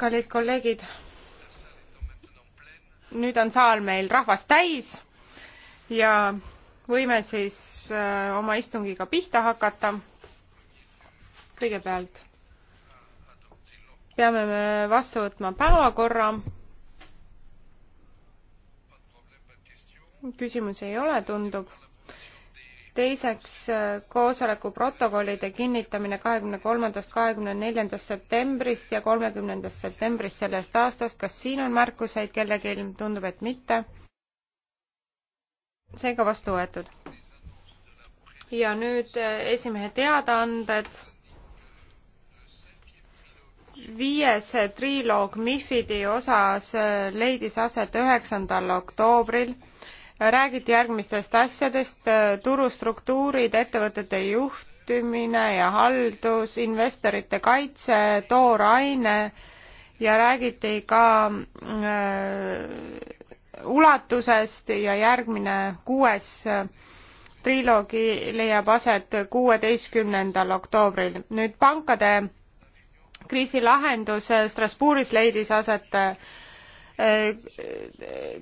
kallid kolleegid, nüüd on saal meil rahvast täis ja võime siis äh, oma istungiga pihta hakata. kõigepealt peame me vastu võtma päevakorra. küsimusi ei ole, tundub teiseks koosoleku protokollide kinnitamine kahekümne kolmandast, kahekümne neljandast septembrist ja kolmekümnendast septembrist sellest aastast. kas siin on märkuseid kellelgi? tundub, et mitte. seega vastu võetud. ja nüüd eh, esimehe teadaanded viies triloog MIFIDi osas eh, leidis aset üheksandal oktoobril räägiti järgmistest asjadest, äh, turustruktuurid, ettevõtete juhtimine ja haldus, investorite kaitse, tooraine ja räägiti ka äh, ulatusest ja järgmine kuues äh, triloogi leiab aset kuueteistkümnendal oktoobril. nüüd pankade kriisilahendus äh, Strasbourgis leidis aset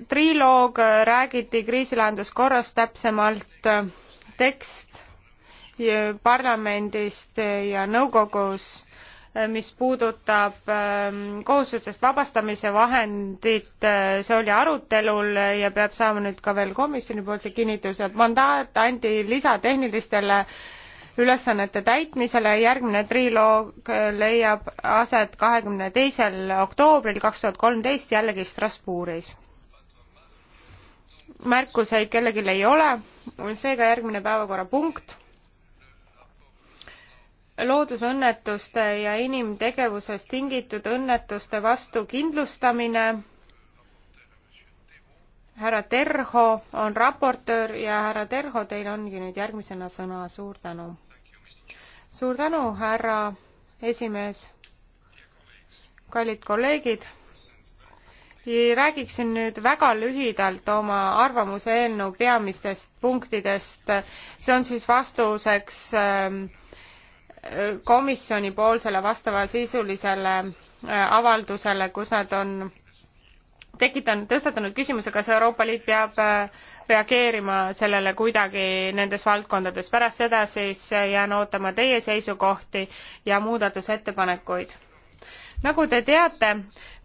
triloog, räägiti kriisilahenduskorrast täpsemalt, tekst parlamendist ja nõukogus, mis puudutab ähm, kohustusest vabastamise vahendit, äh, see oli arutelul ja peab saama nüüd ka veel komisjonipoolse kinnituse, mandaat anti lisatehnilistele ülesannete täitmisele. järgmine triloog leiab aset kahekümne teisel oktoobril kaks tuhat kolmteist jällegi Strasbourgis. märkuseid kellelgi ei ole, seega järgmine päevakorrapunkt loodusõnnetuste ja inimtegevusest tingitud õnnetuste vastu kindlustamine härra Terho on raportöör ja härra Terho, teil ongi nüüd järgmisena sõna, suur tänu. suur tänu, härra esimees. kallid kolleegid. räägiksin nüüd väga lühidalt oma arvamuse eelnõu peamistest punktidest. see on siis vastuseks ähm, komisjoni poolsele vastavasisulisele äh, avaldusele, kus nad on tekitan, tõstatanud küsimuse, kas Euroopa Liit peab äh, reageerima sellele kuidagi nendes valdkondades. pärast seda siis äh, jään ootama teie seisukohti ja muudatusettepanekuid. nagu te teate,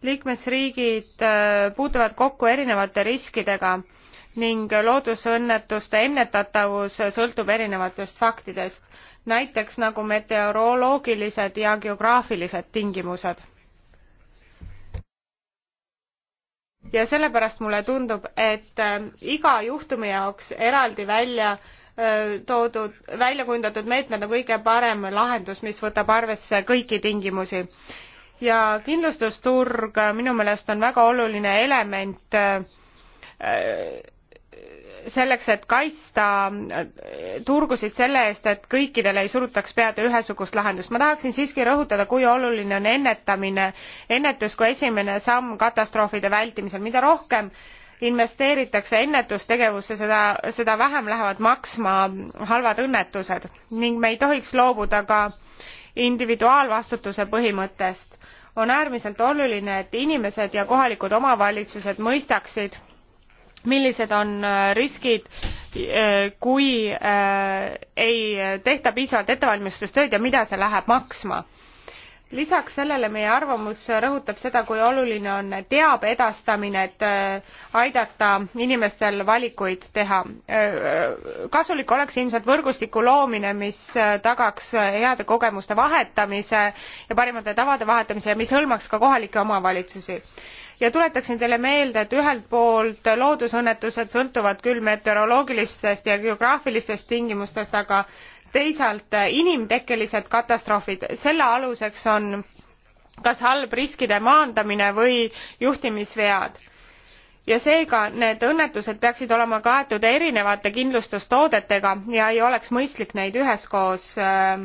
liikmesriigid äh, puutuvad kokku erinevate riskidega ning loodusõnnetuste ennetatavus sõltub erinevatest faktidest, näiteks nagu meteoroloogilised ja geograafilised tingimused ja sellepärast mulle tundub, et äh, iga juhtumi jaoks eraldi välja äh, toodud, välja kujundatud meetmed on kõige parem lahendus, mis võtab arvesse kõiki tingimusi. ja kindlustusturg äh, minu meelest on väga oluline element selleks, et kaitsta turgusid selle eest, et kõikidele ei surutaks peale ühesugust lahendust. ma tahaksin siiski rõhutada, kui oluline on ennetamine, ennetus kui esimene samm katastroofide vältimisel. mida rohkem investeeritakse ennetustegevusse, seda, seda vähem lähevad maksma halvad õnnetused ning me ei tohiks loobuda ka individuaalvastutuse põhimõttest. on äärmiselt oluline, et inimesed ja kohalikud omavalitsused mõistaksid, millised on äh, riskid äh, kui äh, ei tehta piisavalt ettevalmistustööd ja mida see läheb maksma lisaks sellele meie arvamus rõhutab seda kui oluline on teabe edastamine et aidata inimestel valikuid teha kasulik oleks ilmselt võrgustiku loomine mis tagaks heade kogemuste vahetamise ja parimate tavade vahetamise ja mis hõlmaks ka kohalikke omavalitsusi ja tuletaksin teile meelde, et ühelt poolt loodusõnnetused sõltuvad küll meteoroloogilistest ja geograafilistest tingimustest, aga teisalt inimtekkelised katastroofid, selle aluseks on kas halb riskide maandamine või juhtimisvead ja seega need õnnetused peaksid olema kaetud erinevate kindlustustoodetega ja ei oleks mõistlik neid üheskoos äh,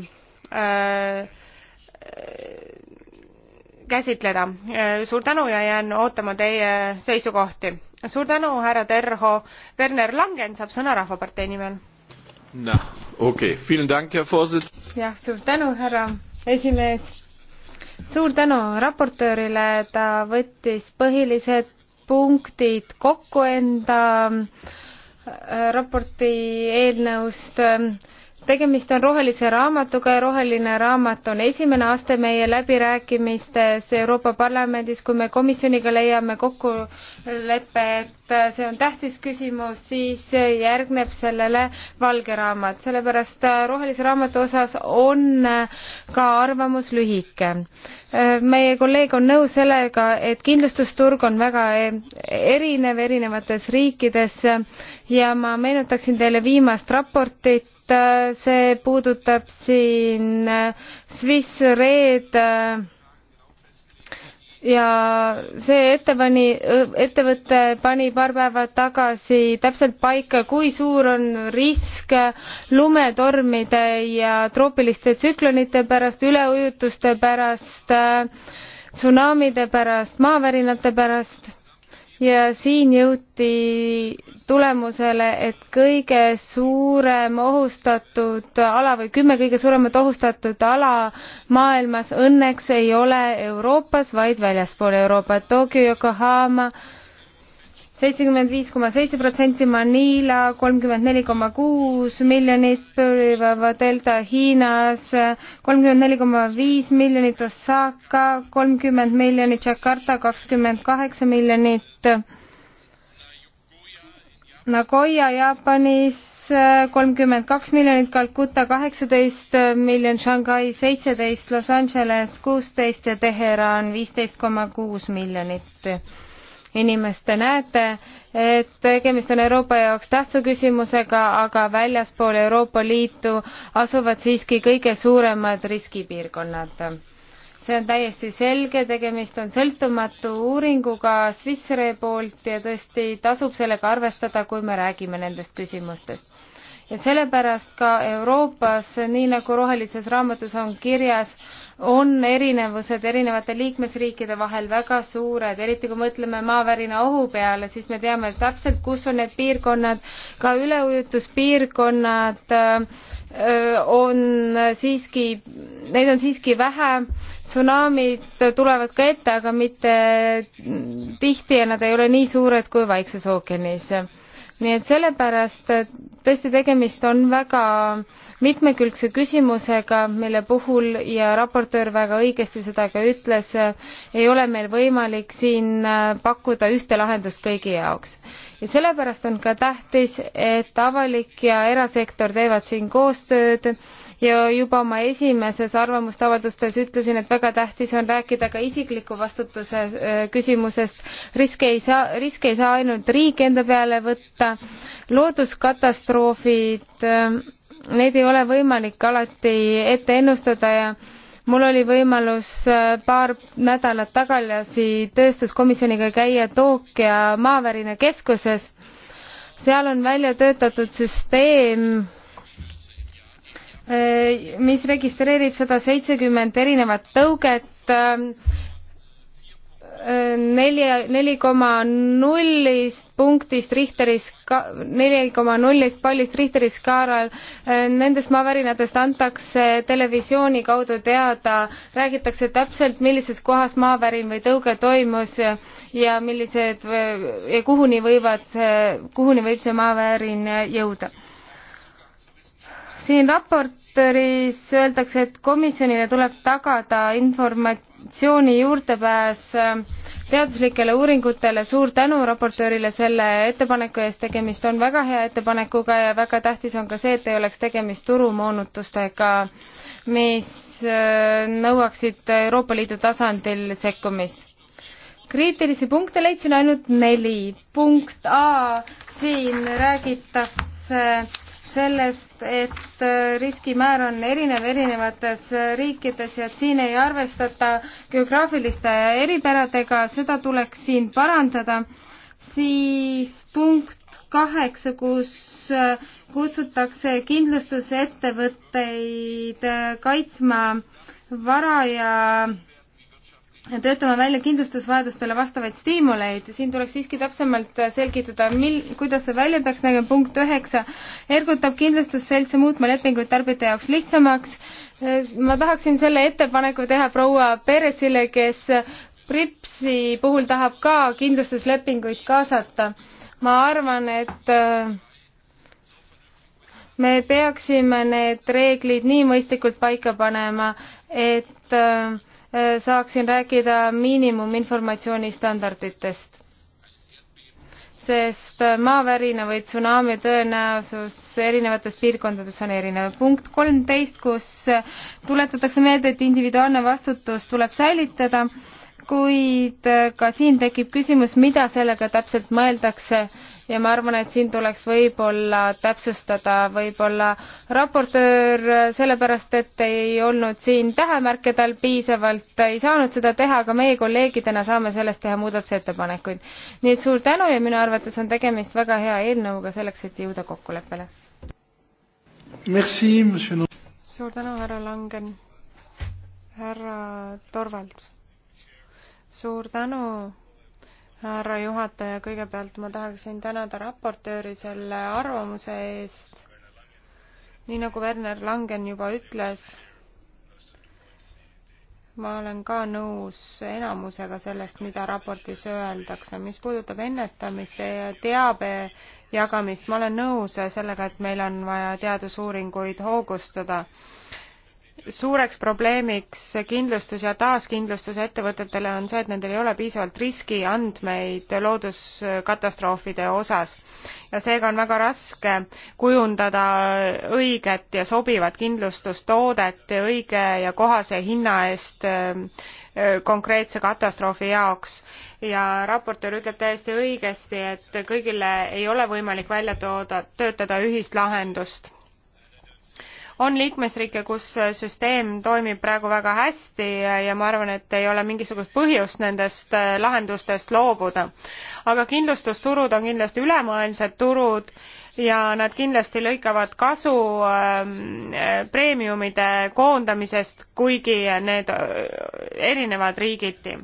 äh, käsitleda. Äh, suur tänu ja jään ootama teie seisukohti. suur tänu, härra Terho. Werner Langen saab sõna Rahvapartei nimel. noh, okei okay., vielen dank, herr Vorsitz. jah, suur tänu, härra esimees. suur tänu raportöörile, ta võttis põhilised punktid kokku enda äh, raporti eelnõust tegemist on rohelise raamatuga ja roheline raamat on esimene aste meie läbirääkimistes Euroopa Parlamendis, kui me komisjoniga leiame kokkuleppe, et Äh, see on tähtis küsimus, siis järgneb sellele valge raamat, sellepärast äh, rohelise raamatu osas on äh, ka arvamus lühike. meie kolleeg on nõus sellega, et kindlustusturg on väga erinev erinevates riikides ja ma meenutaksin teile viimast raportit, see puudutab siin Swiss Red ja see ettepani, ettevõte pani paar päeva tagasi täpselt paika, kui suur on risk lumetormide ja troopiliste tsüklonite pärast, üleujutuste pärast, äh, tsunamide pärast, maavärinate pärast ja siin jõuti tulemusele, et kõige suurem ohustatud ala või kümme kõige suuremat ohustatud ala maailmas õnneks ei ole Euroopas, vaid väljaspool Euroopat, Tokyo, Yokohama äh,, seitsekümmend viis koma seitse protsenti Manila, kolmkümmend neli koma kuus miljonit pöörava delta Hiinas, kolmkümmend neli koma viis miljonit Osaka, kolmkümmend miljonit Jakarta, kakskümmend kaheksa miljonit Nagoya Jaapanis, kolmkümmend kaks miljonit Calcutta, kaheksateist miljonit Shanghai, seitseteist Los Angeles, kuusteist ja Teheran viisteist koma kuus miljonit inimest. Te näete, et tegemist on Euroopa jaoks tähtsa küsimusega, aga väljaspool Euroopa Liitu asuvad siiski kõige suuremad riskipiirkonnad. see on täiesti selge, tegemist on sõltumatu uuringuga Swissre poolt ja tõesti tasub sellega arvestada, kui me räägime nendest küsimustest ja sellepärast ka Euroopas, nii nagu rohelises raamatus on kirjas, on erinevused erinevate liikmesriikide vahel väga suured, eriti kui mõtleme maavärina ohu peale, siis me teame täpselt, kus on need piirkonnad, ka üleujutuspiirkonnad äh, on siiski, neid on siiski vähe, tsunamid tulevad ka ette, aga mitte tihti ja nad ei ole nii suured kui Vaikses ookeanis nii et sellepärast tõesti tegemist on väga mitmekülgse küsimusega, mille puhul ja raportöör väga õigesti seda ka ütles, ei ole meil võimalik siin pakkuda ühte lahendust kõigi jaoks. ja sellepärast on ka tähtis, et avalik ja erasektor teevad siin koostööd ja juba oma esimeses arvamustavaldustes ütlesin, et väga tähtis on rääkida ka isikliku vastutuse äh, küsimusest. riske ei saa, riske ei saa ainult riik enda peale võtta. looduskatastroofid, äh, neid ei ole võimalik alati ette ennustada ja mul oli võimalus äh, paar nädalat tagasi tööstuskomisjoniga käia Tokyo maavärina keskuses. seal on välja töötatud süsteem Äh, mis registreerib sada seitsekümmend erinevat tõuget ähm, äh, neli, neli koma nullist punktist Richteri ska-, neli koma nullist pallist Richteri skaalal, äh, nendest maavärinatest antakse televisiooni kaudu teada, räägitakse täpselt, millises kohas maavärin või tõuge toimus ja millised ja kuhuni võivad, kuhuni võib see maavärin jõuda siin raportööris öeldakse, et komisjonile tuleb tagada informatsiooni juurdepääs ähm, teaduslikele uuringutele, suur tänu raportöörile selle ettepaneku eest, tegemist on väga hea ettepanekuga ja väga tähtis on ka see, et ei oleks tegemist turumoonutustega, mis äh, nõuaksid Euroopa Liidu tasandil sekkumist. kriitilisi punkte leidsin ainult neli. punkt A, siin räägitakse sellest, et äh, riskimäär on erinev erinevates äh, riikides ja et siin ei arvestata geograafiliste eripäradega, seda tuleks siin parandada, siis punkt kaheksa, kus äh, kutsutakse kindlustusettevõtteid kaitsma vara ja töötama välja kindlustusvajadustele vastavaid stiimuleid, siin tuleks siiski täpsemalt selgitada, mil, kuidas see välja peaks nägema, punkt üheksa, ergutab kindlustusseltse muutma lepinguid tarbijate jaoks lihtsamaks. ma tahaksin selle ettepaneku teha proua Peresile, kes Pripsi puhul tahab ka kindlustuslepinguid kaasata. ma arvan, et äh, me peaksime need reeglid nii mõistlikult paika panema, et äh, Äh, saaksin rääkida miinimuminformatsiooni standarditest, sest äh, maavärina või tsunami tõenäosus erinevates piirkondades on erinev. punkt kolmteist, kus äh, tuletatakse meelde, et individuaalne vastutus tuleb säilitada, kuid ka siin tekib küsimus, mida sellega täpselt mõeldakse ja ma arvan, et siin tuleks võib-olla täpsustada võib-olla raportöör, sellepärast et ei olnud siin tähemärke tal piisavalt, ei saanud seda teha, aga meie kolleegidena saame sellest teha muudatusettepanekuid. nii et suur tänu ja minu arvates on tegemist väga hea eelnõuga selleks, et jõuda kokkuleppele. suur tänu, härra Langen. härra Torvalds. suur tänu härra juhataja, kõigepealt ma tahaksin tänada raportööri selle arvamuse eest. nii nagu Werner Langen juba ütles, ma olen ka nõus enamusega sellest, mida raportis öeldakse. mis puudutab ennetamist ja teabe jagamist, ma olen nõus sellega, et meil on vaja teadusuuringuid hoogustada suureks probleemiks kindlustus- ja taaskindlustusettevõtetele on see, et nendel ei ole piisavalt riskiandmeid looduskatastroofide osas ja seega on väga raske kujundada õiget ja sobivat kindlustustoodet õige ja kohase hinna eest ähm, äh, konkreetse katastroofi jaoks ja raportöör ütleb täiesti õigesti, et kõigile ei ole võimalik välja tooda, töötada ühist lahendust on liikmesriike, kus süsteem toimib praegu väga hästi ja ma arvan, et ei ole mingisugust põhjust nendest äh, lahendustest loobuda. aga kindlustusturud on kindlasti ülemaailmsed turud ja nad kindlasti lõikavad kasu ähm, äh, preemiumide koondamisest, kuigi need äh, erinevad riigiti.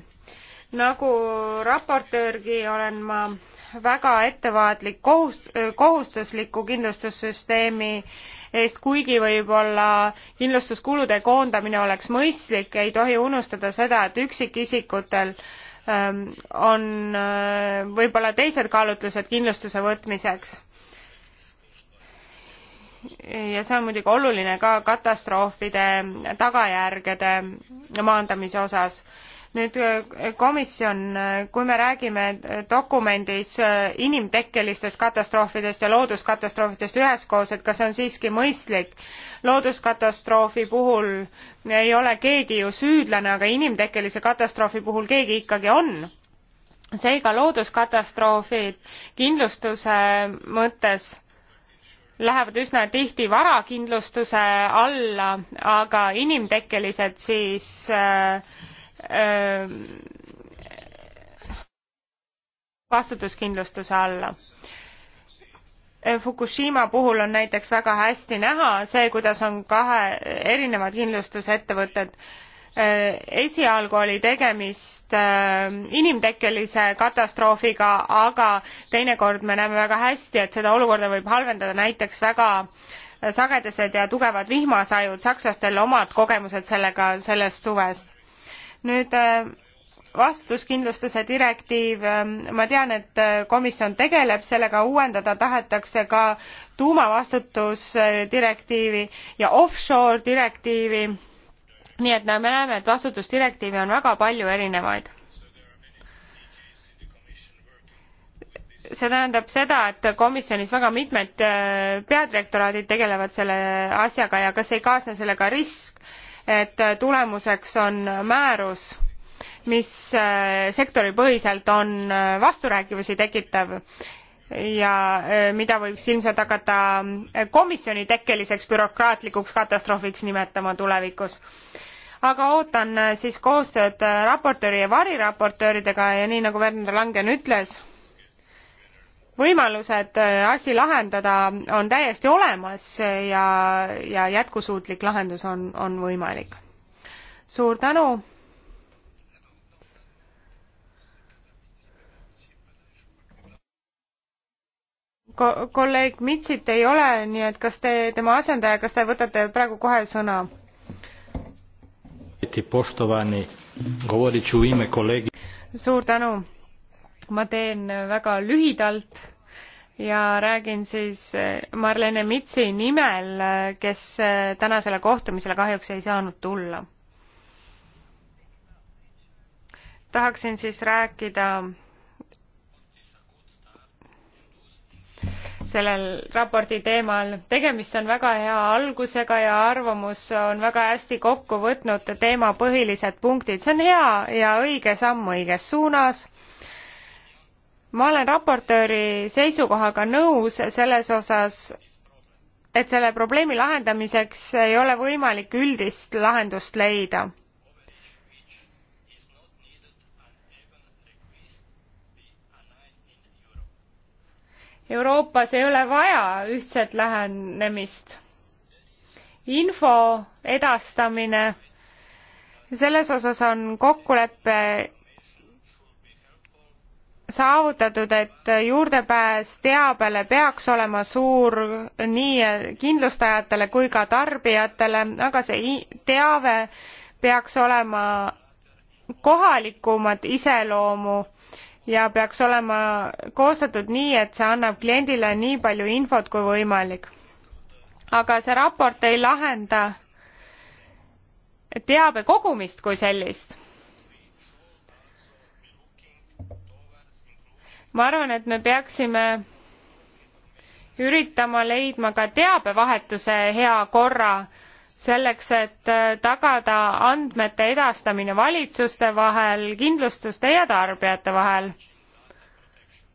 nagu raportöörgi olen ma väga ettevaatlik kohust-, kohustusliku kindlustussüsteemi äh, eest, kuigi võib-olla kindlustuskulude koondamine oleks mõistlik, ei tohi unustada seda, et üksikisikutel ähm, on äh, võib-olla teised kaalutlused kindlustuse võtmiseks. ja see on muidugi oluline ka katastroofide tagajärgede maandamise osas nüüd eh, komisjon, eh, kui me räägime eh, dokumendis inimtekkelistest katastroofidest ja looduskatastroofidest üheskoos, et kas see on siiski mõistlik? looduskatastroofi puhul ei ole keegi ju süüdlane, aga inimtekkelise katastroofi puhul keegi ikkagi on seega looduskatastroofid kindlustuse mõttes lähevad üsna tihti varakindlustuse alla, aga inimtekkelised siis äh, Ähm, vastutuskindlustuse alla. Äh, Fukushima puhul on näiteks väga hästi näha see, kuidas on kahe erinevad kindlustusettevõtted äh, esialgu oli tegemist äh, inimtekkelise katastroofiga, aga teinekord me näeme väga hästi, et seda olukorda võib halvendada näiteks väga sagedased ja tugevad vihmasajud, sakslastel omad kogemused sellega sellest suvest nüüd äh, vastuskindlustuse direktiiv, äh, ma tean, et äh, komisjon tegeleb sellega, uuendada tahetakse ka tuumavastutusdirektiivi ja offshore direktiivi. nii et me näeme, et vastutusdirektiivi on väga palju erinevaid. see tähendab seda, et komisjonis väga mitmed peadirektoraadid tegelevad selle asjaga ja kas ei kaasne sellega risk, et tulemuseks on määrus, mis äh, sektoripõhiselt on äh, vasturääkivusi tekitav ja äh, mida võiks ilmselt hakata komisjoni tekkeliseks bürokraatlikuks katastroofiks nimetama tulevikus. aga ootan siis koostööd raportööri ja variraportööridega ja nii nagu Werner Langen ütles võimalused äh, asi lahendada on täiesti olemas ja, ja jätkusuutlik lahendus on, on võimalik. suur tänu. Ko-, kolleeg Mitsit ei ole, nii et kas te, tema asendaja, kas te võtate praegu kohe sõna? suur tänu ma teen väga lühidalt ja räägin siis Marlene Mitsi nimel, kes tänasele kohtumisele kahjuks ei saanud tulla. tahaksin siis rääkida sellel raporti teemal. tegemist on väga hea algusega ja arvamus on väga hästi kokku võtnud teema põhilised punktid. see on hea ja õige samm õiges suunas ma olen raportööri seisukohaga nõus selles osas, et selle probleemi lahendamiseks ei ole võimalik üldist lahendust leida. Euroopas ei ole vaja ühtset lähenemist. info edastamine, selles osas on kokkulepe saavutatud, et juurdepääs teabele peaks olema suur nii kindlustajatele kui ka tarbijatele, aga see teave peaks olema kohalikumat iseloomu ja peaks olema koostatud nii, et see annab kliendile nii palju infot kui võimalik. aga see raport ei lahenda teabe kogumist kui sellist ma arvan, et me peaksime üritama leidma ka teabevahetuse hea korra selleks, et äh, tagada andmete edastamine valitsuste vahel, kindlustuste ja tarbijate vahel,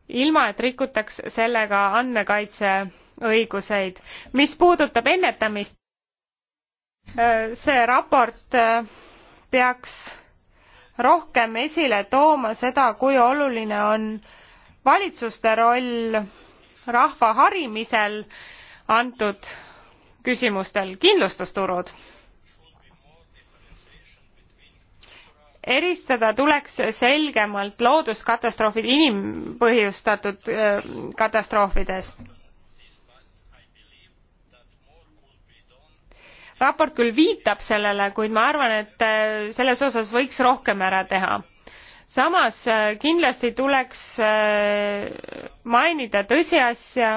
ilma et rikutaks sellega andmekaitseõiguseid. mis puudutab ennetamist, äh, see raport äh, peaks rohkem esile tooma seda, kui oluline on äh, valitsuste roll rahva harimisel antud küsimustel, kindlustusturud. eristada tuleks selgemalt looduskatastroofid inimpõhjustatud katastroofidest raport küll viitab sellele kuid ma arvan et selles osas võiks rohkem ära teha samas äh, kindlasti tuleks äh, mainida tõsiasja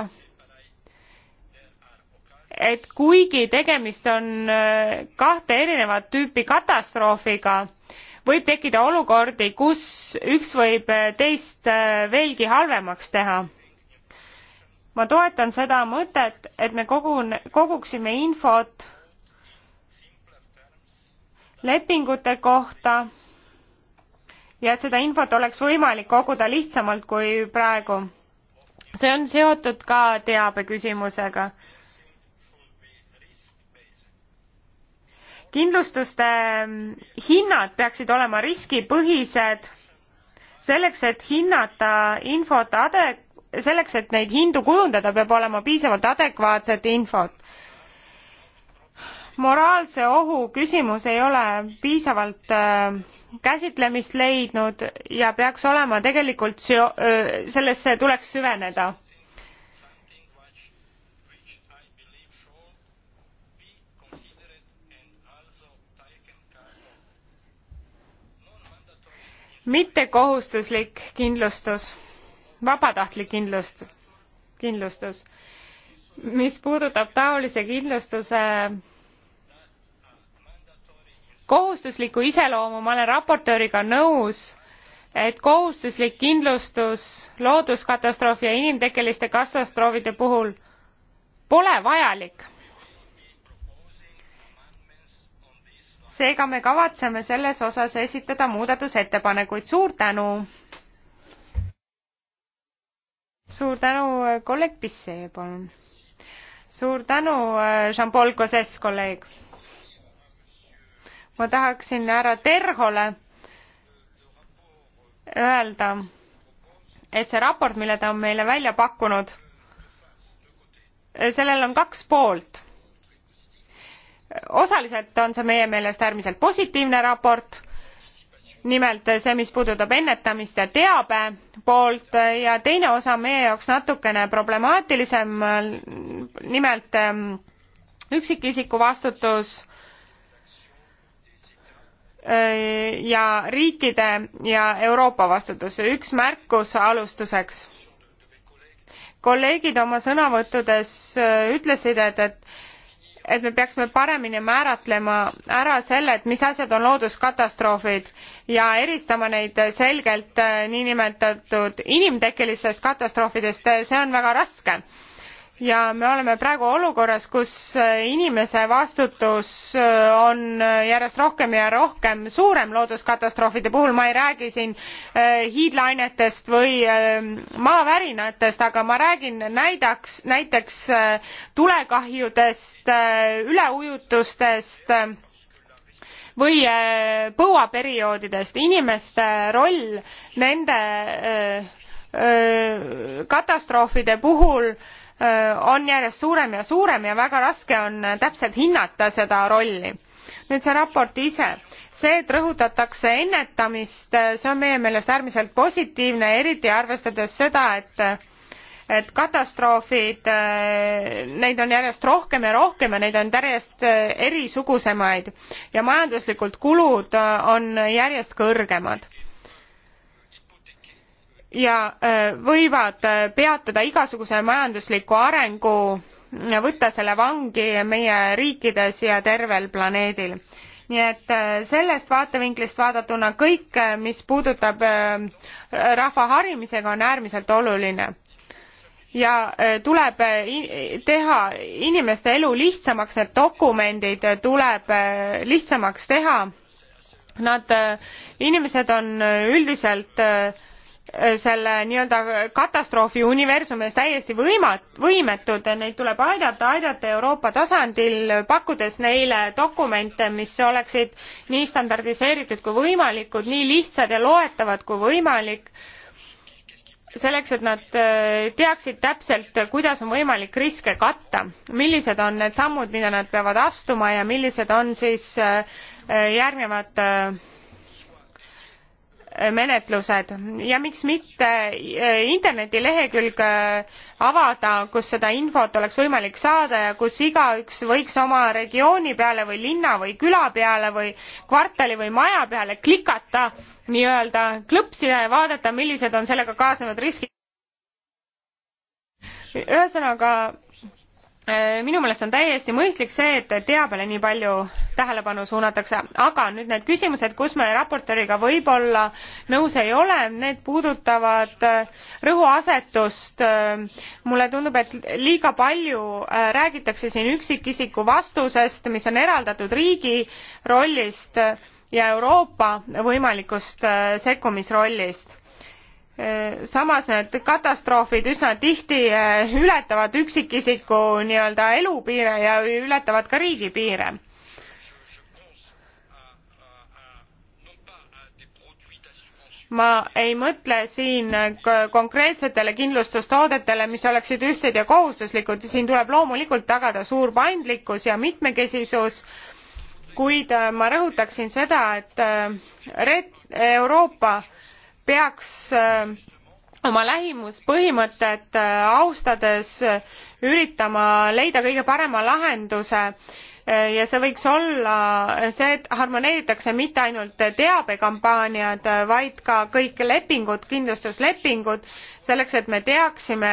et kuigi tegemist on äh, kahte erinevat tüüpi katastroofiga võib tekkida olukordi kus üks võib teist veelgi halvemaks teha ma toetan seda mõtet et me kogun- koguksime infot lepingute kohta ja et seda infot oleks võimalik koguda lihtsamalt kui praegu. see on seotud ka teabe küsimusega. kindlustuste hinnad peaksid olema riskipõhised selleks, et hinnata infot ade-, selleks, et neid hindu kujundada, peab olema piisavalt adekvaatset infot moraalse ohu küsimus ei ole piisavalt äh, käsitlemist leidnud ja peaks olema tegelikult äh, sellesse tuleks süveneda. mittekohustuslik kindlustus, vabatahtlik kindlust, kindlustus, mis puudutab taolise kindlustuse kohustusliku iseloomu ma olen raportööriga nõus et kohustuslik kindlustus looduskatastroofi ja inimtekkeliste katastroofide puhul pole vajalik seega me kavatseme selles osas esitada muudatusettepanekuid suur tänu suur tänu kolleeg Pisse palun suur tänu Jean-Paul Gauzès kolleeg ma tahaksin härra Terhole öelda, et see raport, mille ta on meile välja pakkunud, sellel on kaks poolt. osaliselt on see meie meelest äärmiselt positiivne raport, nimelt see, mis puudutab ennetamist ja teabe poolt ja teine osa meie jaoks natukene problemaatilisem, nimelt ähm, üksikisiku vastutus Äh, ja riikide ja Euroopa vastutus. üks märkus alustuseks. kolleegid oma sõnavõttudes äh, ütlesid, et, et et me peaksime paremini määratlema ära selle, et mis asjad on looduskatastroofid ja eristama neid selgelt äh, niinimetatud inimtekkelistest katastroofidest, see on väga raske ja me oleme praegu olukorras, kus äh, inimese vastutus äh, on äh, järjest rohkem ja rohkem suurem looduskatastroofide puhul, ma ei räägi siin hiidlainetest või maavärinatest, aga ma räägin näidaks, näiteks tulekahjudest, üleujutustest või põuaperioodidest, inimeste roll nende katastroofide puhul äh, Äh, on järjest suurem ja suurem ja väga raske on äh, täpselt hinnata seda rolli. nüüd see raport ise, see, et rõhutatakse ennetamist, äh, see on meie meelest äärmiselt positiivne, eriti arvestades seda, et et katastroofid, neid on järjest rohkem ja rohkem ja neid on järjest erisugusemaid ja majanduslikult kulud on järjest kõrgemad ja äh, võivad äh, peatada igasuguse majandusliku arengu, võtta selle vangi meie riikides ja tervel planeedil. nii et äh, sellest vaatevinklist vaadatuna kõik, mis puudutab rahva harimisega, on äärmiselt oluline ja tuleb teha inimeste elu lihtsamaks, need dokumendid tuleb lihtsamaks teha. Nad, inimesed on üldiselt äh, selle nii-öelda katastroofi universumis täiesti võimat, võimetud, neid tuleb aidata, aidata Euroopa tasandil, pakkudes neile dokumente, mis oleksid nii standardiseeritud kui võimalikud, nii lihtsad ja loetavad kui võimalik, selleks, et nad äh, teaksid täpselt, kuidas on võimalik riske katta, millised on need sammud, mida nad peavad astuma ja millised on siis äh, äh, järgnevad menetlused ja miks mitte eh, internetilehekülg eh, avada, kus seda infot oleks võimalik saada ja kus igaüks võiks oma regiooni peale või linna või küla peale või kvartali või maja peale klikata nii-öelda klõpsida ja vaadata, millised on sellega kaasnevad riskid. ühesõnaga Äh, minu meelest on täiesti mõistlik see, et teabele nii palju tähelepanu suunatakse, aga nüüd need küsimused, kus me raportööriga võib-olla nõus ei ole, need puudutavad äh, rõhuasetust. Äh, mulle tundub, et liiga palju räägitakse siin üksikisiku vastusest, mis on eraldatud riigi rollist ja Euroopa võimalikust sekkumisrollist samas need katastroofid üsna tihti eh, ületavad üksikisiku nii-öelda elupiire ja ületavad ka riigipiire ma ei mõtle siin konkreetsetele kindlustustoodetele mis oleksid ühtsed ja kohustuslikud siin tuleb loomulikult tagada suur paindlikkus ja mitmekesisus kuid eh, ma rõhutaksin seda et eh, euroopa peaks äh, oma lähimuspõhimõtet äh, austades äh, üritama leida kõige parema lahenduse ja see võiks olla see, et harmoneeritakse mitte ainult teabekampaaniad, vaid ka kõik lepingud, kindlustuslepingud, selleks et me teaksime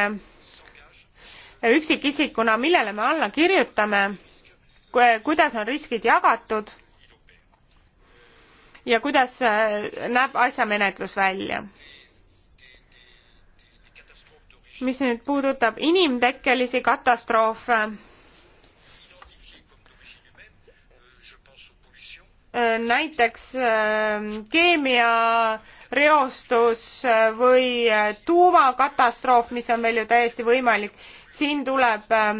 üksikisikuna, millele me alla kirjutame, kuidas on riskid jagatud ja kuidas äh, näeb asja menetlus välja? mis nüüd puudutab inimtekkelisi katastroofe, äh, näiteks äh, keemiareostus või tuumakatastroof, mis on meil ju täiesti võimalik, siin tuleb ähm,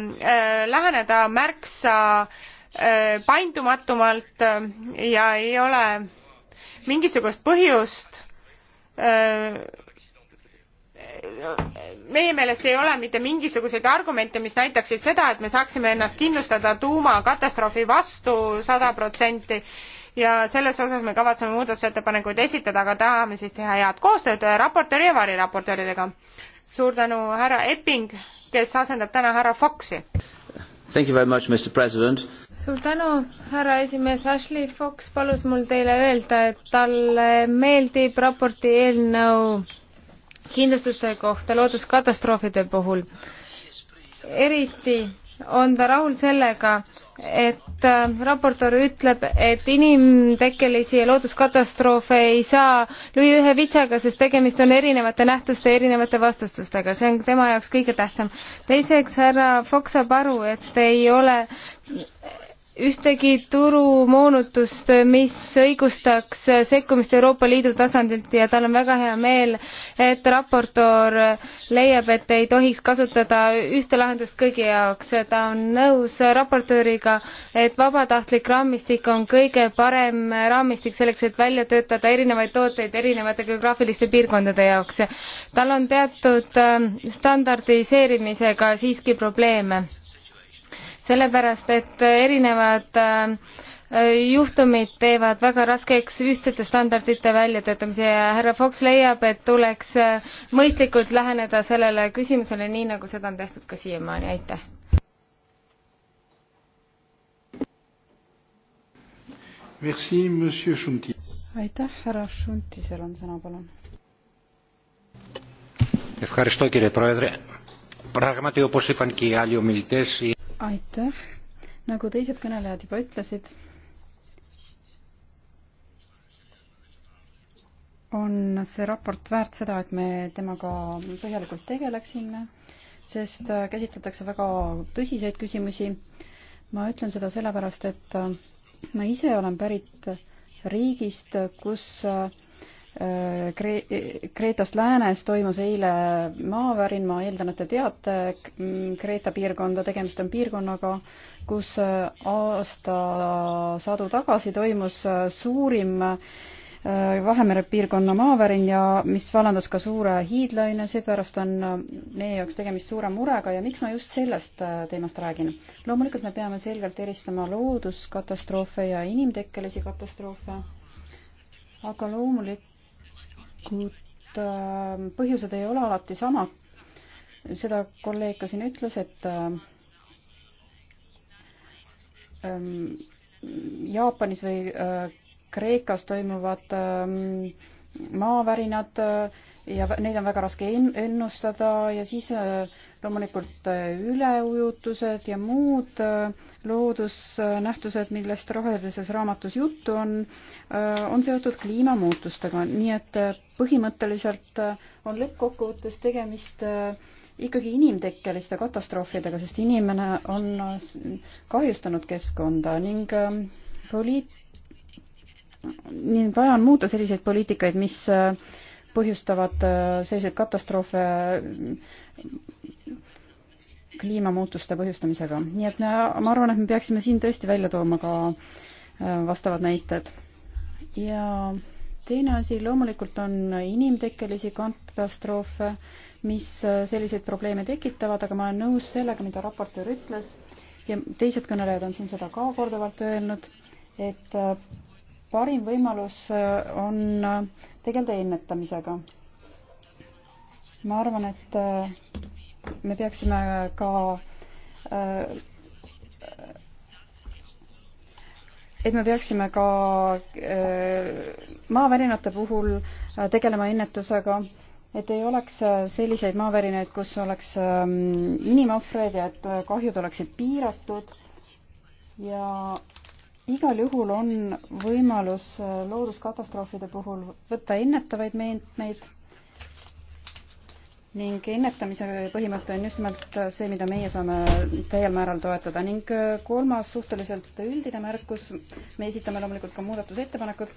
läheneda märksa paindumatumalt ja ei ole mingisugust põhjust meie meelest ei ole mitte mingisuguseid argumente, mis näitaksid seda, et me saaksime ennast kindlustada tuumakatastroofi vastu sada protsenti ja selles osas me kavatseme muudatusettepanekuid esitada, aga tahame siis teha head koostööd raportööri ja variraportööridega. suur tänu, härra Epping, kes asendab täna härra Foxi. Thank you very much, Mr President suur tänu, härra esimees, Ashley Fox palus mul teile öelda, et talle meeldib raporti eelnõu kindlustuste kohta looduskatastroofide puhul. eriti on ta rahul sellega, et äh, raportöör ütleb, et inimtekkelisi ja looduskatastroofe ei saa lüüa ühe vitsaga, sest tegemist on erinevate nähtuste, erinevate vastustustega, see on tema jaoks kõige tähtsam. teiseks, härra Fox saab aru, et ei ole ühtegi turumoonutust, mis õigustaks sekkumist Euroopa Liidu tasandilt ja tal on väga hea meel, et raportöör leiab, et ei tohiks kasutada ühte lahendust kõigi jaoks. ta on nõus raportööriga, et vabatahtlik raamistik on kõige parem raamistik selleks, et välja töötada erinevaid tooteid erinevate geograafiliste piirkondade jaoks. tal on teatud standardiseerimisega siiski probleeme sellepärast et erinevad äh, juhtumid teevad väga raskeks ühtsete standardite väljatöötamise ja härra Fox leiab, et tuleks äh, mõistlikult läheneda sellele küsimusele, nii nagu seda on tehtud ka siiamaani, aitäh. Merci, monsieur Šunti. aitäh, härra Šuntisel on sõna, palun. Ευχαριστώ κύριε Πρόεδρε. Πράγματι όπως είπαν και οι άλλοι ομιλητές aitäh, nagu teised kõnelejad juba ütlesid, on see raport väärt seda, et me temaga põhjalikult tegeleksime, sest käsitletakse väga tõsiseid küsimusi. ma ütlen seda sellepärast, et ma ise olen pärit riigist, kus Kre-, Kreetast läänes toimus eile maavärin, ma eeldan, et te teate mm, Kreeta piirkonda, tegemist on piirkonnaga, kus äh, aastasadu tagasi toimus äh, suurim äh, Vahemere piirkonna maavärin ja mis vallandas ka suure hiidlaine, seepärast on meie jaoks tegemist suure murega ja miks ma just sellest teemast räägin? loomulikult me peame selgelt eristama looduskatastroofe ja inimtekkelisi katastroofe, aga loomulik-, tegelikult ähm, põhjused ei ole alati samad. seda kolleeg ka siin ütles, et ähm, Jaapanis või äh, Kreekas toimuvad ähm, maavärinad äh, ja neid on väga raske ennustada ja siis äh, loomulikult äh, üleujutused ja muud äh, loodusnähtused, millest rohelises raamatus juttu on, äh, on seotud kliimamuutustega, nii et põhimõtteliselt on lõppkokkuvõttes tegemist ikkagi inimtekkeliste katastroofidega, sest inimene on kahjustanud keskkonda ning poliit-, nii vaja on muuta selliseid poliitikaid, mis põhjustavad selliseid katastroofe kliimamuutuste põhjustamisega. nii et me, äh, ma arvan, et me peaksime siin tõesti välja tooma ka äh, vastavad näited. ja teine asi loomulikult on inimtekkelisi katastroofe, mis äh, selliseid probleeme tekitavad, aga ma olen nõus sellega, mida raportöör ütles ja teised kõnelejad on siin seda ka korduvalt öelnud, et parim võimalus on tegeleda ennetamisega. ma arvan, et me peaksime ka äh, et me peaksime ka äh, maavärinate puhul äh, tegelema ennetusega, et ei oleks selliseid maavärinaid, kus oleks ähm, inimohvreid ja et kahjud oleksid piiratud ja igal juhul on võimalus looduskatastroofide puhul võtta ennetavaid meetmeid ning ennetamise põhimõte on just nimelt see, mida meie saame täiel määral toetada ning äh, kolmas suhteliselt üldine märkus, me esitame loomulikult ka muudatusettepanekud.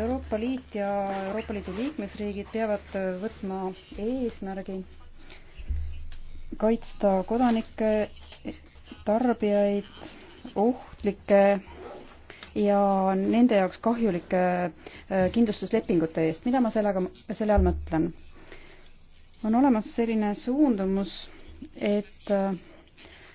Euroopa Liit ja Euroopa Liidu liikmesriigid peavad äh, võtma eesmärgi kaitsta kodanikke, tarbijaid ohtlike ja nende jaoks kahjulike äh, kindlustuslepingute eest. mida ma sellega, selle all mõtlen? on olemas selline suundumus, et äh,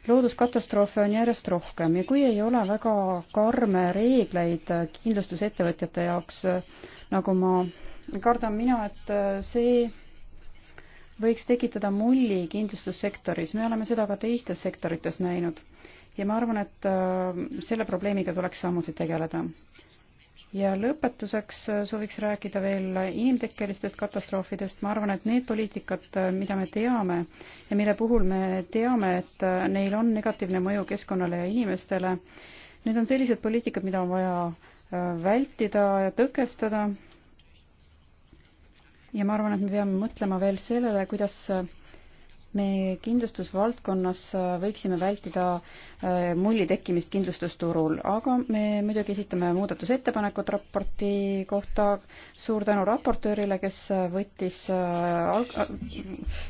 looduskatastroofe on järjest rohkem ja kui ei ole väga karme reegleid äh, kindlustusettevõtjate jaoks, äh, nagu ma kardan mina, et see võiks tekitada mulli kindlustussektoris, me oleme seda ka teistes sektorites näinud. ja ma arvan, et selle probleemiga tuleks samuti tegeleda ja lõpetuseks äh, sooviks rääkida veel inimtekkelistest katastroofidest. ma arvan, et need poliitikad, äh, mida me teame ja mille puhul me teame, et äh, neil on negatiivne mõju keskkonnale ja inimestele, need on sellised poliitikad, mida on vaja vältida ja tõkestada. ja ma arvan, et me peame mõtlema veel sellele, kuidas me kindlustusvaldkonnas äh, võiksime vältida äh, mulli tekkimist kindlustusturul, aga me muidugi esitame muudatusettepanekud raporti kohta. suur tänu raportöörile, kes äh, võttis,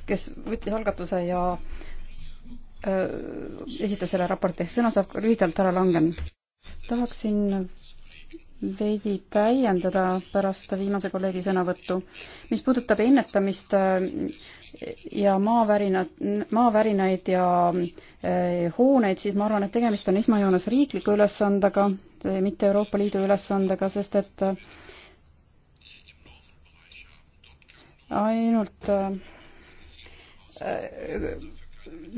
kes võttis algatuse ja esitas selle raporti, ehk sõna saab lühidalt ära langenud. tahaksin veidi täiendada pärast viimase kolleegi sõnavõttu. mis puudutab ennetamist äh, ja maavärinad, maavärinaid ja äh, hooneid, siis ma arvan, et tegemist on esmajoones riikliku ülesandega, äh, mitte Euroopa Liidu ülesandega, sest et ainult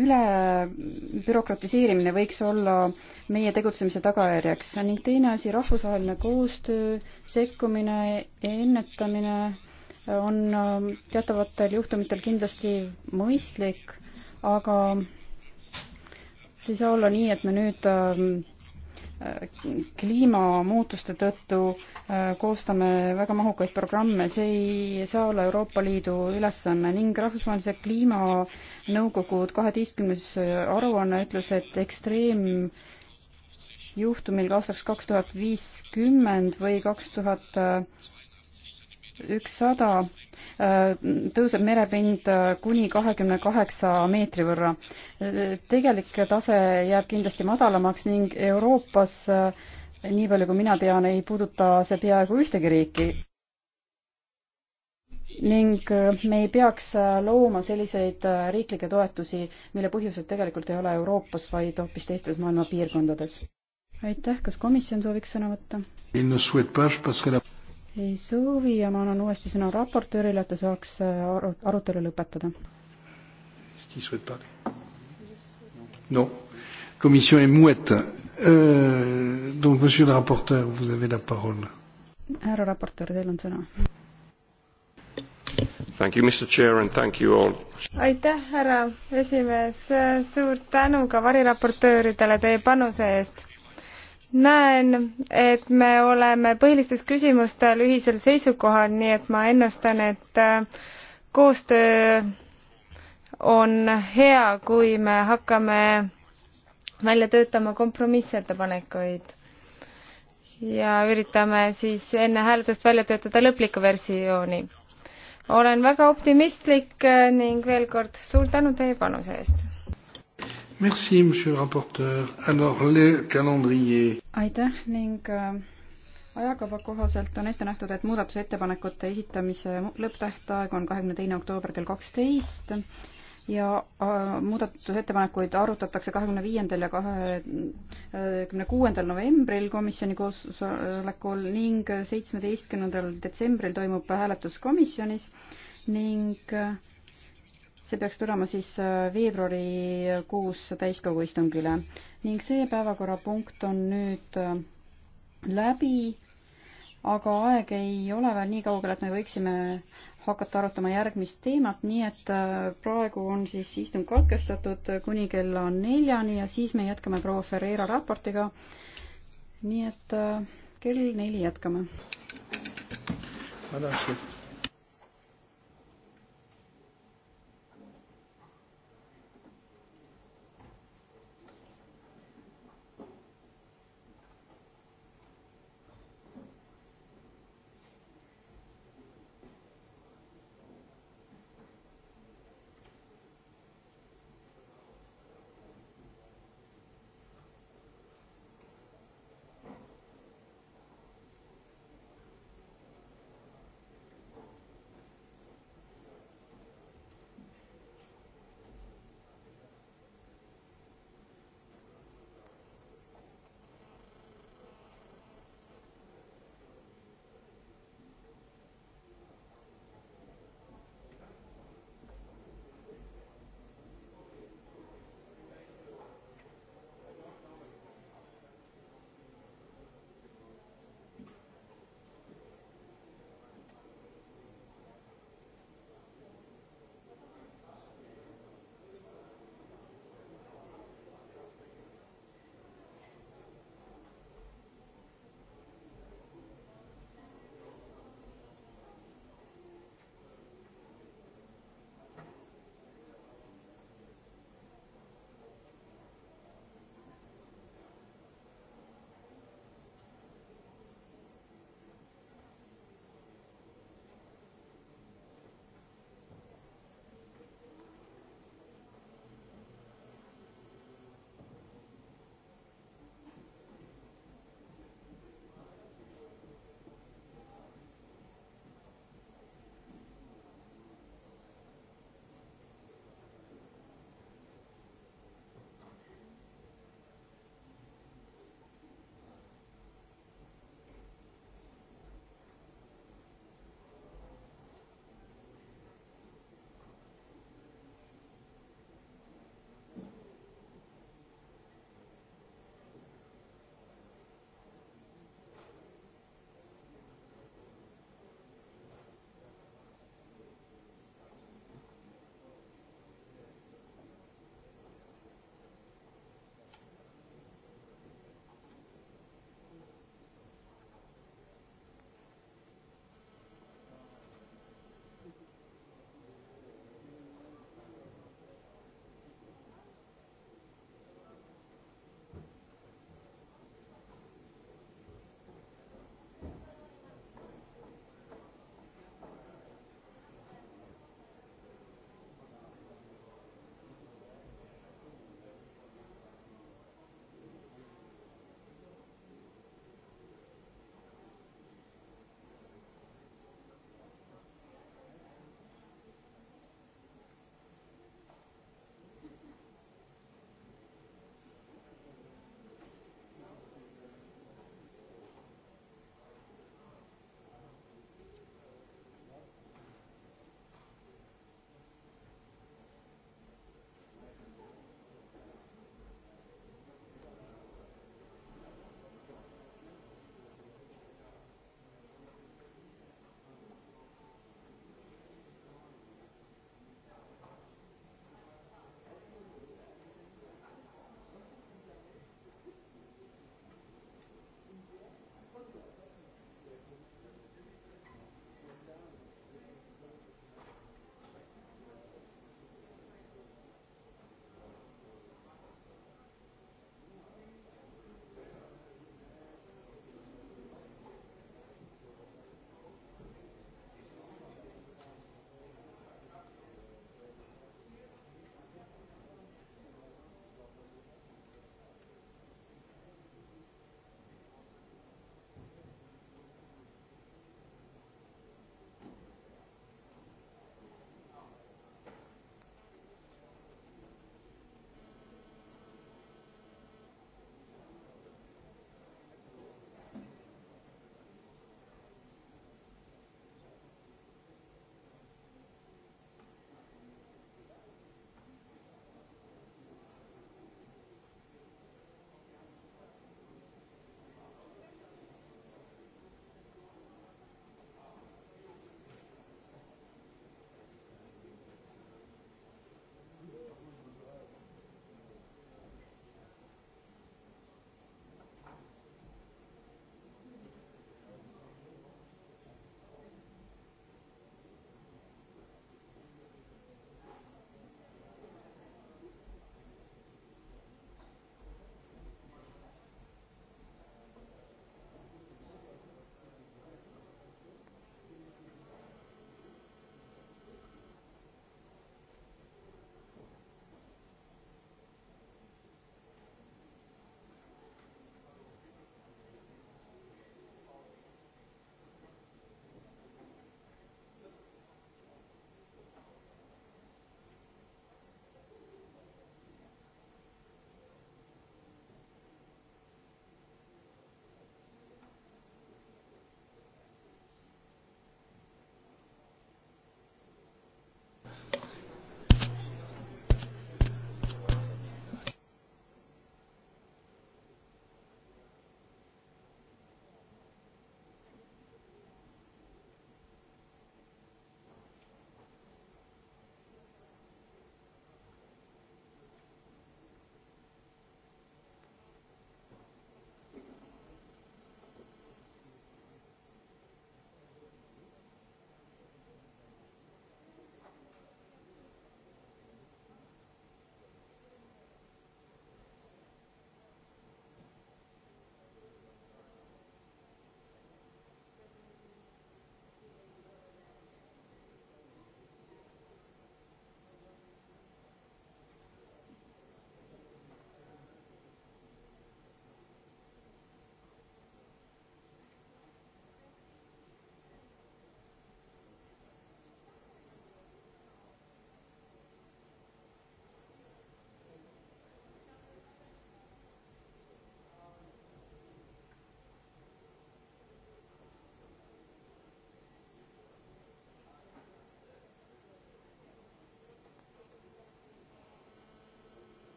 üle bürokratiseerimine võiks olla meie tegutsemise tagajärjeks ning teine asi, rahvusvaheline koostöö, sekkumine, ennetamine on ähm, teatavatel juhtumitel kindlasti mõistlik, aga see ei saa olla nii, et me nüüd ähm, kliimamuutuste tõttu äh, koostame väga mahukaid programme, see ei saa olla Euroopa Liidu ülesanne ning Rahvusvahelise Kliimanõukogu kaheteistkümnes aruanne ütles, et ekstreem juhtumil ka aastaks kaks tuhat viiskümmend või kaks tuhat ükssada tõuseb merepind äh, kuni kahekümne kaheksa meetri võrra. tegelik tase jääb kindlasti madalamaks ning Euroopas, äh, nii palju kui mina tean, ei puuduta see peaaegu ühtegi riiki. ning äh, me ei peaks looma selliseid riiklikke toetusi, mille põhjused tegelikult ei ole Euroopas, vaid hoopis teistes maailma piirkondades. aitäh, kas komisjon sooviks sõna võtta? ei soovi ja ma annan uuesti sõna raportöörile, et ta saaks äh, arutelu lõpetada. No. Commission est muette. Euh, donc, monsieur le rapporteur, vous avez la parole. härra raportöör, teil on sõna. Thank you, Mr Chair and thank you all. aitäh, härra esimees, suur tänu ka variraportööridele teie panuse eest näen, et me oleme põhilistes küsimustel ühisel seisukohal, nii et ma ennustan, et äh, koostöö on hea, kui me hakkame välja töötama kompromissettepanekuid ja üritame siis enne hääletust välja töötada lõpliku versiooni. olen väga optimistlik äh, ning veel kord suur tänu teie panuse eest! Merci, monsieur le rapporteur. Alors, le calendrier. aitäh ning äh, ajakava kohaselt on ette nähtud, et muudatusettepanekute esitamise lõpptähtaeg on kahekümne teine oktoober kell kaksteist ja äh, muudatusettepanekuid arutatakse kahekümne viiendal ja kahekümne kuuendal novembril komisjoni koosolekul ning seitsmeteistkümnendal detsembril toimub hääletus komisjonis ning äh, see peaks tulema siis äh, veebruarikuus täiskogu istungile ning see päevakorrapunkt on nüüd äh, läbi, aga aeg ei ole veel nii kaugel, et me võiksime hakata arutama järgmist teemat, nii et äh, praegu on siis istung katkestatud kuni kella neljani ja siis me jätkame proua Ferreira raportiga. nii et kell neli jätkame. Madame Schiff.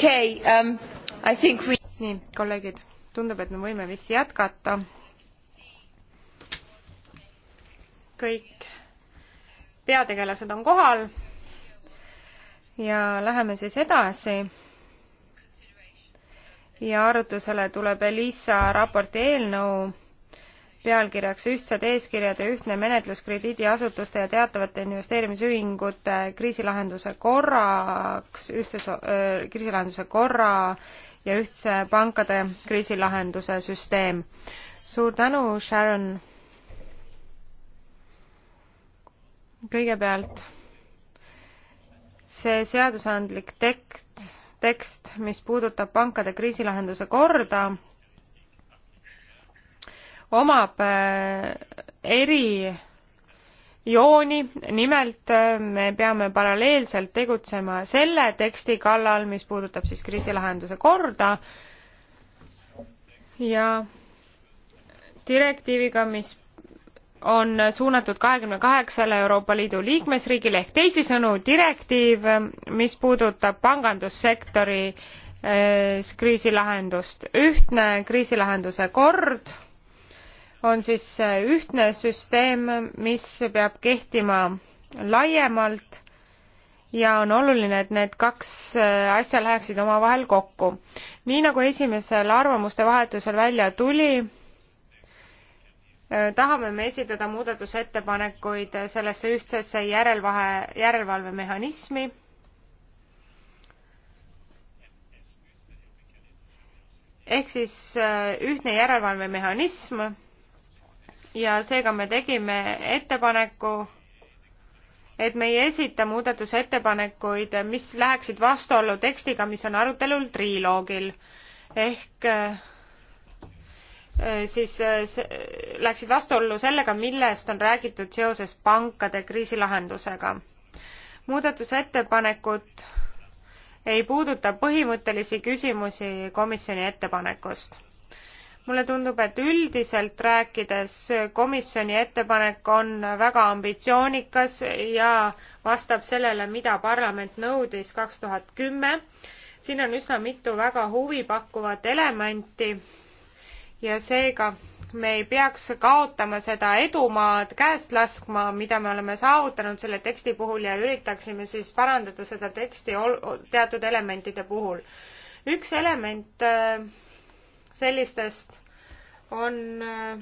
Okay, um, we... nii kolleegid tundub et me võime vist jätkata kõik peategelased on kohal ja läheme siis edasi ja arutusele tuleb elisa raporti eelnõu pealkirjaks Ühtsed eeskirjad ja ühtne menetlus krediidiasutuste ja teatavate investeerimisühingute kriisilahenduse korraks, ühtse äh, kriisilahenduse korra ja ühtse pankade kriisilahenduse süsteem. suur tänu, Sharon. kõigepealt see seadusandlik tekst, tekst, mis puudutab pankade kriisilahenduse korda omab äh, eri jooni, nimelt äh, me peame paralleelselt tegutsema selle teksti kallal, mis puudutab siis kriisilahenduse korda ja direktiiviga, mis on suunatud kahekümne kaheksale Euroopa Liidu liikmesriigile ehk teisisõnu direktiiv, mis puudutab pangandussektori äh, kriisilahendust. ühtne kriisilahenduse kord on siis ühtne süsteem, mis peab kehtima laiemalt ja on oluline, et need kaks äh, asja läheksid omavahel kokku. nii nagu esimesel arvamuste vahetusel välja tuli, äh, tahame me esitada muudatusettepanekuid sellesse ühtsesse järelvahe, järelevalvemehhanismi. ehk siis äh, ühtne järelevalvemehhanism ja seega me tegime ettepaneku, et me ei esita muudatusettepanekuid, mis läheksid vastuollu tekstiga, mis on arutelul triloogil ehk äh, siis äh, läksid vastuollu sellega, millest on räägitud seoses pankade kriisilahendusega. muudatusettepanekud ei puuduta põhimõttelisi küsimusi komisjoni ettepanekust mulle tundub, et üldiselt rääkides komisjoni ettepanek on väga ambitsioonikas ja vastab sellele, mida parlament nõudis kaks tuhat kümme. siin on üsna mitu väga huvipakkuvat elementi ja seega me ei peaks kaotama seda edumaad käest laskma, mida me oleme saavutanud selle teksti puhul ja üritaksime siis parandada seda teksti teatud elementide puhul. üks element äh, sellistest on äh,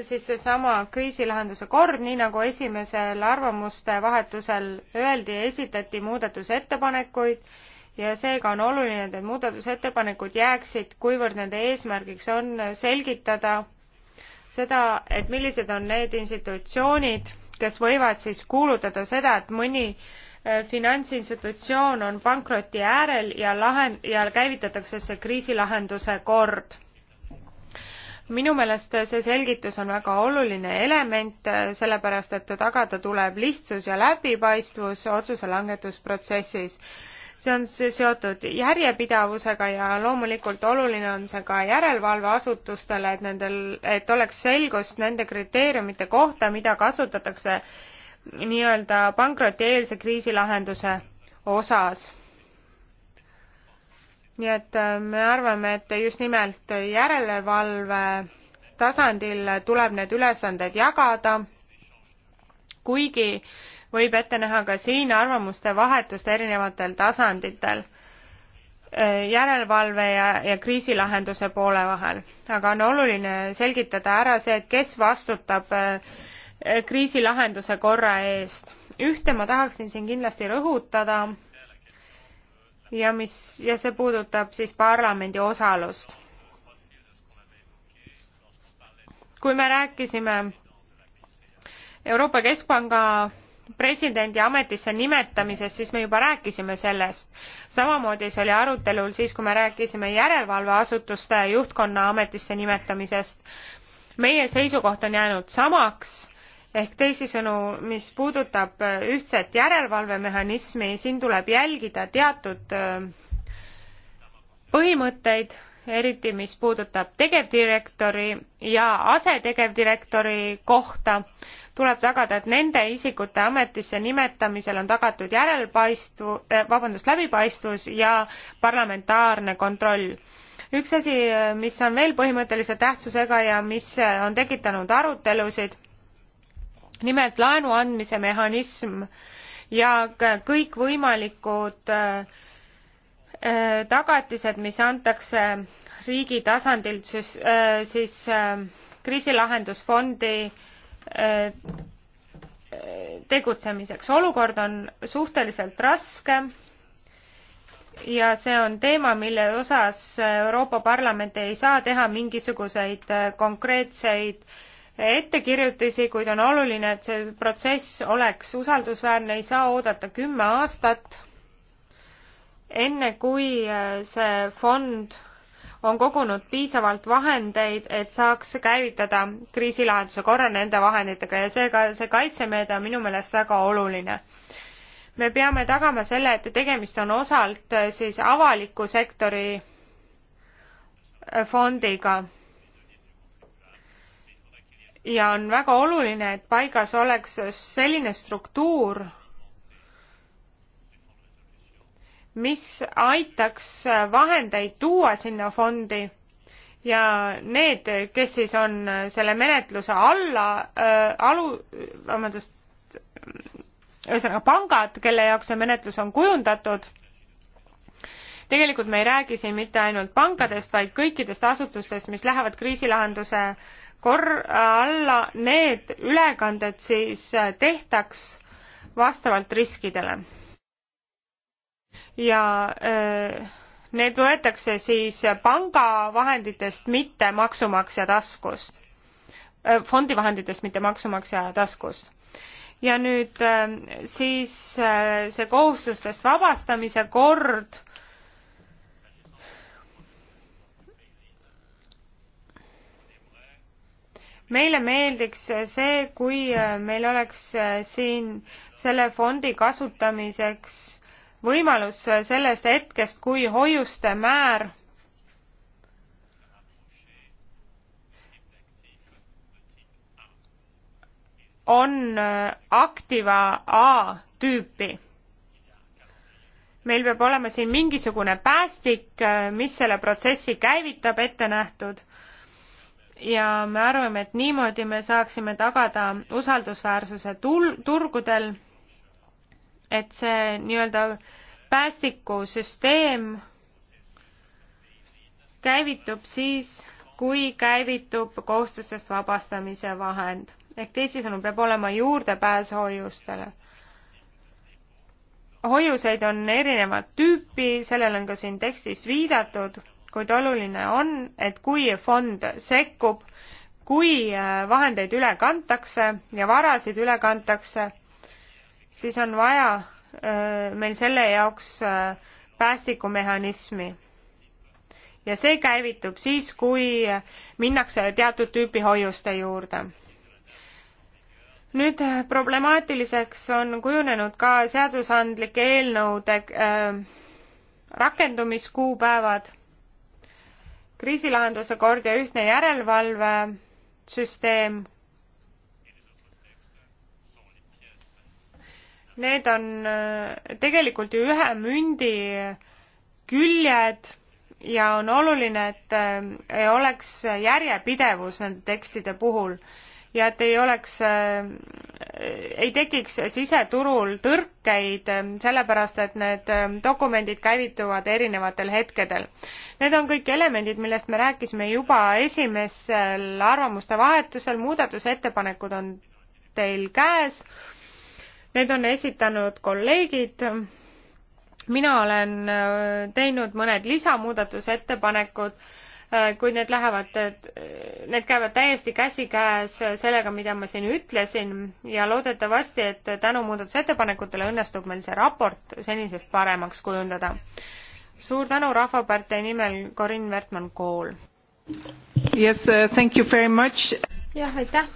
siis seesama kriisilahenduse kord, nii nagu esimesel arvamuste vahetusel öeldi, esitati muudatusettepanekuid ja seega on oluline, et need muudatusettepanekud jääksid, kuivõrd nende eesmärgiks on selgitada seda, et millised on need institutsioonid, kes võivad siis kuulutada seda, et mõni äh, Äh, finantsinstitutsioon on pankroti äärel ja lahen- ja käivitatakse see kriisilahenduse kord minu meelest see selgitus on väga oluline element, äh, sellepärast et tagada tuleb lihtsus ja läbipaistvus otsuse langetusprotsessis. see on seotud järjepidavusega ja loomulikult oluline on see ka järelevalveasutustele, et nendel, et oleks selgust nende kriteeriumite kohta, mida kasutatakse nii-öelda pankrotieelse kriisilahenduse osas. nii et äh, me arvame, et just nimelt järelevalve tasandil tuleb need ülesanded jagada, kuigi võib ette näha ka siin arvamuste vahetust erinevatel tasanditel äh, järelevalve ja, ja kriisilahenduse poole vahel. aga on oluline selgitada ära see, et kes vastutab äh, Eh, kriisilahenduse korra eest. ühte ma tahaksin siin kindlasti rõhutada ja mis, ja see puudutab siis parlamendi osalust. kui me rääkisime Euroopa Keskpanga presidendi ametisse nimetamisest, siis me juba rääkisime sellest. samamoodi see oli arutelul siis, kui me rääkisime järelevalveasutuste juhtkonna ametisse nimetamisest. meie seisukoht on jäänud samaks ehk teisisõnu, mis puudutab äh, ühtset järelevalvemehhanismi, siin tuleb jälgida teatud äh, põhimõtteid, eriti mis puudutab tegevdirektori ja asetegevdirektori kohta, tuleb tagada, et nende isikute ametisse nimetamisel on tagatud järelpaistvu, äh, vabandust, läbipaistvus ja parlamentaarne kontroll üks asi, mis on veel põhimõttelise tähtsusega ja mis on tekitanud arutelusid, nimelt laenu andmise mehhanism ja kõikvõimalikud äh, äh, tagatised, mis antakse riigi tasandilt siis, äh, siis kriisilahendusfondi tegutsemiseks. olukord on suhteliselt raske ja see on teema, mille osas Euroopa Parlament ei saa teha mingisuguseid konkreetseid äh, ettekirjutisi, kuid on oluline, et see protsess oleks usaldusväärne, ei saa oodata kümme aastat, enne kui äh, see fond on kogunud piisavalt vahendeid, et saaks käivitada kriisilahenduse korra nende vahenditega ja seega see kaitsemeede on minu meelest väga oluline. me peame tagama selle, et tegemist on osalt äh, siis avaliku sektori äh, fondiga ja on väga oluline, et paigas oleks selline struktuur, mis aitaks vahendeid tuua sinna fondi ja need, kes siis on selle menetluse alla äh,, alu, vabandust, ühesõnaga pangad, kelle jaoks see menetlus on kujundatud tegelikult me ei räägi siin mitte ainult pankadest, vaid kõikidest asutustest, mis lähevad kriisilahenduse kor- alla, need ülekanded siis tehtaks vastavalt riskidele. ja öö, äh, need võetakse siis panga vahenditest, mitte maksumaksja taskust, äh, fondi vahenditest, mitte maksumaksja taskust. ja nüüd äh, siis see kohustustest vabastamise kord meile meeldiks see, kui äh, meil oleks äh, siin selle fondi kasutamiseks võimalus äh, sellest hetkest, kui hoiuste määr on Activa A tüüpi. meil peab olema siin mingisugune päästik, mis selle protsessi käivitab, ette nähtud ja me arvame, et niimoodi me saaksime tagada usaldusväärsuse tul-, turgudel, et see nii-öelda päästikusüsteem käivitub siis, kui käivitub kohustustest vabastamise vahend. ehk teisisõnu, peab olema juurdepääs hoiustele. hoiuseid on erinevat tüüpi, sellele on ka siin tekstis viidatud kuid oluline on, et kui fond sekkub, kui äh, vahendeid üle kantakse ja varasid üle kantakse, siis on vaja äh, meil selle jaoks äh, päästikumehhanismi. ja see käivitub siis, kui minnakse teatud tüüpi hoiuste juurde nüüd problemaatiliseks on kujunenud ka seadusandlike eelnõude äh, rakendumiskuupäevad kriisilahenduse kord ja ühtne järelevalvesüsteem. Need on äh, tegelikult ju ühe mündi küljed ja on oluline, et äh, oleks järjepidevus nende tekstide puhul ja et ei oleks, äh, ei tekiks siseturul tõrkeid, äh, sellepärast et need äh, dokumendid käivituvad erinevatel hetkedel. Need on kõik elemendid, millest me rääkisime juba esimesel arvamuste vahetusel, muudatusettepanekud on teil käes, need on esitanud kolleegid, mina olen teinud mõned lisamuudatusettepanekud Äh, kui need lähevad, äh, need käivad täiesti käsikäes sellega, mida ma siin ütlesin ja loodetavasti, et tänu muudatusettepanekutele õnnestub meil see raport senisest paremaks kujundada. suur tänu Rahvapartei nimel, Corinne Wertmann-Kool. Yes uh,, thank you very much. jah, aitäh.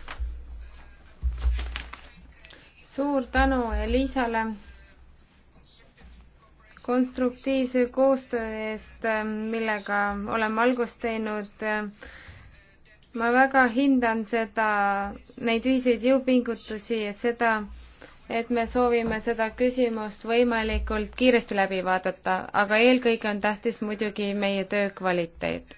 suur tänu Elisale konstruktiivse koostöö eest, ähm, millega oleme algust teinud. ma väga hindan seda, neid ühiseid jõupingutusi ja seda, et me soovime seda küsimust võimalikult kiiresti läbi vaadata, aga eelkõige on tähtis muidugi meie töö kvaliteet.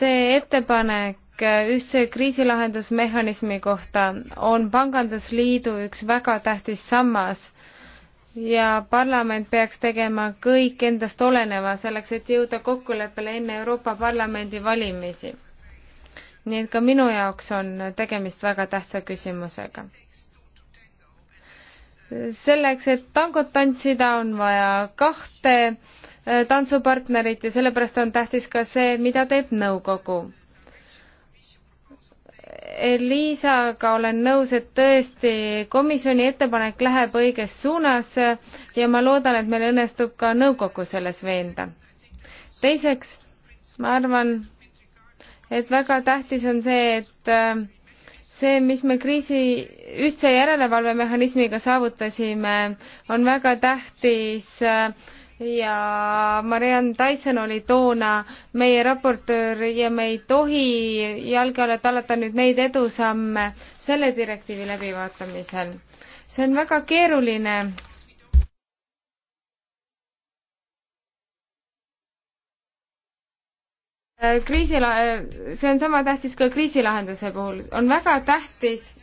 see ettepanek Äh, ühtse kriisilahendusmehhanismi kohta on Pangandusliidu üks väga tähtis sammas ja parlament peaks tegema kõik endast oleneva selleks, et jõuda kokkuleppele enne Euroopa Parlamendi valimisi. nii et ka minu jaoks on tegemist väga tähtsa küsimusega. selleks, et tangot tantsida, on vaja kahte äh, tantsupartnerit ja sellepärast on tähtis ka see, mida teeb nõukogu Liisaga olen nõus, et tõesti komisjoni ettepanek läheb õiges suunas ja ma loodan, et meil õnnestub ka nõukogu selles veenda. teiseks, ma arvan, et väga tähtis on see, et äh, see, mis me kriisi ühtse järelevalvemehhanismiga saavutasime, on väga tähtis äh, ja Marianne Tyson oli toona meie raportöör ja me ei tohi jalge alla tallata nüüd neid edusamme selle direktiivi läbivaatamisel. see on väga keeruline. kriisila-, see on sama tähtis ka kriisilahenduse puhul, on väga tähtis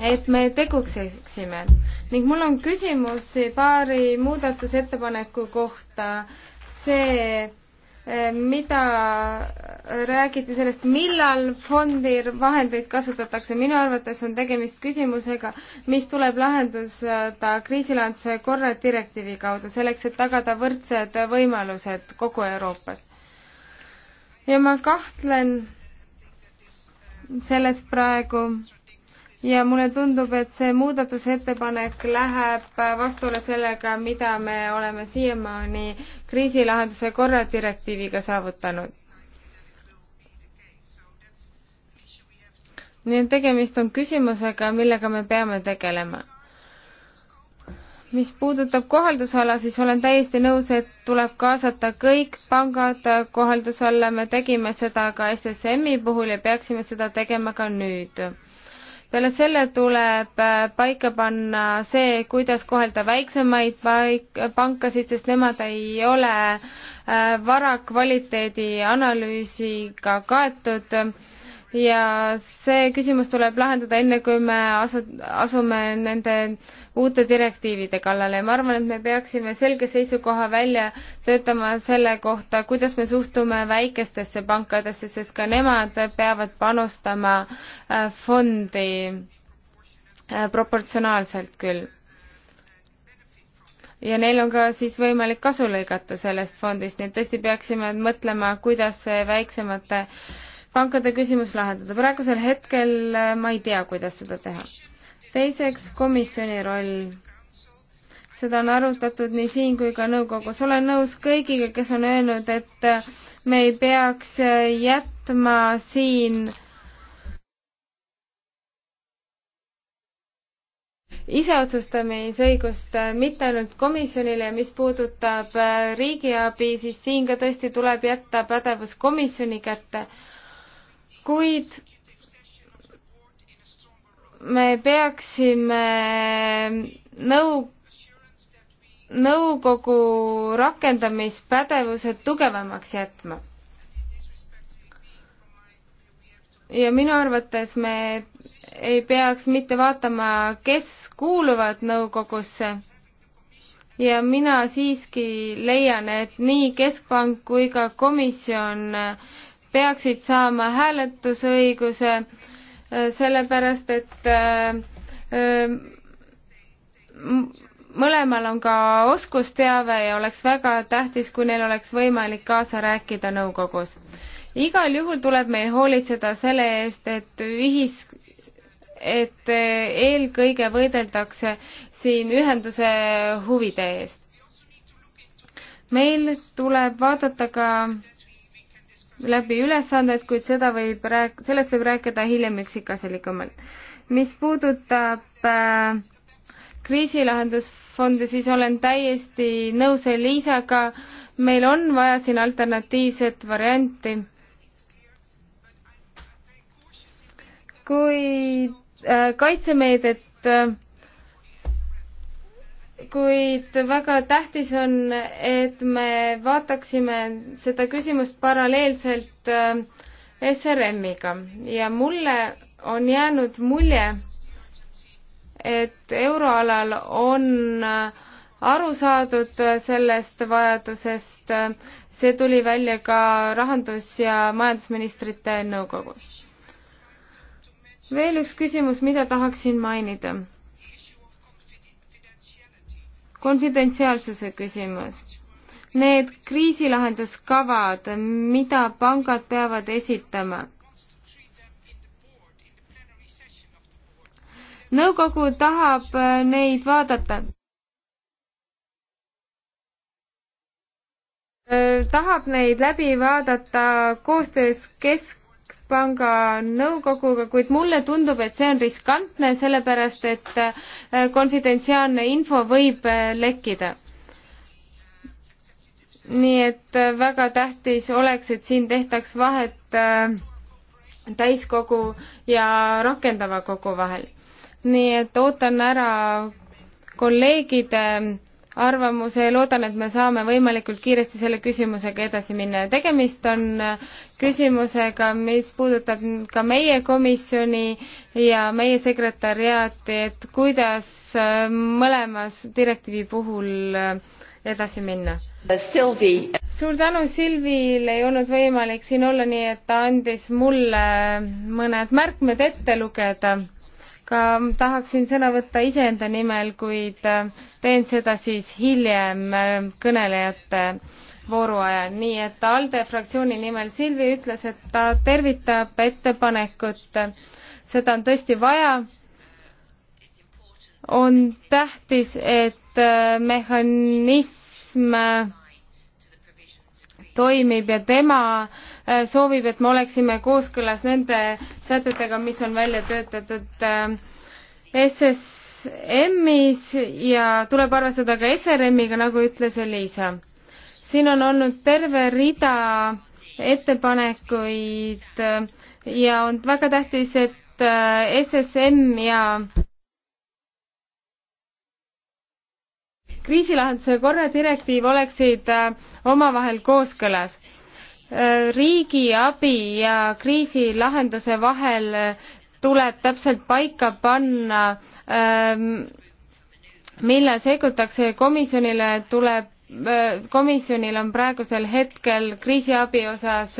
et me tegutseksime ning mul on küsimus paari muudatusettepaneku kohta. see, eh, mida räägiti sellest, millal fondi vahendeid kasutatakse, minu arvates on tegemist küsimusega, mis tuleb lahendada kriisilahenduse korra direktiivi kaudu, selleks et tagada võrdsed võimalused kogu Euroopas. ja ma kahtlen selles praegu ja mulle tundub, et see muudatusettepanek läheb vastuolu sellega, mida me oleme siiamaani kriisilahenduse korra direktiiviga saavutanud. nii et tegemist on küsimusega, millega me peame tegelema. mis puudutab kohaldusala, siis olen täiesti nõus, et tuleb kaasata kõik pangad kohaldusalla, me tegime seda ka SSM-i puhul ja peaksime seda tegema ka nüüd peale selle tuleb äh, paika panna see, kuidas kohelda väiksemaid paik-, pankasid, sest nemad ei ole äh, varakvaliteedi analüüsiga kaetud ja see küsimus tuleb lahendada enne, kui me asu-, asume nende uute direktiivide kallale ja ma arvan, et me peaksime selge seisukoha välja töötama selle kohta, kuidas me suhtume väikestesse pankadesse, sest ka nemad peavad panustama äh, fondi äh, proportsionaalselt küll. ja neil on ka siis võimalik kasu lõigata sellest fondist, nii et tõesti peaksime mõtlema, kuidas see väiksemate äh, pankade küsimus lahendada. praegusel hetkel äh, ma ei tea, kuidas seda teha. teiseks, komisjoni roll. seda on arutatud nii siin kui ka nõukogus. olen nõus kõigiga, kes on öelnud, et äh, me ei peaks äh, jätma siin iseotsustamisõigust mitte ainult komisjonile ja mis puudutab riigiabi, siis siin ka tõesti tuleb jätta pädevus komisjoni kätte kuid me peaksime nõu, nõukogu rakendamispädevused tugevamaks jätma. ja minu arvates me ei peaks mitte vaatama, kes kuuluvad nõukogusse ja mina siiski leian, et nii Keskpank kui ka komisjon äh, peaksid saama hääletusõiguse, äh, sellepärast et äh, äh, mõlemal on ka oskusteave ja oleks väga tähtis, kui neil oleks võimalik kaasa rääkida nõukogus. igal juhul tuleb meil hoolitseda selle eest, et ühis, et eelkõige võideldakse siin ühenduse huvide eest. meil tuleb vaadata ka läbi ülesanded, kuid seda võib rääk-, sellest võib rääkida hiljem üksikasjalikumalt. mis puudutab äh, kriisilahendusfonde, siis olen täiesti nõus Eliisaga, meil on vaja siin alternatiivset varianti. kuid äh, kaitsemeedet äh, kuid väga tähtis on, et me vaataksime seda küsimust paralleelselt äh, SRM-iga ja mulle on jäänud mulje, et euroalal on äh, aru saadud äh, sellest vajadusest, see tuli välja ka rahandus- ja majandusministrite nõukogus. veel üks küsimus, mida tahaksin mainida konfidentsiaalsuse küsimus. Need kriisilahenduskavad, mida pangad peavad esitama. nõukogu tahab äh, neid vaadata äh, tahab neid läbi vaadata koostöös kesk Keskpanga nõukoguga, kuid mulle tundub, et see on riskantne, sellepärast et äh, konfidentsiaalne info võib äh, lekkida. nii et äh, väga tähtis oleks, et siin tehtaks vahet täiskogu ja rakendava kogu vahel. nii et ootan ära kolleegide arvamuse ja loodan, et me saame võimalikult kiiresti selle küsimusega edasi minna ja tegemist on äh, küsimusega, mis puudutab ka meie komisjoni ja meie sekretäriaati, et kuidas äh, mõlemas direktiivi puhul äh, edasi minna. suur tänu, Silvil ei olnud võimalik siin olla, nii et ta andis mulle mõned märkmed ette lugeda aga tahaksin sõna võtta iseenda nimel, kuid äh, teen seda siis hiljem äh, kõnelejate vooru ajal, nii et ALDE fraktsiooni nimel Silvi ütles, et ta tervitab ettepanekut, seda on tõesti vaja. on tähtis, et äh, mehhanism toimib ja tema äh, Äh, soovib, et me oleksime kooskõlas nende sätetega, mis on välja töötatud äh, SSM-is ja tuleb arvestada ka SRM-iga, nagu ütles Liisa. siin on olnud terve rida ettepanekuid äh, ja on väga tähtis, et SSM ja kriisilahenduse korra direktiiv oleksid omavahel kooskõlas Äh, riigiabi ja kriisilahenduse vahel äh, tuleb täpselt paika panna, ähm, millal sekkutakse komisjonile, tuleb, äh, komisjonil on praegusel hetkel kriisiabi osas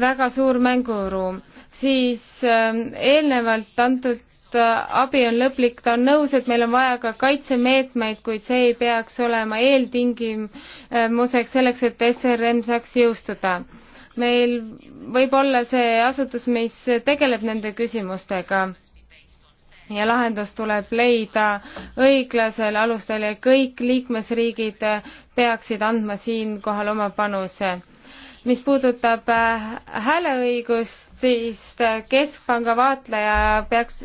väga suur mänguruum siis ähm, eelnevalt antud äh, abi on lõplik, ta on nõus, et meil on vaja ka kaitsemeetmeid, kuid see ei peaks olema eeltingimuseks selleks, et SRM saaks jõustuda. meil võib olla see asutus, mis tegeleb nende küsimustega ja lahendus tuleb leida õiglasel alustel ja kõik liikmesriigid peaksid andma siinkohal oma panuse mis puudutab äh, hääleõigust, siis äh, keskpanga vaatleja peaks,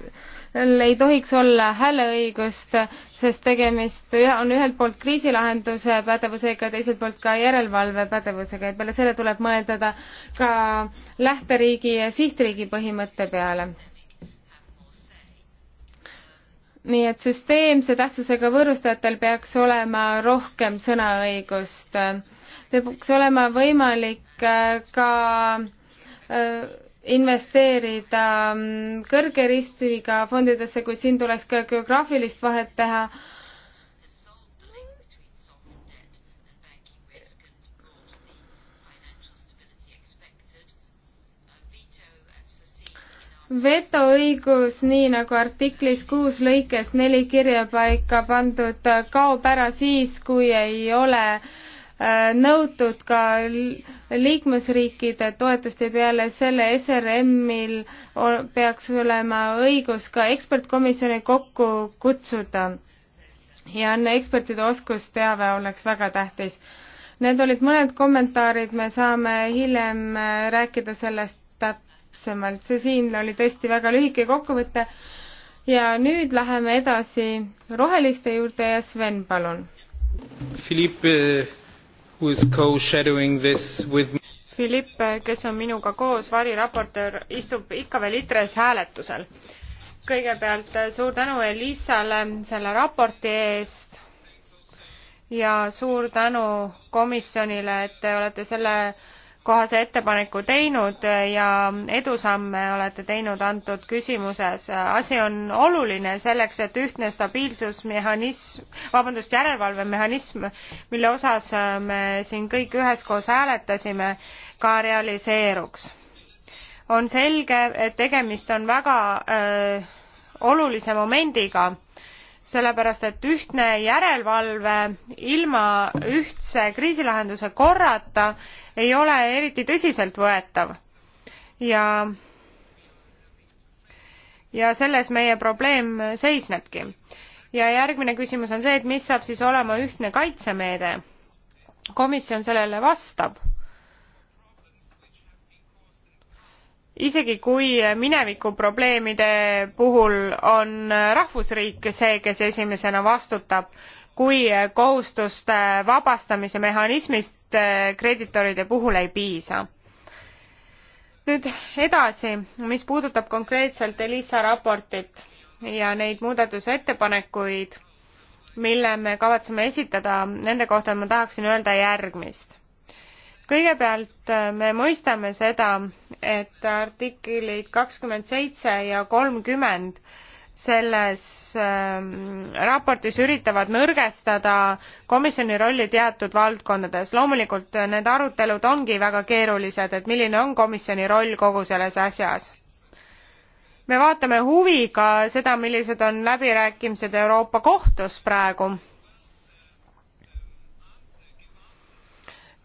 ei tohiks olla hääleõigust, sest tegemist on ühelt poolt kriisilahenduse pädevusega ja teiselt poolt ka järelevalve pädevusega ja peale selle tuleb mõelda ka lähteriigi ja sihtriigi põhimõtte peale. nii et süsteemse tähtsusega võõrustajatel peaks olema rohkem sõnaõigust peaks olema võimalik äh, ka äh, investeerida mm, kõrge ristiga fondidesse, kuid siin tuleks ka geograafilist vahet teha vetoõigus, nii nagu artiklis kuus lõikes neli kirja paika pandud, kaob ära siis, kui ei ole Äh, nõutud ka liikmesriikide toetust ja peale selle SRM-il peaks olema õigus ka ekspertkomisjoni kokku kutsuda. ja ekspertide oskusteave oleks väga tähtis. Need olid mõned kommentaarid, me saame hiljem äh, rääkida sellest täpsemalt, see siin oli tõesti väga lühike kokkuvõte ja nüüd läheme edasi roheliste juurde ja Sven, palun. Philippe who is co-shadowing this with me. Philippe, kes on minuga koos variraportöör, istub ikka veel ITRE-s hääletusel. kõigepealt suur tänu Elisale selle raporti eest ja suur tänu komisjonile, et te olete selle äh, kohase ettepaneku teinud ja edusamme olete teinud antud küsimuses. asi on oluline selleks, et ühtne stabiilsusmehhanism, vabandust, järelevalvemehhanism, mille osas me siin kõik üheskoos hääletasime, ka realiseeruks. on selge, et tegemist on väga öö, äh, olulise momendiga sellepärast et ühtne järelevalve ilma ühtse kriisilahenduse korrata ei ole eriti tõsiseltvõetav ja ja selles meie probleem seisnebki. ja järgmine küsimus on see, et mis saab siis olema ühtne kaitsemeede. komisjon sellele vastab isegi kui mineviku probleemide puhul on rahvusriik see kes esimesena vastutab kui kohustuste vabastamise mehhanismist kreeditoride puhul ei piisa. nüüd edasi mis puudutab konkreetselt elisa raportit ja neid muudatusettepanekuid mille me kavatseme esitada nende kohta ma tahaksin öelda järgmist kõigepealt äh, me mõistame seda, et artiklid kakskümmend seitse ja kolmkümmend selles ähm, raportis üritavad nõrgestada komisjoni rolli teatud valdkondades. loomulikult äh, need arutelud ongi väga keerulised, et milline on komisjoni roll kogu selles asjas. me vaatame huviga seda, millised on läbirääkimised Euroopa Kohtus praegu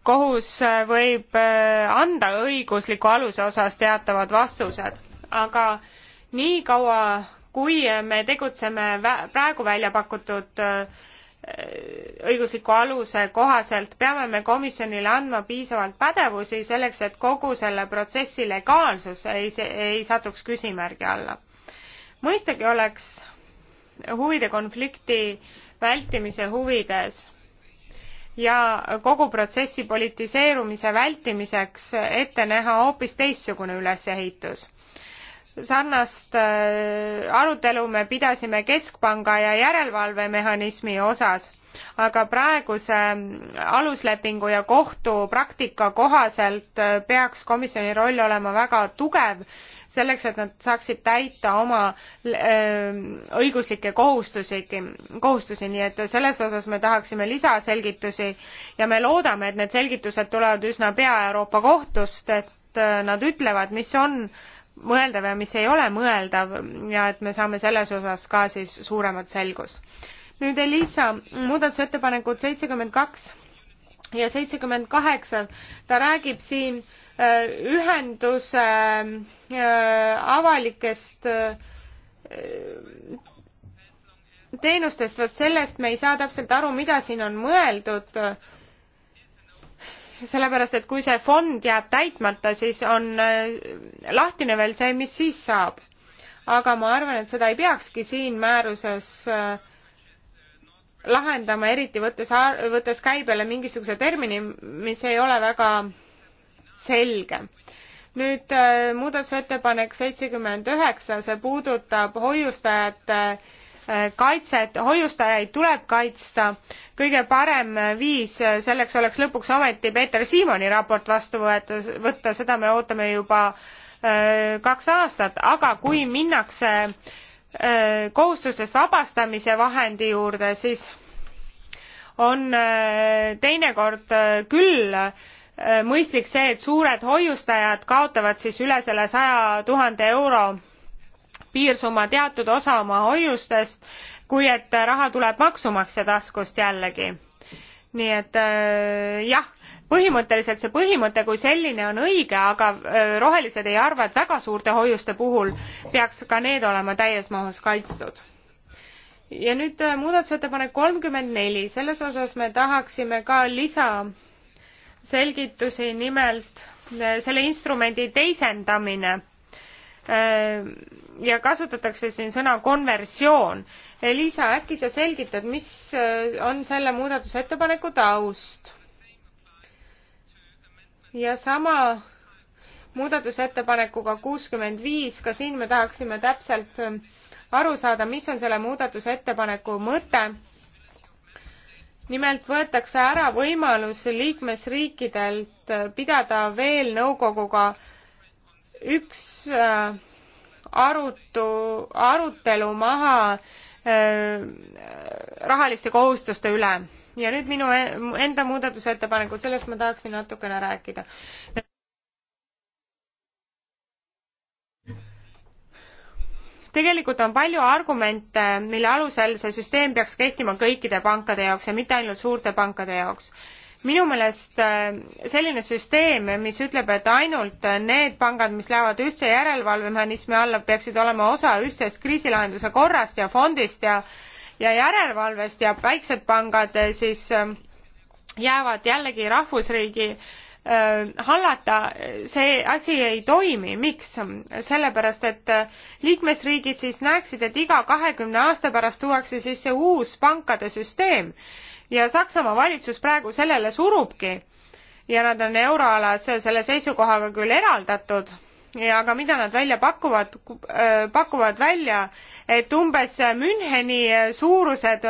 kohus äh, võib äh, anda õigusliku aluse osas teatavad vastused, aga niikaua, kui me tegutseme praegu välja pakutud äh, õigusliku aluse kohaselt, peame me komisjonile andma piisavalt pädevusi selleks, et kogu selle protsessi legaalsus ei, ei satuks küsimärgi alla. mõistagi oleks huvide konflikti vältimise huvides ja kogu protsessi politiseerumise vältimiseks ette näha hoopis teistsugune ülesehitus. sarnast äh, arutelu me pidasime Keskpanga ja järelevalvemehhanismi osas, aga praeguse äh, aluslepingu ja kohtupraktika kohaselt äh, peaks komisjoni roll olema väga tugev selleks, et nad saaksid täita oma ähm, õiguslikke kohustusi, kohustusi, nii et selles osas me tahaksime lisaselgitusi ja me loodame, et need selgitused tulevad üsna pea Euroopa Kohtust, et äh, nad ütlevad, mis on mõeldav ja mis ei ole mõeldav ja et me saame selles osas ka siis suuremat selgust. nüüd Elisa, muudatusettepanekud seitsekümmend kaks ja seitsekümmend kaheksa, ta räägib siin äh, ühenduse äh, avalikest äh, teenustest, vot sellest me ei saa täpselt aru, mida siin on mõeldud. sellepärast, et kui see fond jääb täitmata, siis on äh, lahtine veel see, mis siis saab. aga ma arvan, et seda ei peakski siin määruses lahendama, eriti võttes, võttes käibele mingisuguse termini, mis ei ole väga selge. nüüd äh, muudatusettepanek seitsekümmend üheksa, see puudutab hoiustajate äh, kaitset, hoiustajaid tuleb kaitsta. kõige parem viis selleks oleks lõpuks ometi Peeter Siimoni raport vastu võeta, võtta, seda me ootame juba äh, kaks aastat, aga kui minnakse kohustustest vabastamise vahendi juurde, siis on teinekord küll Äh, mõistlik see, et suured hoiustajad kaotavad siis üle selle saja tuhande euro piirsumma teatud osa oma hoiustest, kui et raha tuleb maksumaksja taskust jällegi. nii et äh, jah, põhimõtteliselt see põhimõte kui selline on õige, aga äh, rohelised ei arva, et väga suurte hoiuste puhul peaks ka need olema täies mahus kaitstud ja nüüd muudatusettepanek kolmkümmend neli, selles osas me tahaksime ka lisa selgitusi, nimelt eh, selle instrumendi teisendamine eh, ja kasutatakse siin sõna konversioon. Liisa, äkki sa selgitad, mis eh, on selle muudatusettepaneku taust? ja sama muudatusettepanekuga kuuskümmend viis, ka siin me tahaksime täpselt aru saada, mis on selle muudatusettepaneku mõte nimelt võetakse ära võimalus liikmesriikidelt pidada veel nõukoguga üks äh, arutu, arutelu maha äh, rahaliste kohustuste üle. ja nüüd minu e-, enda muudatusettepanekud, sellest ma tahaksin natukene rääkida. tegelikult on palju argumente, mille alusel see süsteem peaks kehtima kõikide pankade jaoks ja mitte ainult suurte pankade jaoks. minu meelest äh, selline süsteem, mis ütleb, et ainult need pangad, mis lähevad ühtse järelevalvemehhanismi alla, peaksid olema osa ühtsest kriisilahenduse korrast ja fondist ja ja järelevalvest ja väiksed pangad äh, siis äh, jäävad jällegi rahvusriigi äh, Äh, hallata, see asi ei toimi, miks? sellepärast, et äh, liikmesriigid siis näeksid, et iga kahekümne aasta pärast tuuakse sisse uus pankade süsteem ja Saksamaa valitsus praegu sellele surubki ja nad on euroalas selle seisukohaga küll eraldatud, ja aga mida nad välja pakuvad, äh, pakuvad välja, et umbes Müncheni suurused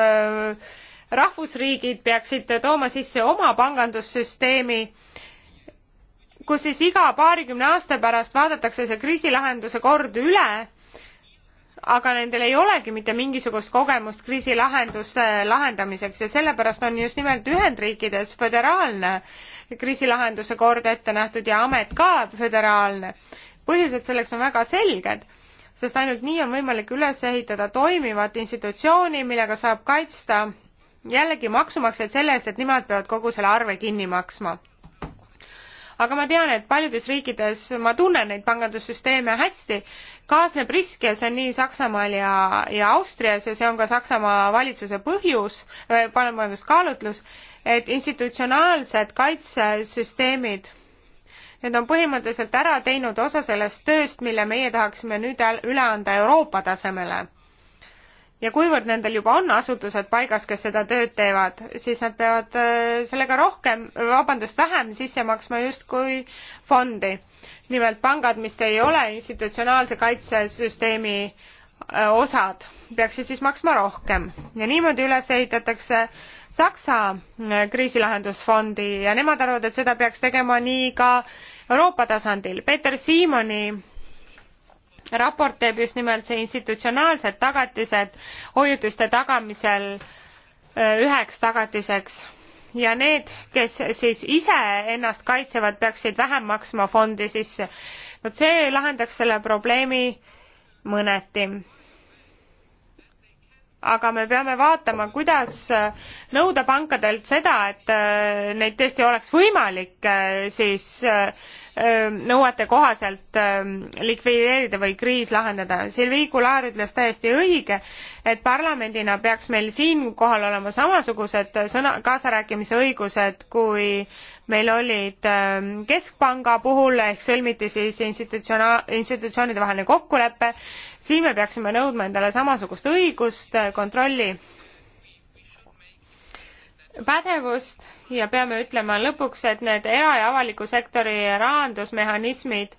rahvusriigid peaksid tooma sisse oma pangandussüsteemi kus siis iga paarikümne aasta pärast vaadatakse see kriisilahenduse kord üle, aga nendel ei olegi mitte mingisugust kogemust kriisilahenduse lahendamiseks ja sellepärast on just nimelt Ühendriikides föderaalne kriisilahenduse kord ette nähtud ja amet ka föderaalne. põhjused selleks on väga selged sest ainult nii on võimalik üles ehitada toimivat institutsiooni, millega saab kaitsta jällegi maksumaksjaid selle eest, et nemad peavad kogu selle arve kinni maksma aga ma tean, et paljudes riikides, ma tunnen neid pangandussüsteeme hästi, kaasneb risk ja see on nii Saksamaal ja, ja Austrias ja see on ka Saksamaa valitsuse põhjus, vabandust, kaalutlus, et institutsionaalsed kaitsesüsteemid Need on põhimõtteliselt ära teinud osa sellest tööst, mille meie tahaksime nüüd üle anda Euroopa tasemele ja kuivõrd nendel juba on asutused paigas, kes seda tööd teevad, siis nad peavad äh, sellega rohkem, vabandust, vähem sisse maksma justkui fondi. nimelt pangad, mis ei ole institutsionaalse kaitsesüsteemi äh, osad, peaksid siis maksma rohkem ja niimoodi üles ehitatakse Saksa äh, kriisilahendusfondi ja nemad arvavad, et seda peaks tegema nii ka Euroopa tasandil. Peeter Siimoni raport teeb just nimelt see institutsionaalsed tagatised hoiutuste tagamisel äh, üheks tagatiseks ja need kes siis ise ennast kaitsevad peaksid vähem maksma fondi sisse vot see lahendaks selle probleemi mõneti aga me peame vaatama kuidas äh, nõuda pankadelt seda et äh, neid tõesti oleks võimalik siis Ehm, nõuete kohaselt ehm, likvideerida või kriis lahendada. Silvi Kular ütles täiesti õige, et parlamendina peaks meil siinkohal olema samasugused sõna, kaasarääkimise õigused, kui meil olid ehm, keskpanga puhul ehk sõlmiti siis institutsiona-, institutsioonide vaheline kokkulepe. siin me peaksime nõudma endale samasugust õigust kontrolli pädevust ja peame ütlema lõpuks, et need era- ja avaliku sektori rahandusmehhanismid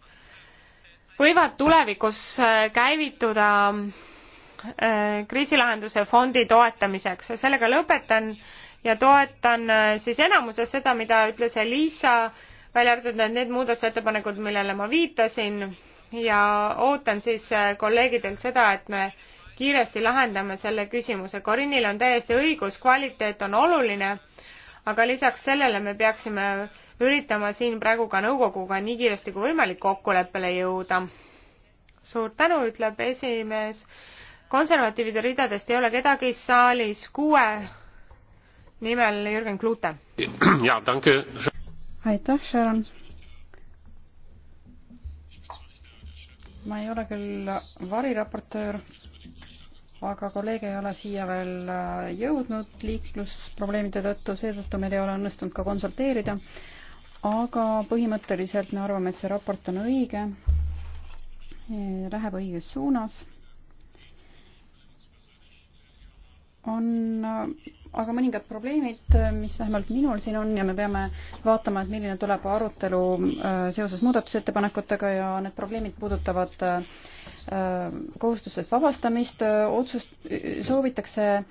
võivad tulevikus äh, käivituda äh, kriisilahenduse fondi toetamiseks ja sellega lõpetan ja toetan äh, siis enamuses seda, mida ütles Elisa, välja arvatud need, need muudatusettepanekud, millele ma viitasin ja ootan siis kolleegidelt seda, et me kiiresti lahendame selle küsimuse. Korinil on täiesti õigus, kvaliteet on oluline, aga lisaks sellele me peaksime üritama siin praegu ka nõukoguga nii kiiresti kui võimalik kokkuleppele jõuda. suur tänu, ütleb esimees. konservatiivide ridadest ei ole kedagi saalis, kuue nimel Jürgen Klute. jaa, tänke. aitäh, Sharon. ma ei ole küll variraportöör, aga kolleeg ei ole siia veel äh, jõudnud liiklusprobleemide tõttu, seetõttu meil ei ole õnnestunud ka konsulteerida. aga põhimõtteliselt me arvame, et see raport on õige, läheb õiges suunas on aga mõningad probleemid, mis vähemalt minul siin on ja me peame vaatama, et milline tuleb arutelu äh, seoses muudatusettepanekutega ja need probleemid puudutavad äh, kohustustest vabastamist, otsust, soovitakse äh,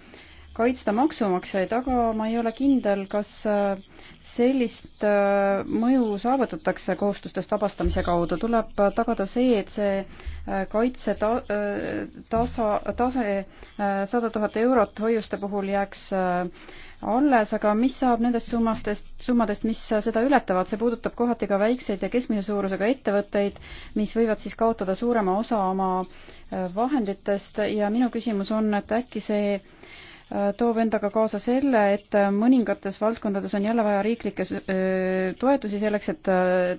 kaitsta maksumaksjaid, aga ma ei ole kindel, kas äh, sellist äh, mõju saavutatakse kohustustest vabastamise kaudu. tuleb äh, tagada see, et see kaitse ta-, tasa, tase sada tuhat eurot hoiuste puhul jääks alles, aga mis saab nendest summastest, summadest, mis seda ületavad, see puudutab kohati ka väikseid ja keskmise suurusega ettevõtteid, mis võivad siis kaotada suurema osa oma vahenditest ja minu küsimus on, et äkki see Äh, toob endaga kaasa selle, et äh, mõningates valdkondades on jälle vaja riiklikke äh, toetusi selleks, et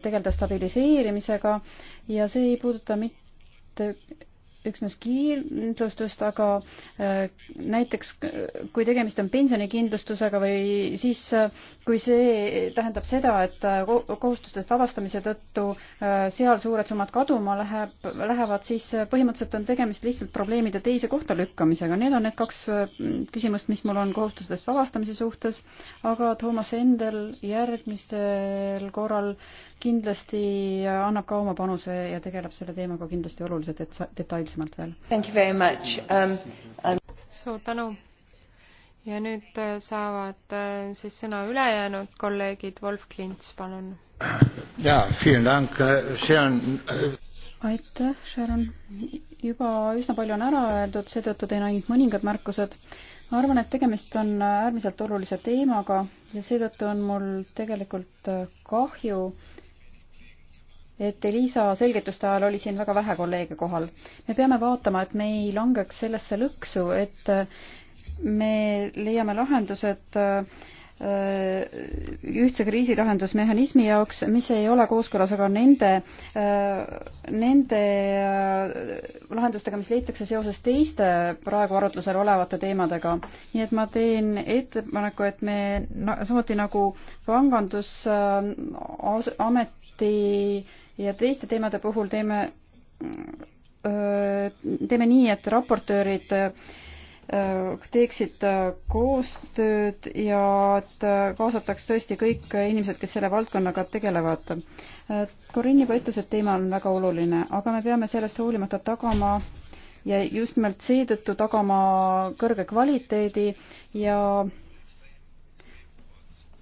tegeleda stabiliseerimisega ja see ei puuduta mitte üksnes kindlustust, aga äh, näiteks kui tegemist on pensionikindlustusega või siis äh, kui see tähendab seda, et äh, kohustustest vabastamise tõttu seal suured summad kaduma läheb, lähevad, siis põhimõtteliselt on tegemist lihtsalt probleemide teise kohta lükkamisega. Need on need kaks küsimust, mis mul on kohustustest vabastamise suhtes, aga Toomas Endel järgmisel korral kindlasti annab ka oma panuse ja tegeleb selle teemaga kindlasti oluliselt deta detailsemalt veel. Um, um... suur tänu. ja nüüd äh, saavad äh, siis sõna ülejäänud kolleegid. Wolf Klints, palun. jaa, see on aitäh, Sharon. juba üsna palju on ära öeldud, seetõttu teen ainult mõningad märkused. ma arvan, et tegemist on äärmiselt olulise teemaga ja seetõttu on mul tegelikult äh, kahju, et Elisa selgituste ajal oli siin väga vähe kolleege kohal. me peame vaatama, et me ei langeks sellesse lõksu, et me leiame lahendused äh, ühtse kriisilahendusmehhanismi jaoks, mis ei ole kooskõlas aga nende, äh, nende äh, lahendustega, mis leitakse seoses teiste praegu arutlusel olevate teemadega. nii et ma teen ettepaneku, et me samuti nagu pangandusameti ja teiste teemade puhul teeme, teeme nii, et raportöörid teeksid koostööd ja et kaasataks tõesti kõik inimesed, kes selle valdkonnaga tegelevad. Corinne juba ütles, et teema on väga oluline, aga me peame sellest hoolimata tagama ja just nimelt seetõttu tagama kõrge kvaliteedi ja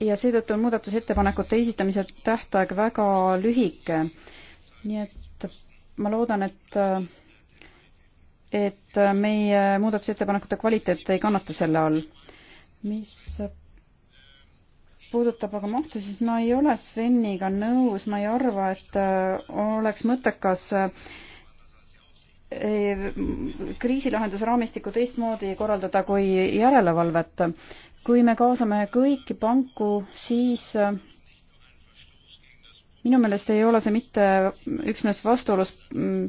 ja seetõttu on muudatusettepanekute esitamise tähtaeg väga lühike. nii et ma loodan, et, et meie muudatusettepanekute kvaliteet ei kannata selle all. mis puudutab aga mahtu, siis ma ei ole Sveniga nõus, ma ei arva, et oleks mõttekas kriisilahendusraamistikku teistmoodi korraldada kui järelevalvet. kui me kaasame kõiki panku, siis äh, minu meelest ei ole see mitte üksnes vastuolus mm,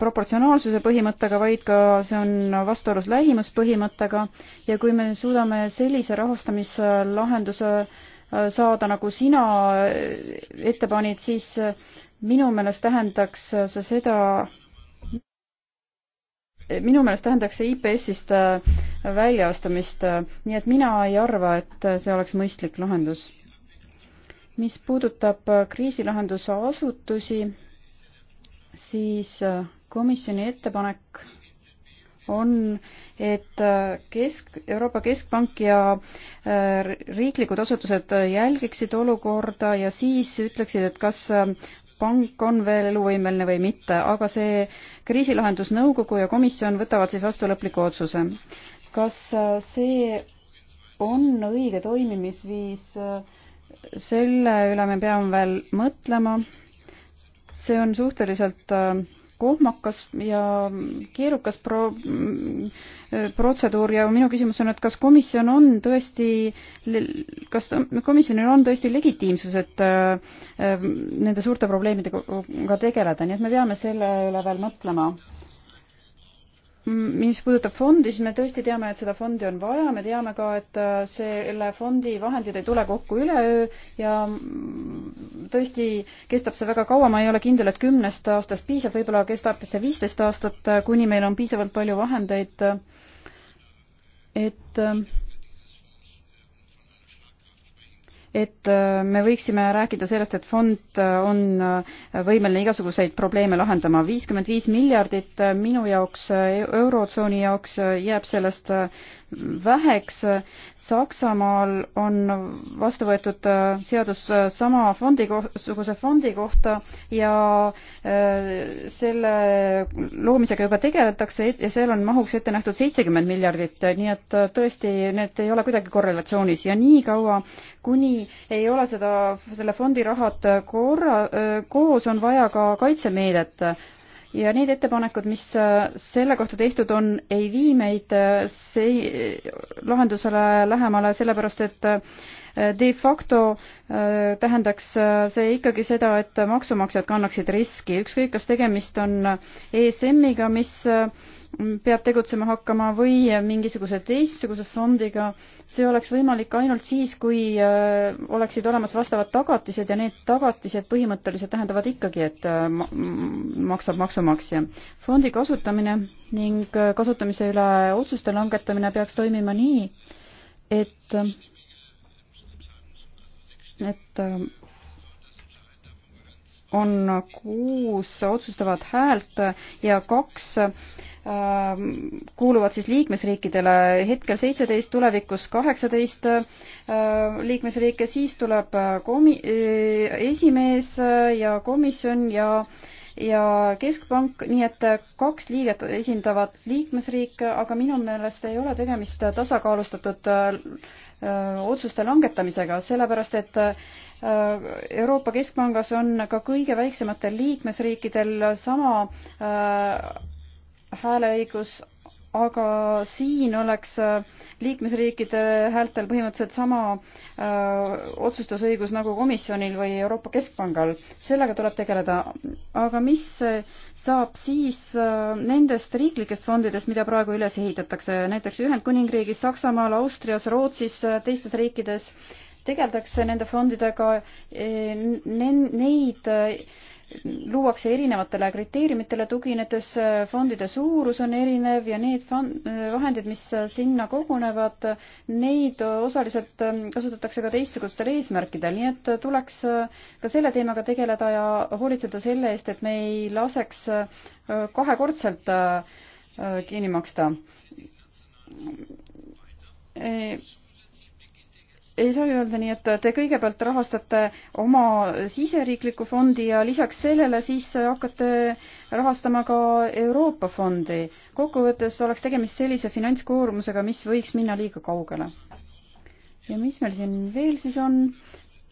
proportsionaalsuse põhimõttega, vaid ka see on vastuolus lähimuspõhimõttega ja kui me suudame sellise rahastamislahenduse äh, saada, nagu sina äh, ette panid, siis minu meelest tähendaks see seda, minu meelest tähendaks see IPS-ist äh, väljaostamist, äh, nii et mina ei arva, et äh, see oleks mõistlik lahendus. mis puudutab kriisilahenduse asutusi, siis komisjoni ettepanek on, et kesk, Euroopa Keskpank ja riiklikud asutused jälgiksid olukorda ja siis ütleksid, et kas pank on veel eluvõimeline või mitte, aga see kriisilahendusnõukogu ja komisjon võtavad siis vastu lõpliku otsuse. kas äh, see on õige toimimisviis, selle üle me peame veel mõtlema. see on suhteliselt äh, kohmakas ja keerukas pro-, mm, protseduur ja minu küsimus on, et kas komisjon on tõesti, kas komisjonil on tõesti legitiimsus, et äh, nende suurte probleemidega tegeleda, nii et me peame selle üle veel mõtlema mis puudutab fondi, siis me tõesti teame, et seda fondi on vaja, me teame ka, et äh, selle fondi vahendid ei tule kokku üleöö ja mm, tõesti kestab see väga kaua, ma ei ole kindel, et kümnest aastast piisab, võib-olla kestab see viisteist aastat, äh, kuni meil on piisavalt palju vahendeid, äh, et et äh, me võiksime rääkida sellest, et fond äh, on äh, võimeline igasuguseid probleeme lahendama. viiskümmend viis miljardit minu jaoks, e-, Eurotsooni jaoks jääb sellest väheks. Saksamaal on vastu võetud äh, seadus äh, sama fondi, suguse fondi kohta ja äh, selle loomisega juba tegeletakse ja seal on mahuks ette nähtud seitsekümmend miljardit, nii et tõesti, need ei ole kuidagi korrelatsioonis ja niikaua, kuni ei ole seda, selle fondi rahad korra, koos, on vaja ka kaitsemeedet ja need ettepanekud, mis äh, selle kohta tehtud on, ei vii meid äh, see lahendusele lähemale, sellepärast et äh, de facto tähendaks see ikkagi seda, et maksumaksjad kannaksid riski, ükskõik kas tegemist on ESM-iga, mis peab tegutsema hakkama või mingisuguse teistsuguse fondiga, see oleks võimalik ainult siis, kui äh, oleksid olemas vastavad tagatised ja need tagatised põhimõtteliselt tähendavad ikkagi, et äh, maksab maksumaksja. fondi kasutamine ning äh, kasutamise üle otsuste langetamine peaks toimima nii, et, et on kuus otsustavat häält ja kaks äh, Äh, kuuluvad siis liikmesriikidele hetkel seitseteist, tulevikus kaheksateist äh, liikmesriike, siis tuleb äh, komi-, esimees ja komisjon ja ja Keskpank, nii et kaks liiget esindavad liikmesriike, aga minu meelest ei ole tegemist tasakaalustatud otsuste langetamisega, sellepärast et Euroopa Keskpangas on ka kõige väiksematel liikmesriikidel sama hääleõigus, aga siin oleks äh, liikmesriikide häältel põhimõtteliselt sama öö, äh, otsustusõigus nagu komisjonil või Euroopa Keskpangal. sellega tuleb tegeleda. aga mis äh, saab siis öö, nendest riiklikest fondidest, mida praegu üles ehitatakse, näiteks Ühendkuningriigis, Saksamaal, Austrias, Rootsis, teistes riikides, tegeldakse nende fondidega, neid luuakse erinevatele kriteeriumitele tuginedes, fondide suurus on erinev ja need fond, vahendid, mis sinna kogunevad, neid osaliselt kasutatakse ka teistsugustel eesmärkidel, nii et tuleks ka selle teemaga tegeleda ja hoolitseda selle eest, et me ei laseks kahekordselt kinni maksta ei saa ju öelda nii, et te kõigepealt rahastate oma siseriiklikku fondi ja lisaks sellele siis hakkate rahastama ka Euroopa fondi. kokkuvõttes oleks tegemist sellise finantskoormusega, mis võiks minna liiga kaugele. ja mis meil siin veel siis on?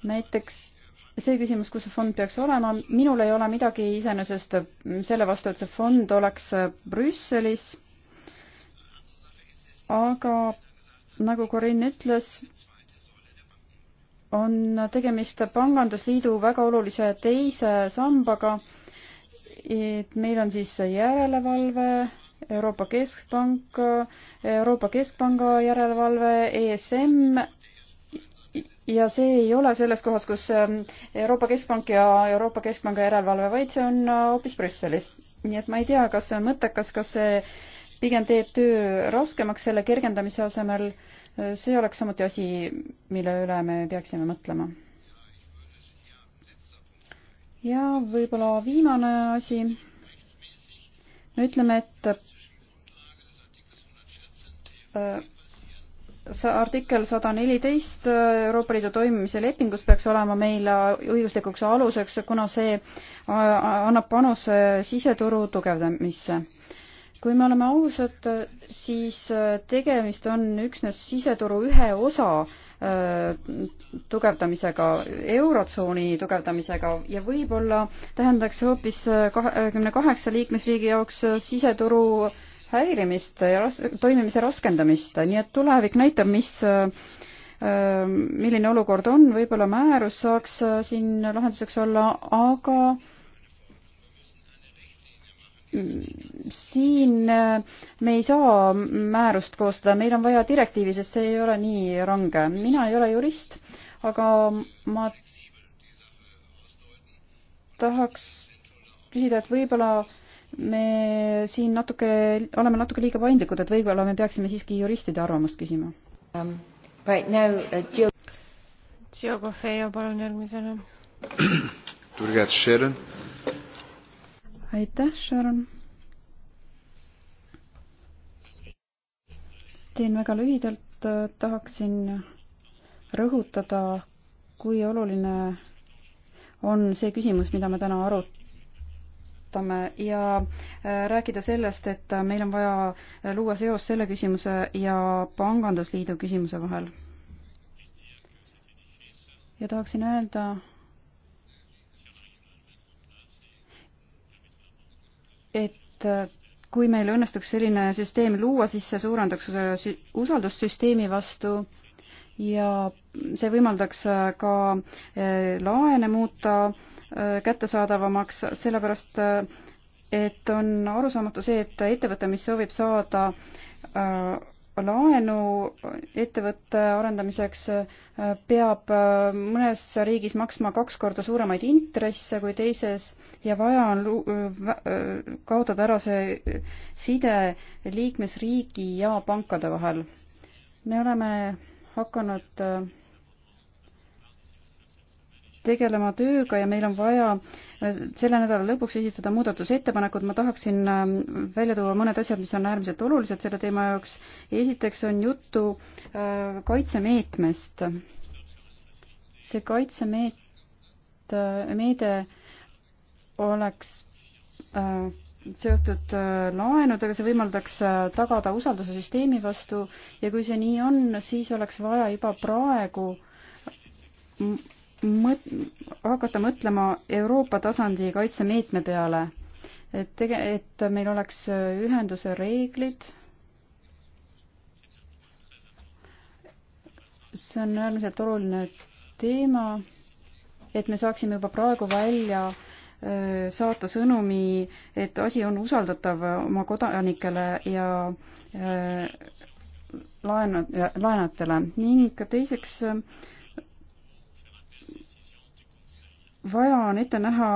näiteks see küsimus, kus see fond peaks olema, minul ei ole midagi iseenesest selle vastu, et see fond oleks Brüsselis, aga nagu Corinne ütles, on tegemist Pangandusliidu väga olulise teise sambaga. et meil on siis järelevalve, Euroopa Keskpank, Euroopa Keskpanga järelevalve, ESM ja see ei ole selles kohas, kus ähm, Euroopa Keskpank ja Euroopa Keskpanga järelevalve, vaid see on äh, hoopis Brüsselis. nii et ma ei tea, kas see on mõttekas, kas see pigem teeb töö raskemaks selle kergendamise asemel äh, see oleks samuti asi, mille üle me peaksime mõtlema. ja võib-olla viimane asi. me ütleme, et äh, artikkel sada neliteist äh, Euroopa Liidu toimimise lepingus peaks olema meil äh, õiguslikuks aluseks, kuna see annab panuse siseturu tugevdamisse kui me oleme ausad, siis äh, tegemist on üksnes siseturu ühe osa äh, tugevdamisega, Eurotsooni tugevdamisega ja võib-olla tähendaks see hoopis äh, kahekümne kaheksa liikmesriigi jaoks siseturu häirimist ja ras-, toimimise raskendamist, nii et tulevik näitab, mis milline olukord on, võib-olla määrus saaks siin lahenduseks olla, aga siin äh, me ei saa määrust koostada, meil on vaja direktiivi, sest see ei ole nii range. mina ei ole jurist, aga ma tahaks küsida, et võib-olla me siin natuke, oleme natuke liiga paindlikud, et võib-olla me peaksime siiski juristide arvamust küsima um,. Right now uh,, Gio. Gio Coffeo, palun järgmisena aitäh, Sharon. teen väga lühidalt, tahaksin rõhutada, kui oluline on see küsimus, mida me täna arutame ja äh, rääkida sellest, et meil on vaja luua seos selle küsimuse ja pangandusliidu küsimuse vahel. ja tahaksin öelda, et äh, kui meil õnnestuks selline süsteem luua, siis see suurendaks äh, usaldust süsteemi vastu ja see võimaldaks äh, ka laene muuta kättesaadavamaks, sellepärast et on arusaamatu see, et ettevõte, mis soovib saada laenu ettevõtte arendamiseks, äh, peab äh, mõnes riigis maksma kaks korda suuremaid intresse kui teises ja vaja on äh, kaotada ära see side liikmesriigi ja pankade vahel. me oleme hakanud tegelema tööga ja meil on vaja äh, selle nädala lõpuks esitada muudatusettepanekud. ma tahaksin äh, välja tuua mõned asjad, mis on äärmiselt olulised selle teema jaoks. esiteks on juttu äh, kaitsemeetmest. see kaitsemeet-, meede oleks seotud laenudega, see võimaldaks tagada usalduse süsteemi vastu ja kui see nii on, siis oleks vaja juba praegu mõt-, hakata mõtlema Euroopa tasandi kaitsemeetme peale, et tege-, et meil oleks ühenduse reeglid, see on äärmiselt oluline teema, et me saaksime juba praegu välja saata sõnumi, et asi on usaldatav oma kodanikele ja laenu, laenajatele ning teiseks äh, vaja on ette näha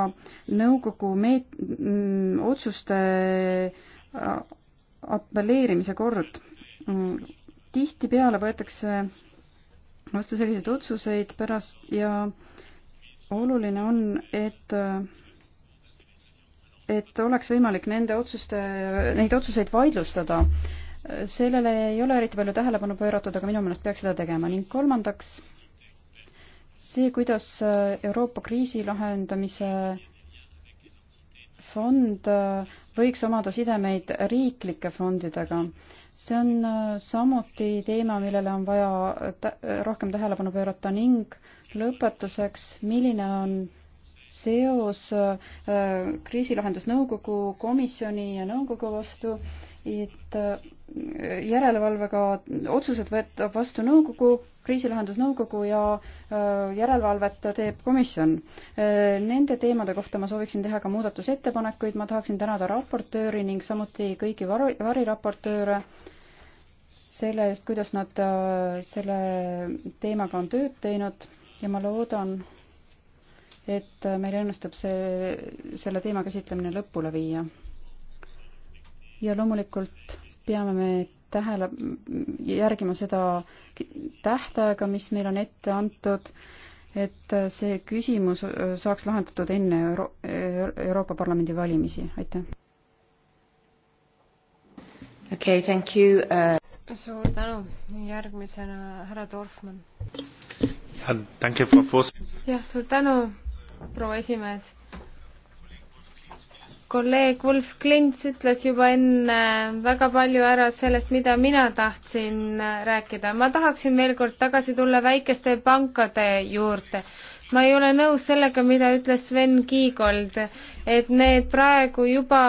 nõukogu meet-, mm, otsuste äh, apelleerimise kord. tihtipeale võetakse vastu selliseid otsuseid pärast ja oluline on, et et oleks võimalik nende otsuste, neid otsuseid vaidlustada. sellele ei ole eriti palju tähelepanu pööratud, aga minu meelest peaks seda tegema ning kolmandaks see, kuidas äh, Euroopa kriisi lahendamise fond äh, võiks omada sidemeid riiklike fondidega. see on äh, samuti teema, millele on vaja rohkem tähelepanu pöörata ning lõpetuseks, milline on seos kriisilahendusnõukogu komisjoni ja nõukogu vastu, et järelevalvega otsused võtab vastu nõukogu, kriisilahendusnõukogu ja äh, järelevalvet teeb komisjon. Äh, nende teemade kohta ma sooviksin teha ka muudatusettepanekuid, ma tahaksin tänada raportööri ning samuti kõiki var-, variraportööre selle eest, kuidas nad äh, selle teemaga on tööd teinud ja ma loodan, et meil õnnestub see, selle teema käsitlemine lõpule viia. ja loomulikult peame me tähele, järgima seda tähtaega, mis meil on ette antud, et see küsimus saaks lahendatud enne Euro Euroopa Parlamendi valimisi, aitäh. okei okay,, thank you uh.... suur tänu, järgmisena härra Dorfmann. jah, suur tänu, proua esimees kolleeg Wolf Klints ütles juba enne väga palju ära sellest, mida mina tahtsin rääkida. ma tahaksin veel kord tagasi tulla väikeste pankade juurde. ma ei ole nõus sellega, mida ütles Sven Kiigold, et need praegu juba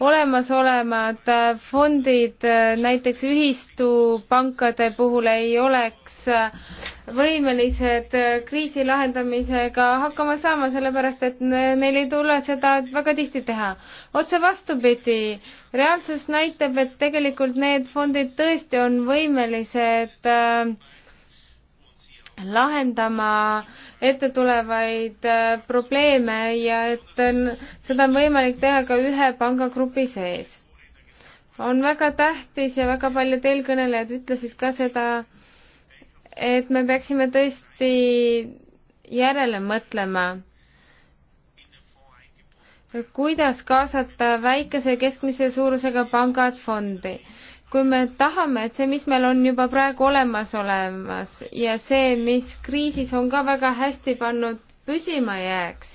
olemasolevad fondid näiteks ühistupankade puhul ei oleks võimelised äh, kriisi lahendamisega hakkama saama, sellepärast et neil ei tule seda väga tihti teha. otse vastupidi, reaalsus näitab, et tegelikult need fondid tõesti on võimelised äh, lahendama ette tulevaid äh, probleeme ja et seda on võimalik teha ka ühe pangagrupi sees. on väga tähtis ja väga paljud eelkõnelejad ütlesid ka seda, et me peaksime tõesti järele mõtlema, kuidas kaasata väikese ja keskmise suurusega pangad fondi. kui me tahame, et see, mis meil on juba praegu olemas olemas ja see, mis kriisis on ka väga hästi pannud püsima jääks,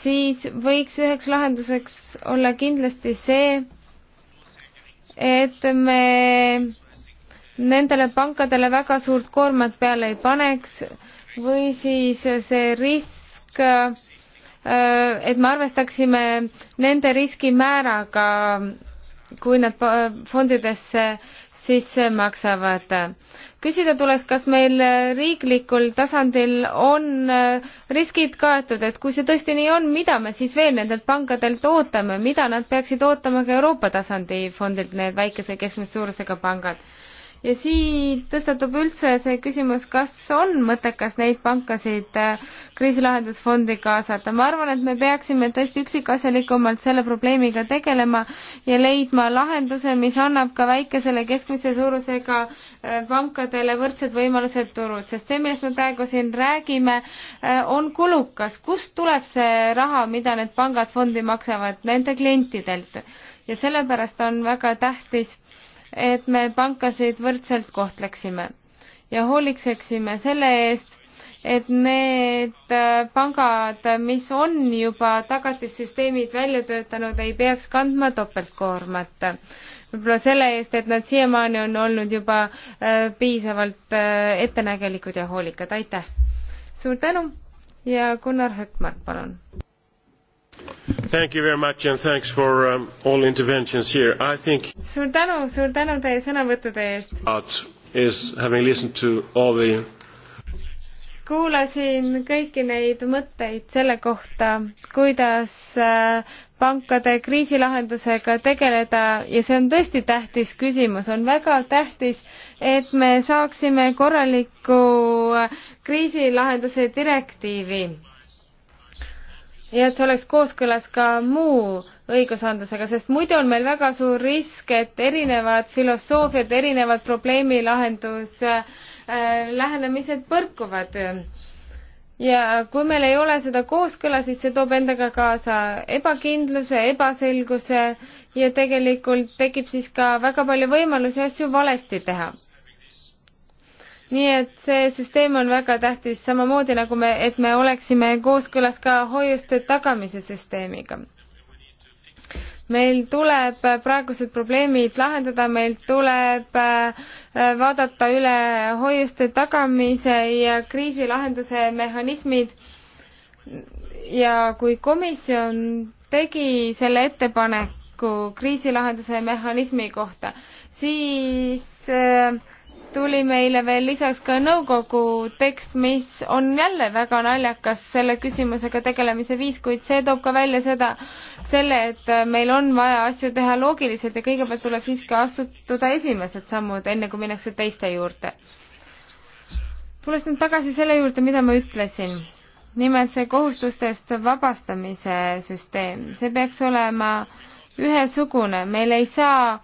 siis võiks üheks lahenduseks olla kindlasti see, et me nendele pankadele väga suurt koormat peale ei paneks või siis see risk, äh, et me arvestaksime nende riskimääraga, kui nad fondidesse sisse maksavad. küsida tuleks, kas meil riiklikul tasandil on äh, riskid kaetud, et kui see tõesti nii on, mida me siis veel nendelt pankadelt ootame, mida nad peaksid ootama ka Euroopa tasandi fondilt, need väikese keskmise suurusega pangad ja siin tõstatub üldse see küsimus, kas on mõttekas neid pankasid äh, kriisilahendusfondi kaasata. ma arvan, et me peaksime tõesti üksikasjalikumalt selle probleemiga tegelema ja leidma lahenduse, mis annab ka väikesele keskmise suurusega äh, pankadele võrdsed võimalused turult, sest see, millest me praegu siin räägime, äh, on kulukas. kust tuleb see raha, mida need pangad fondi maksavad? Nende klientidelt. ja sellepärast on väga tähtis et me pankasid võrdselt kohtleksime ja hoolitseksime selle eest, et need äh, pangad, mis on juba tagatissüsteemid välja töötanud, ei peaks kandma topeltkoormat. võib-olla selle eest, et nad siiamaani on olnud juba äh, piisavalt äh, ettenägelikud ja hoolikad, aitäh! suur tänu ja Gunnar Hökmark, palun! Thank you very much and thanks for um, all interventions here. I think suur tänu, suur tänu teie sõnavõttude eest. Is having listened to all the kuulasin kõiki neid mõtteid selle kohta, kuidas äh, pankade kriisilahendusega tegeleda ja see on tõesti tähtis küsimus, on väga tähtis, et me saaksime korraliku äh, kriisilahenduse direktiivi ja et see oleks kooskõlas ka muu õigusandlusega, sest muidu on meil väga suur risk, et erinevad filosoofiad, erinevad probleemi lahendus äh, lähenemised põrkuvad. ja kui meil ei ole seda kooskõla, siis see toob endaga kaasa ebakindluse, ebaselguse ja tegelikult tekib siis ka väga palju võimalusi asju valesti teha nii et see süsteem on väga tähtis, samamoodi nagu me, et me oleksime kooskõlas ka hoiuste tagamise süsteemiga. meil tuleb praegused probleemid lahendada, meil tuleb äh, vaadata üle hoiuste tagamise ja kriisilahenduse mehhanismid ja kui komisjon tegi selle ettepaneku kriisilahenduse mehhanismi kohta, siis äh, tuli meile veel lisaks ka nõukogu tekst, mis on jälle väga naljakas selle küsimusega tegelemise viis, kuid see toob ka välja seda, selle, et meil on vaja asju teha loogiliselt ja kõigepealt tuleb siiski astuda esimesed sammud, enne kui minnakse teiste juurde. tulles nüüd tagasi selle juurde, mida ma ütlesin, nimelt see kohustustest vabastamise süsteem, see peaks olema ühesugune, meil ei saa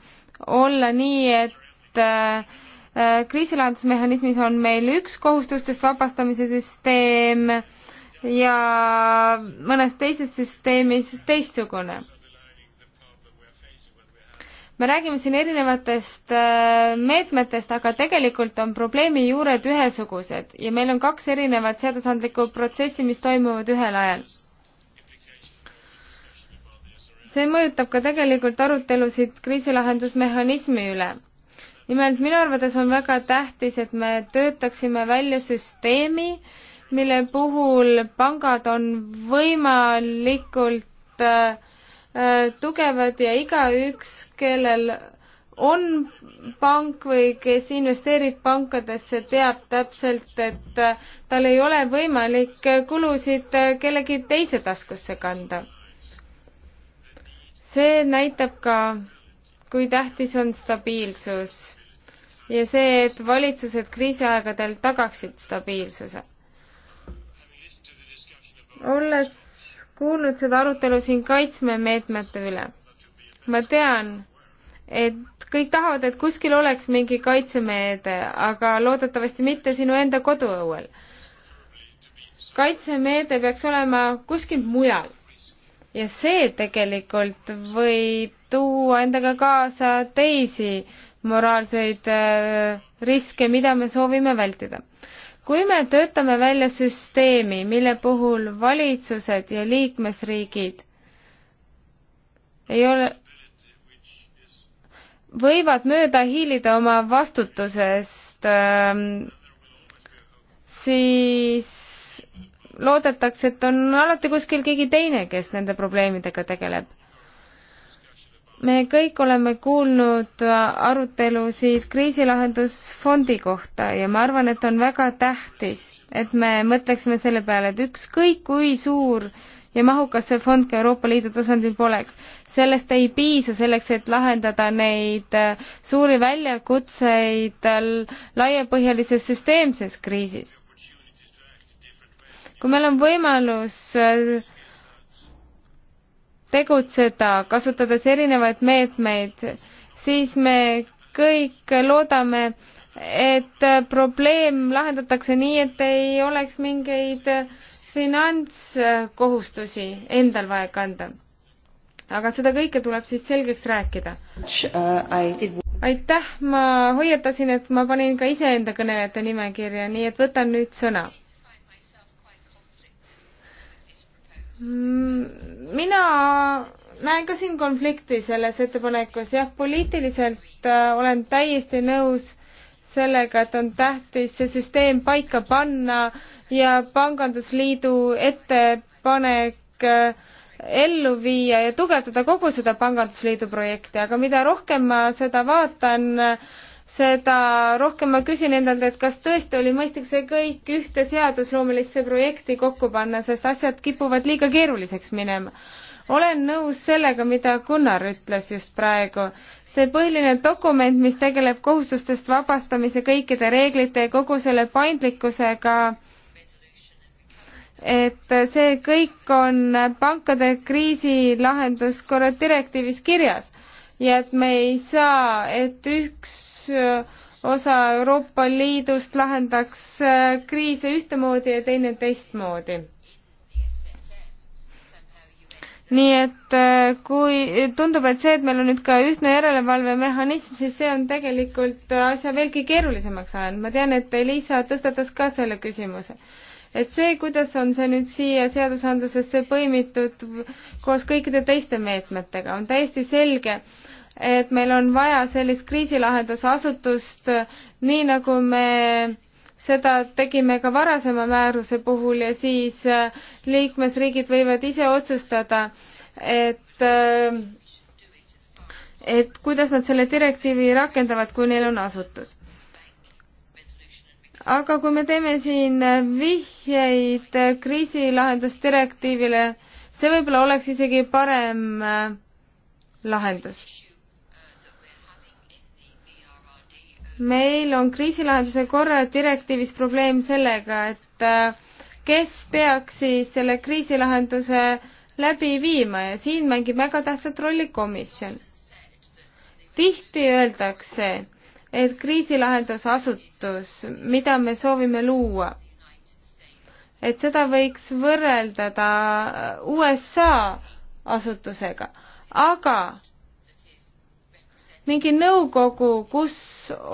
olla nii, et et äh, Äh, kriisilahendusmehhanismis on meil üks kohustustest vabastamise süsteem ja mõnes teises süsteemis teistsugune. me räägime siin erinevatest äh, meetmetest, aga tegelikult on probleemi juured ühesugused ja meil on kaks erinevat seadusandlikku protsessi, mis toimuvad ühel ajal see mõjutab ka tegelikult arutelusid kriisilahendusmehhanismi üle nimelt minu arvates on väga tähtis, et me töötaksime välja süsteemi, mille puhul pangad on võimalikult äh, äh tugevad ja igaüks, kellel on pank või kes investeerib pankadesse, teab täpselt, et äh, tal ei ole võimalik kulusid äh, kellegi teise taskusse kanda. see näitab ka kui tähtis on stabiilsus ja see, et valitsused kriisiaegadel tagaksid stabiilsuse. olles kuulnud seda arutelu siin kaitsmemeetmete üle, ma tean, et kõik tahavad, et kuskil oleks mingi kaitsemeede, aga loodetavasti mitte sinu enda koduõuel. kaitsemeede peaks olema kuskil mujal ja see tegelikult võib tuua endaga kaasa teisi moraalseid äh, riske, mida me soovime vältida. kui me töötame välja süsteemi, mille puhul valitsused ja liikmesriigid ei ole, võivad mööda hiilida oma vastutusest, ähm, siis loodetakse, et on alati kuskil keegi teine, kes nende probleemidega tegeleb me kõik oleme kuulnud arutelusid kriisilahendusfondi kohta ja ma arvan, et on väga tähtis, et me mõtleksime selle peale, et ükskõik kui suur ja mahukas see fond ka Euroopa Liidu tasandil poleks, sellest ei piisa selleks, et lahendada neid äh, suuri väljakutseid äh, laiapõhjalises süsteemses kriisis. kui meil on võimalus äh, tegutseda, kasutades erinevaid meetmeid, siis me kõik loodame, et probleem lahendatakse nii, et ei oleks mingeid finantskohustusi endal vaja kanda. aga seda kõike tuleb siis selgeks rääkida. Äh, aitäh, ma hoiatasin, et ma panin ka iseenda kõnelejate nimekirja, nii et võtan nüüd sõna mina näen ka siin konflikti selles ettepanekus, jah, poliitiliselt äh, olen täiesti nõus sellega, et on tähtis see süsteem paika panna ja pangandusliidu ettepanek äh, ellu viia ja tugevdada kogu seda pangandusliidu projekti, aga mida rohkem ma seda vaatan, seda rohkem ma küsin endalt, et kas tõesti oli mõistlik see kõik ühte seadusloomelisse projekti kokku panna, sest asjad kipuvad liiga keeruliseks minema. olen nõus sellega, mida Gunnar ütles just praegu. see põhiline dokument, mis tegeleb kohustustest vabastamise kõikide reeglite ja kogu selle paindlikkusega, et see kõik on pankade kriisilahenduskorra direktiivis kirjas ja et me ei saa, et üks äh, osa Euroopa Liidust lahendaks äh, kriise ühtemoodi ja teine teistmoodi. nii et äh, kui tundub, et see, et meil on nüüd ka ühtne järelevalvemehhanism, siis see on tegelikult asja veelgi keerulisemaks ajanud. ma tean, et Liisa tõstatas ka selle küsimuse et see, kuidas on see nüüd siia seadusandlusesse põimitud koos kõikide teiste meetmetega, on täiesti selge, et meil on vaja sellist kriisilahendusasutust, nii nagu me seda tegime ka varasema määruse puhul ja siis äh, liikmesriigid võivad ise otsustada, et äh, et kuidas nad selle direktiivi rakendavad, kui neil on asutus. aga kui me teeme siin vihjeid kriisilahendusdirektiivile, see võib-olla oleks isegi parem äh, lahendus meil on kriisilahenduse korra direktiivis probleem sellega, et äh, kes peaks siis selle kriisilahenduse läbi viima ja siin mängib väga tähtsat rolli komisjon. tihti öeldakse, et kriisilahendusasutus, mida me soovime luua, et seda võiks võrreldada äh, USA asutusega, aga mingi nõukogu, kus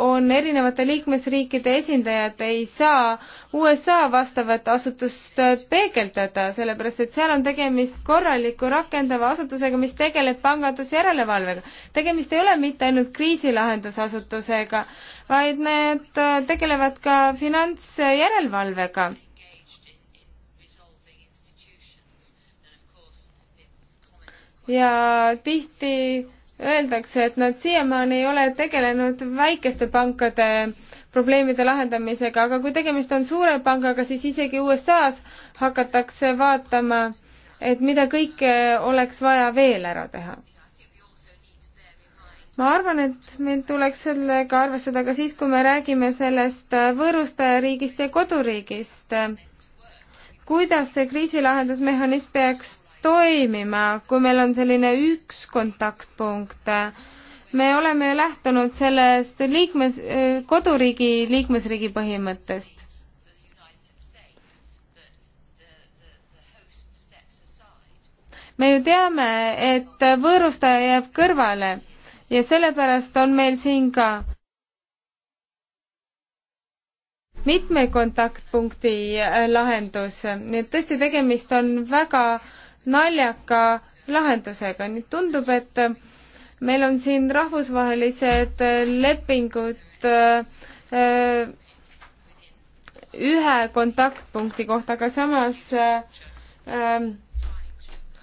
on erinevate liikmesriikide esindajad, ei saa USA vastavat asutust peegeldada, sellepärast et seal on tegemist korraliku rakendava asutusega, mis tegeleb pangandusjärelevalvega. tegemist ei ole mitte ainult kriisilahendusasutusega, vaid need tegelevad ka finantsjärelevalvega ja tihti öeldakse, et nad siiamaani ei ole tegelenud väikeste pankade probleemide lahendamisega, aga kui tegemist on suure pangaga, siis isegi USA-s hakatakse vaatama, et mida kõike oleks vaja veel ära teha. ma arvan, et meil tuleks sellega arvestada ka siis, kui me räägime sellest võõrustajariigist ja koduriigist. kuidas see kriisilahendusmehhanism peaks toimima, kui meil on selline üks kontaktpunkt. me oleme ju lähtunud sellest liikmes, koduriigi liikmesriigi põhimõttest. me ju teame, et võõrustaja jääb kõrvale ja sellepärast on meil siin ka mitme kontaktpunkti lahendus, nii et tõesti tegemist on väga äh, naljaka lahendusega, nii et tundub, et meil on siin rahvusvahelised lepingud äh, äh, ühe kontaktpunkti kohta, aga samas äh,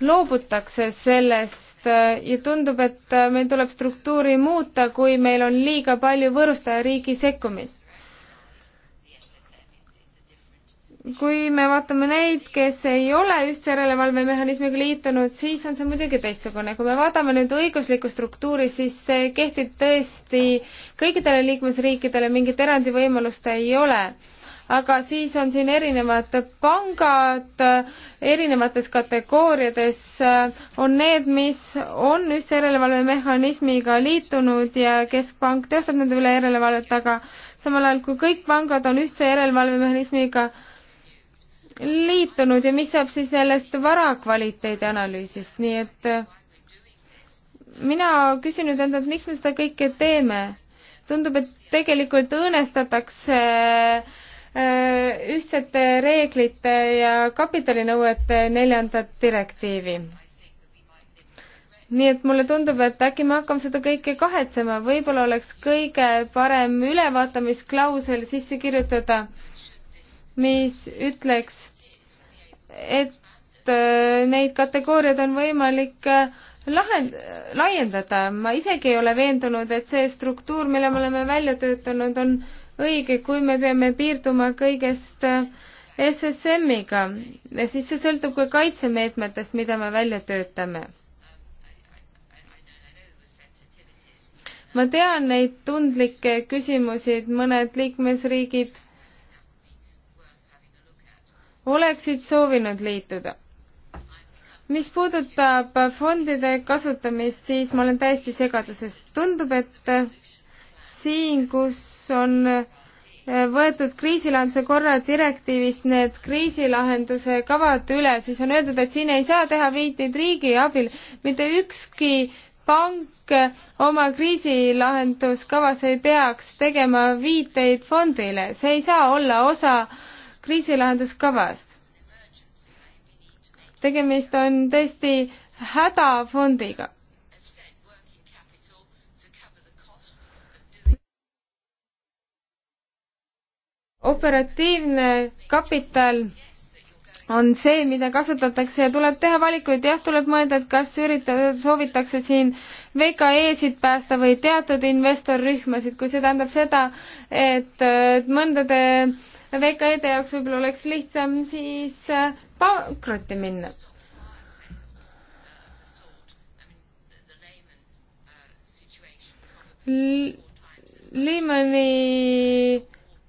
loobutakse sellest ja tundub, et meil tuleb struktuuri muuta, kui meil on liiga palju võõrustajariigi sekkumist. kui me vaatame neid, kes ei ole ühtse järelevalvemehhanismiga liitunud, siis on see muidugi teistsugune. kui me vaatame nüüd õiguslikku struktuuri, siis see kehtib tõesti kõikidele liikmesriikidele, mingit erandivõimalust ei ole. aga siis on siin erinevad pangad erinevates kategooriades, on need, mis on ühtse järelevalvemehhanismiga liitunud ja keskpank teostab nende üle järelevalvet, aga samal ajal kui kõik pangad on ühtse järelevalvemehhanismiga liitunud ja mis saab siis sellest vara kvaliteedi analüüsist, nii et äh, mina küsin nüüd endalt, miks me seda kõike teeme? tundub, et tegelikult õõnestatakse äh, ühtsete reeglite ja kapitalinõuete neljandat direktiivi. nii et mulle tundub, et äkki me hakkame seda kõike kahetsema, võib-olla oleks kõige parem ülevaatamisklausel sisse kirjutada mis ütleks, et äh, neid kategooriaid on võimalik äh, lahend-, laiendada. ma isegi ei ole veendunud, et see struktuur, mille me oleme välja töötanud, on õige, kui me peame piirduma kõigest äh, SSM-iga, siis see sõltub ka kaitsemeetmetest, mida me välja töötame. ma tean neid tundlikke küsimusi, et mõned liikmesriigid oleksid soovinud liituda. mis puudutab fondide kasutamist, siis ma olen täiesti segaduses. tundub, et siin, kus on võetud kriisilahenduse korra direktiivist need kriisilahenduse kavad üle, siis on öeldud, et siin ei saa teha viiteid riigi abil. mitte ükski pank oma kriisilahenduskavas ei peaks tegema viiteid fondile, see ei saa olla osa äh, kriisilahenduskavast. tegemist on tõesti hädafondiga. operatiivne kapital on see, mida kasutatakse ja tuleb teha valikuid, jah, tuleb mõelda, et kas üritada, soovitakse siin VKE-sid päästa või teatud investorrühmasid, kui see tähendab seda, et mõndade äh, VKE-de jaoks võib-olla oleks lihtsam siis äh, pankrotti minna. Lehmani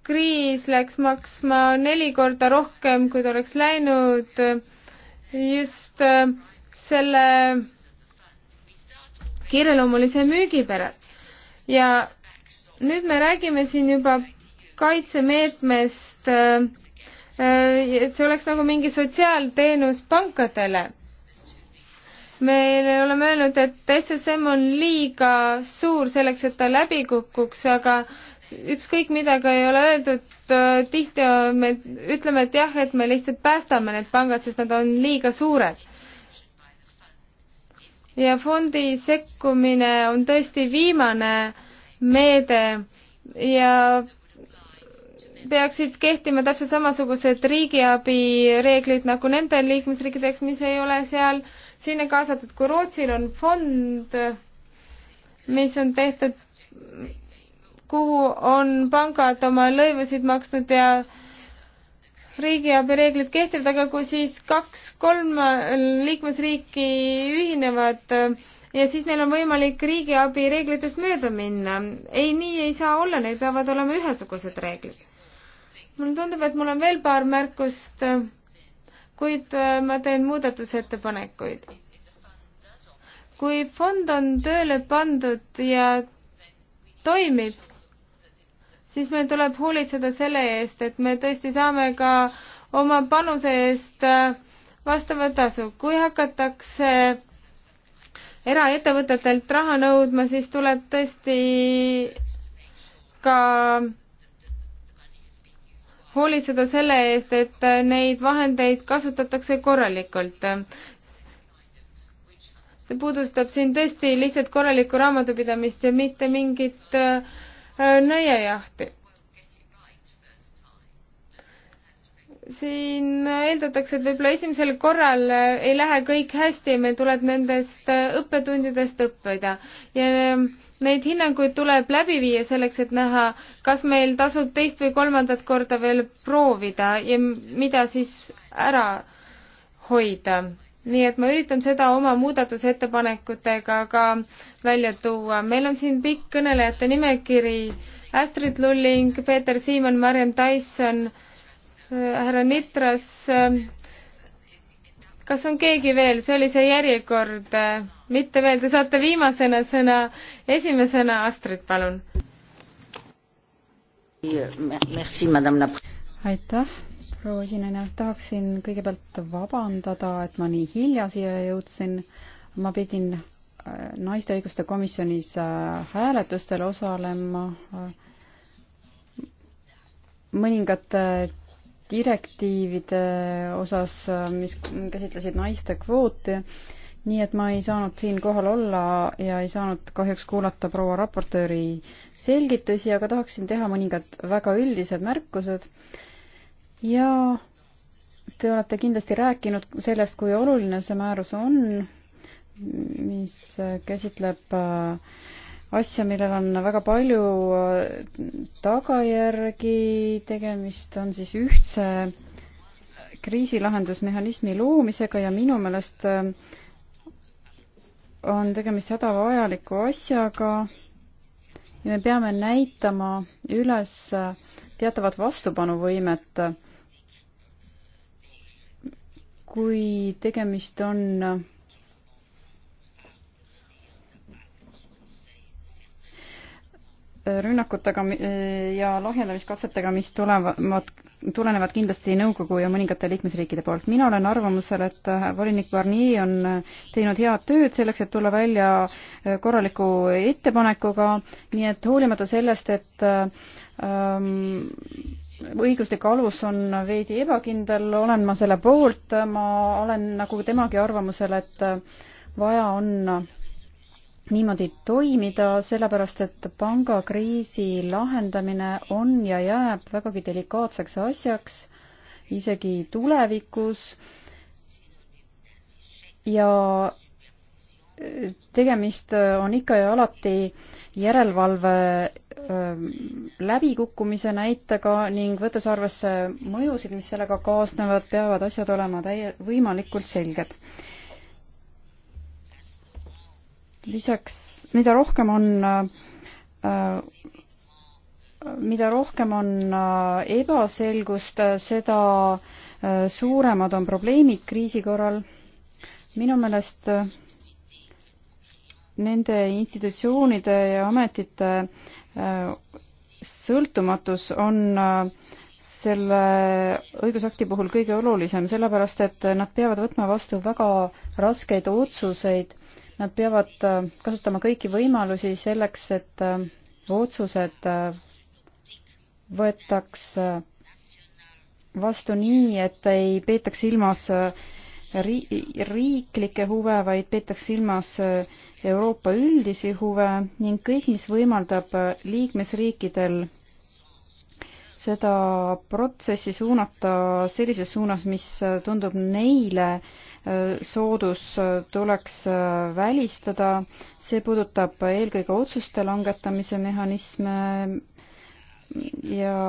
kriis läks maksma neli korda rohkem, kui ta oleks läinud just äh, selle kiireloomulise müügi pärast. ja nüüd me räägime siin juba kaitsemeetmest et äh, et see oleks nagu mingi sotsiaalteenus pankadele. meil oleme öelnud, et SSM on liiga suur selleks, et ta läbi kukuks, aga ükskõik mida ka ei ole öeldud, äh, tihti me ütleme, et jah, et me lihtsalt päästame need pangad, sest nad on liiga suured. ja fondi sekkumine on tõesti viimane meede ja peaksid kehtima täpselt samasugused riigiabi reeglid nagu nendel liikmesriikideks, mis ei ole seal sinna kaasatud. kui Rootsil on fond, mis on tehtud, kuhu on pangad oma lõivusid maksnud ja riigiabi reeglid kehtivad, aga kui siis kaks-kolm liikmesriiki ühinevad ja siis neil on võimalik riigiabi reeglitest mööda minna. ei, nii ei saa olla, neil peavad olema ühesugused reeglid mulle tundub, et mul on veel paar märkust, kuid äh, ma teen muudatusettepanekuid. kui fond on tööle pandud ja toimib, siis meil tuleb hoolitseda selle eest, et me tõesti saame ka oma panuse eest äh, vastava tasu. kui hakatakse eraettevõtetelt raha nõudma, siis tuleb tõesti ka hoolitseda selle eest, et neid vahendeid kasutatakse korralikult. see puudustab siin tõesti lihtsalt korralikku raamatupidamist ja mitte mingit äh, nõiajahti. siin eeldatakse, et võib-olla esimesel korral ei lähe kõik hästi ja meil tuleb nendest õppetundidest õppida ja ähm, Neid hinnanguid tuleb läbi viia selleks, et näha, kas meil tasub teist või kolmandat korda veel proovida ja mida siis ära hoida. nii et ma üritan seda oma muudatusettepanekutega ka välja tuua. meil on siin pikk kõnelejate nimekiri. Astrid Lulling, Peeter Siimann, Mariann Tyson, äh, härra Nitras. Äh, kas on keegi veel, see oli see järjekord mitte veel, te saate viimasena sõna, esimesena Astrid, palun. aitäh, proua esineja, tahaksin kõigepealt vabandada, et ma nii hilja siia jõudsin. ma pidin äh, naiste õiguste komisjonis äh, hääletustel osalema äh, mõningate direktiivide osas, mis käsitlesid naiste kvoote nii et ma ei saanud siin kohal olla ja ei saanud kahjuks kuulata proua raportööri selgitusi, aga tahaksin teha mõningad väga üldised märkused. ja te olete kindlasti rääkinud sellest, kui oluline see määrus on, mis käsitleb äh, asja, millel on väga palju äh, tagajärgi, tegemist on siis ühtse kriisilahendusmehhanismi loomisega ja minu meelest äh, on tegemist hädavajaliku asjaga ja me peame näitama üles teatavat vastupanuvõimet, kui tegemist on rünnakutega ja lahjendamiskatsetega, mis tulevad, tulenevad kindlasti nõukogu ja mõningate liikmesriikide poolt. mina olen arvamusel, et äh, volinik Barnier on äh, teinud head tööd selleks, et tulla välja äh, korraliku ettepanekuga, nii et hoolimata sellest, et ähm, õiguslik alus on veidi ebakindel, olen ma selle poolt, ma olen nagu temagi arvamusel, et vaja on niimoodi toimida, sellepärast et pangakriisi lahendamine on ja jääb vägagi delikaatseks asjaks isegi tulevikus. ja tegemist on ikka ja alati järelevalve ähm, läbikukkumise näitega ning võttes arvesse mõjusid, mis sellega kaasnevad, peavad asjad olema täie-, võimalikult selged lisaks, mida rohkem on äh, mida rohkem on äh, ebaselgust, äh, seda suuremad on probleemid kriisi korral. minu meelest nende institutsioonide ja ametite sõltumatus on selle õigusakti puhul kõige olulisem, sellepärast et nad peavad võtma vastu väga raskeid otsuseid Nad peavad äh, kasutama kõiki võimalusi selleks, et äh, otsused äh, võetaks vastu nii, et ei peetaks silmas ri-, riiklikke huve, vaid peetaks silmas Euroopa üldisi huve ning kõik, mis võimaldab liikmesriikidel seda protsessi suunata sellises suunas, mis tundub neile äh, soodus, äh, tuleks äh, välistada. see puudutab eelkõige otsuste langetamise mehhanisme ja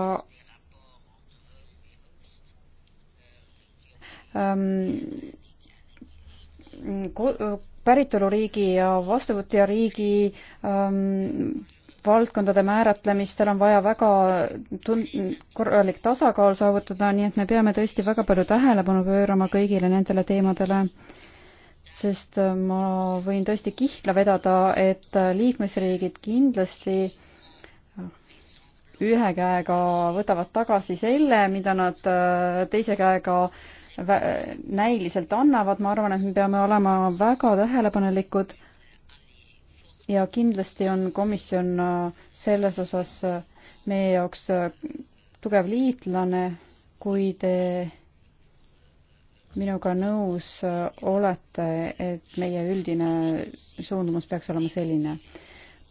ähm, päritoluriigi ja vastuvõtja riigi ähm, valdkondade määratlemistel on vaja väga tun-, korralik tasakaal saavutada, nii et me peame tõesti väga palju tähelepanu pöörama kõigile nendele teemadele, sest äh, ma võin tõesti kihla vedada, et äh, liikmesriigid kindlasti äh, ühe käega võtavad tagasi selle, mida nad teise käega näiliselt annavad, ma arvan, et me peame olema väga tähelepanelikud ja kindlasti on komisjon äh, selles osas äh, meie jaoks äh, tugev liitlane, kui te minuga nõus olete, et meie üldine suundumus peaks olema selline.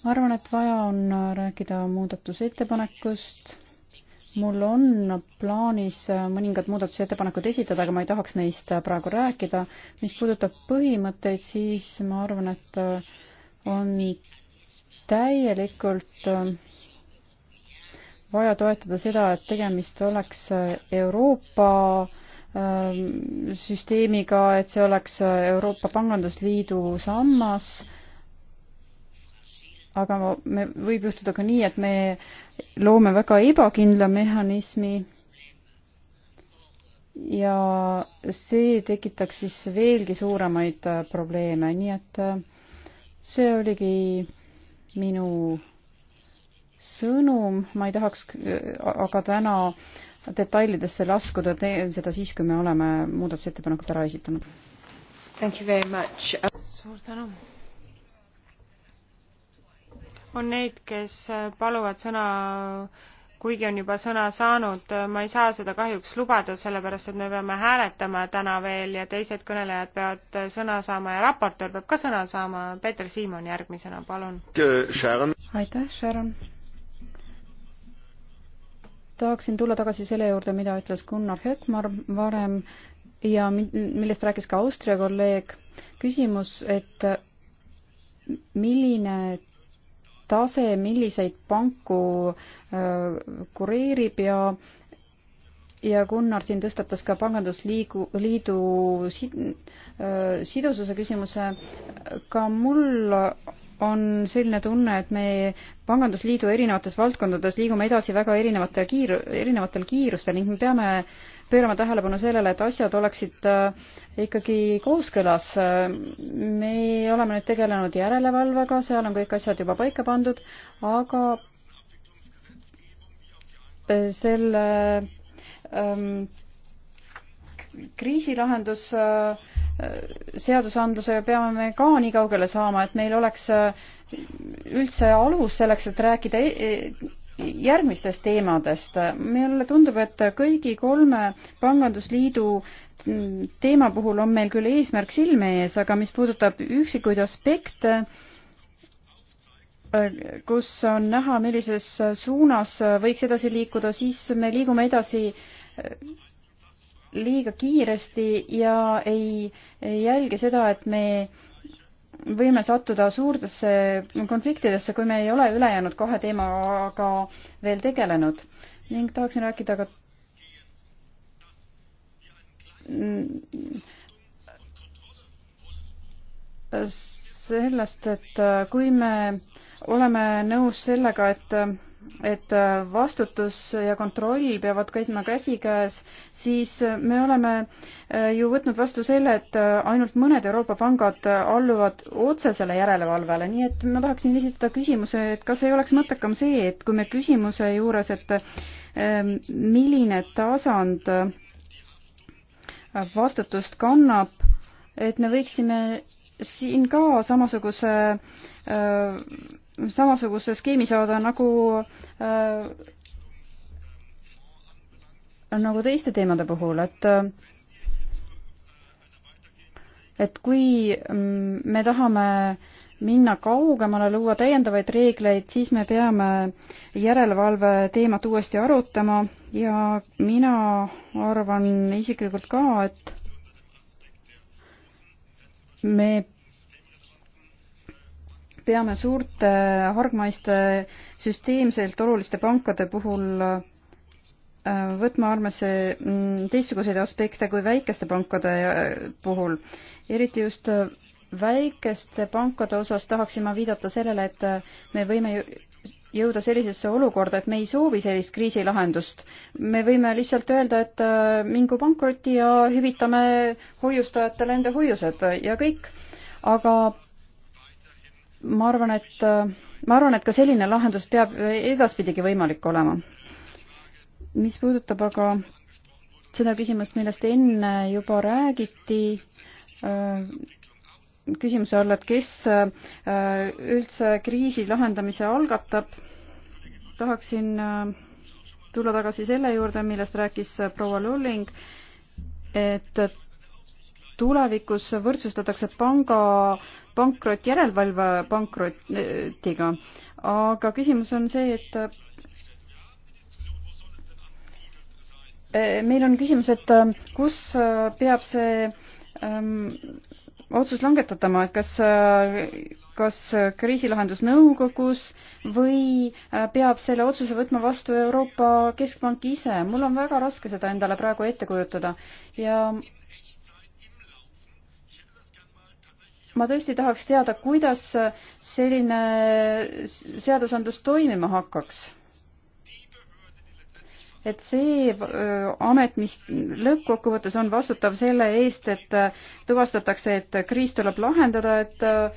ma arvan, et vaja on rääkida muudatusettepanekust. mul on plaanis mõningad muudatusettepanekud esitada, aga ma ei tahaks neist praegu rääkida. mis puudutab põhimõtteid, siis ma arvan, et on täielikult äh, vaja toetada seda, et tegemist oleks äh, Euroopa äh, süsteemiga, et see oleks Euroopa Pangandusliidu sammas, aga me, võib juhtuda ka nii, et me loome väga ebakindla mehhanismi ja see tekitaks siis veelgi suuremaid probleeme, nii et äh, see oligi minu sõnum, ma ei tahaks äh, aga täna detailidesse laskuda, teen seda siis, kui me oleme muudatusettepanekud ära esitanud. suur tänu. on neid, kes paluvad sõna kuigi on juba sõna saanud, ma ei saa seda kahjuks lubada, sellepärast et me peame hääletama täna veel ja teised kõnelejad peavad sõna saama ja raportöör peab ka sõna saama. Peeter Siimon järgmisena, palun. aitäh, Sharon. tahaksin tulla tagasi selle juurde, mida ütles Gunnar Hökmar varem ja millest rääkis ka Austria kolleeg. küsimus, et milline tase, milliseid panku äh, kureerib ja ja Gunnar siin tõstatas ka pangandusliigu, liidu sid, äh, sidususe küsimuse. ka mul on selline tunne, et me pangandusliidu erinevates valdkondades liigume edasi väga erinevate kiir-, erinevatel kiirustel ning me peame äh, pöörama tähelepanu sellele, et asjad oleksid äh, ikkagi kooskõlas. me oleme nüüd tegelenud järelevalvega, seal on kõik asjad juba paika pandud, aga äh, selle ähm, kriisilahendus äh, seadusandlusega peame me ka nii kaugele saama, et meil oleks äh, üldse alus selleks, et rääkida e, e, järgmistest teemadest. mulle tundub, et kõigi kolme pangandusliidu teema puhul on meil küll eesmärk silme ees, aga mis puudutab üksikuid aspekte, kus on näha, millises suunas võiks edasi liikuda, siis me liigume edasi liiga kiiresti ja ei, ei jälgi seda, et me äh, võime sattuda suurdesse konfliktidesse, kui me ei ole ülejäänud kahe teemaga veel tegelenud ning tahaksin rääkida ka sellest, et kui me oleme nõus sellega, et et äh, vastutus ja kontroll peavad käisma käsikäes, siis äh, me oleme äh, ju võtnud vastu selle, et ainult mõned Euroopa pangad alluvad otsesele järelevalvele, nii et ma tahaksin esitada küsimuse, et kas ei oleks mõttekam see, et kui me küsimuse juures, et ähm, milline tasand vastutust kannab, et me võiksime siin ka samasuguse samasuguse skeemi saada nagu äh, nagu teiste teemade puhul, et et kui mm, me tahame minna kaugemale, luua täiendavaid reegleid, siis me peame järelevalve teemat uuesti arutama ja mina arvan isiklikult ka, et me peame suurte hargmaiste süsteemselt oluliste pankade puhul äh, võtma armesse mm, teistsuguseid aspekte kui väikeste pankade äh, puhul. eriti just äh, väikeste pankade osas tahaksin ma viidata sellele, et me võime jõuda sellisesse olukorda, et me ei soovi sellist kriisilahendust. me võime lihtsalt öelda, et mingu pankrotti ja hüvitame hoiustajatele enda hoiused ja kõik. aga ma arvan, et, ma arvan, et ka selline lahendus peab edaspidigi võimalik olema. mis puudutab aga seda küsimust, millest enne juba räägiti, äh, küsimuse all, et kes äh, üldse kriisi lahendamise algatab, tahaksin äh, tulla tagasi selle juurde, millest rääkis proua Lulling, et tulevikus võrdsustatakse panga pankrot järelevalve pankrotiga. aga küsimus on see, et e, meil on küsimus, et kus peab see ähm, otsus langetatama, et kas, kas kriisilahendusnõukogus või e, peab selle otsuse võtma vastu Euroopa Keskpank ise? mul on väga raske seda endale praegu ette kujutada ja ma tõesti tahaks teada, kuidas selline seadusandlus toimima hakkaks. et see äh, amet, mis lõppkokkuvõttes on vastutav selle eest, et äh, tuvastatakse, et kriis tuleb lahendada, et äh,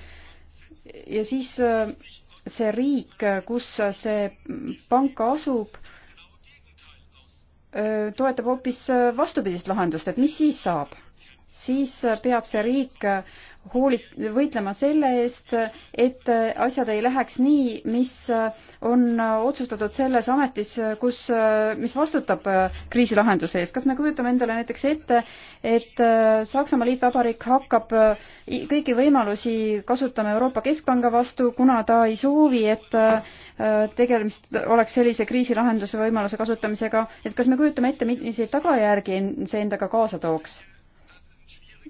ja siis see riik, kus see pank asub, toetab hoopis vastupidist lahendust, et mis siis saab? siis peab see riik äh, hoolit-, võitlema selle eest, et asjad ei läheks nii, mis on otsustatud selles ametis, kus, mis vastutab kriisilahenduse eest. kas me kujutame endale näiteks ette, et Saksamaa Liitvabariik hakkab kõiki võimalusi kasutama Euroopa Keskpanga vastu, kuna ta ei soovi, et tegemist oleks sellise kriisilahenduse võimaluse kasutamisega, et kas me kujutame ette, milliseid tagajärgi see endaga kaasa tooks?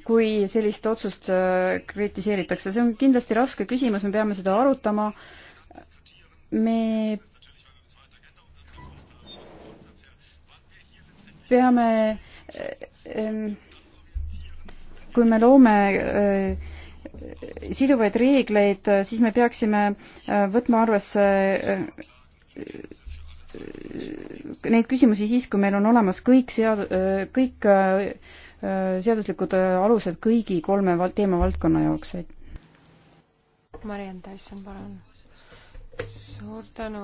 kui sellist otsust äh, kritiseeritakse. see on kindlasti raske küsimus, me peame seda arutama. me peame, äh, kui me loome äh, siduvaid reegleid, siis me peaksime võtma arvesse neid küsimusi siis, kui meil on olemas kõik sead-, kõik Äh, seaduslikud äh, alused kõigi kolme teemavaldkonna jaoks. Mariann Tyson, palun. suur tänu.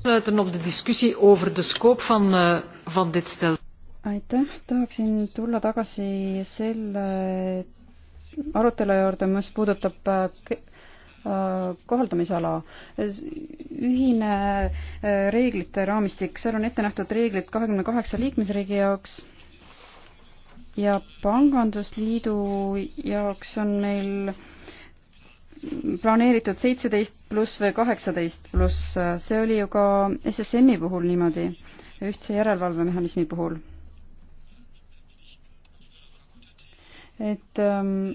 Sluiten op de discussie over de scope van, eh, van dit stel. aitäh, tahaksin tulla tagasi selle arutelu juurde, mis puudutab äh, kohaldamisala. ühine reeglite raamistik, seal on ette nähtud reeglid kahekümne kaheksa liikmesriigi jaoks ja Pangandusliidu jaoks on meil planeeritud seitseteist pluss või kaheksateist pluss, see oli ju ka SSM-i puhul niimoodi, ühtse järelevalvemehhanismi puhul. et ähm,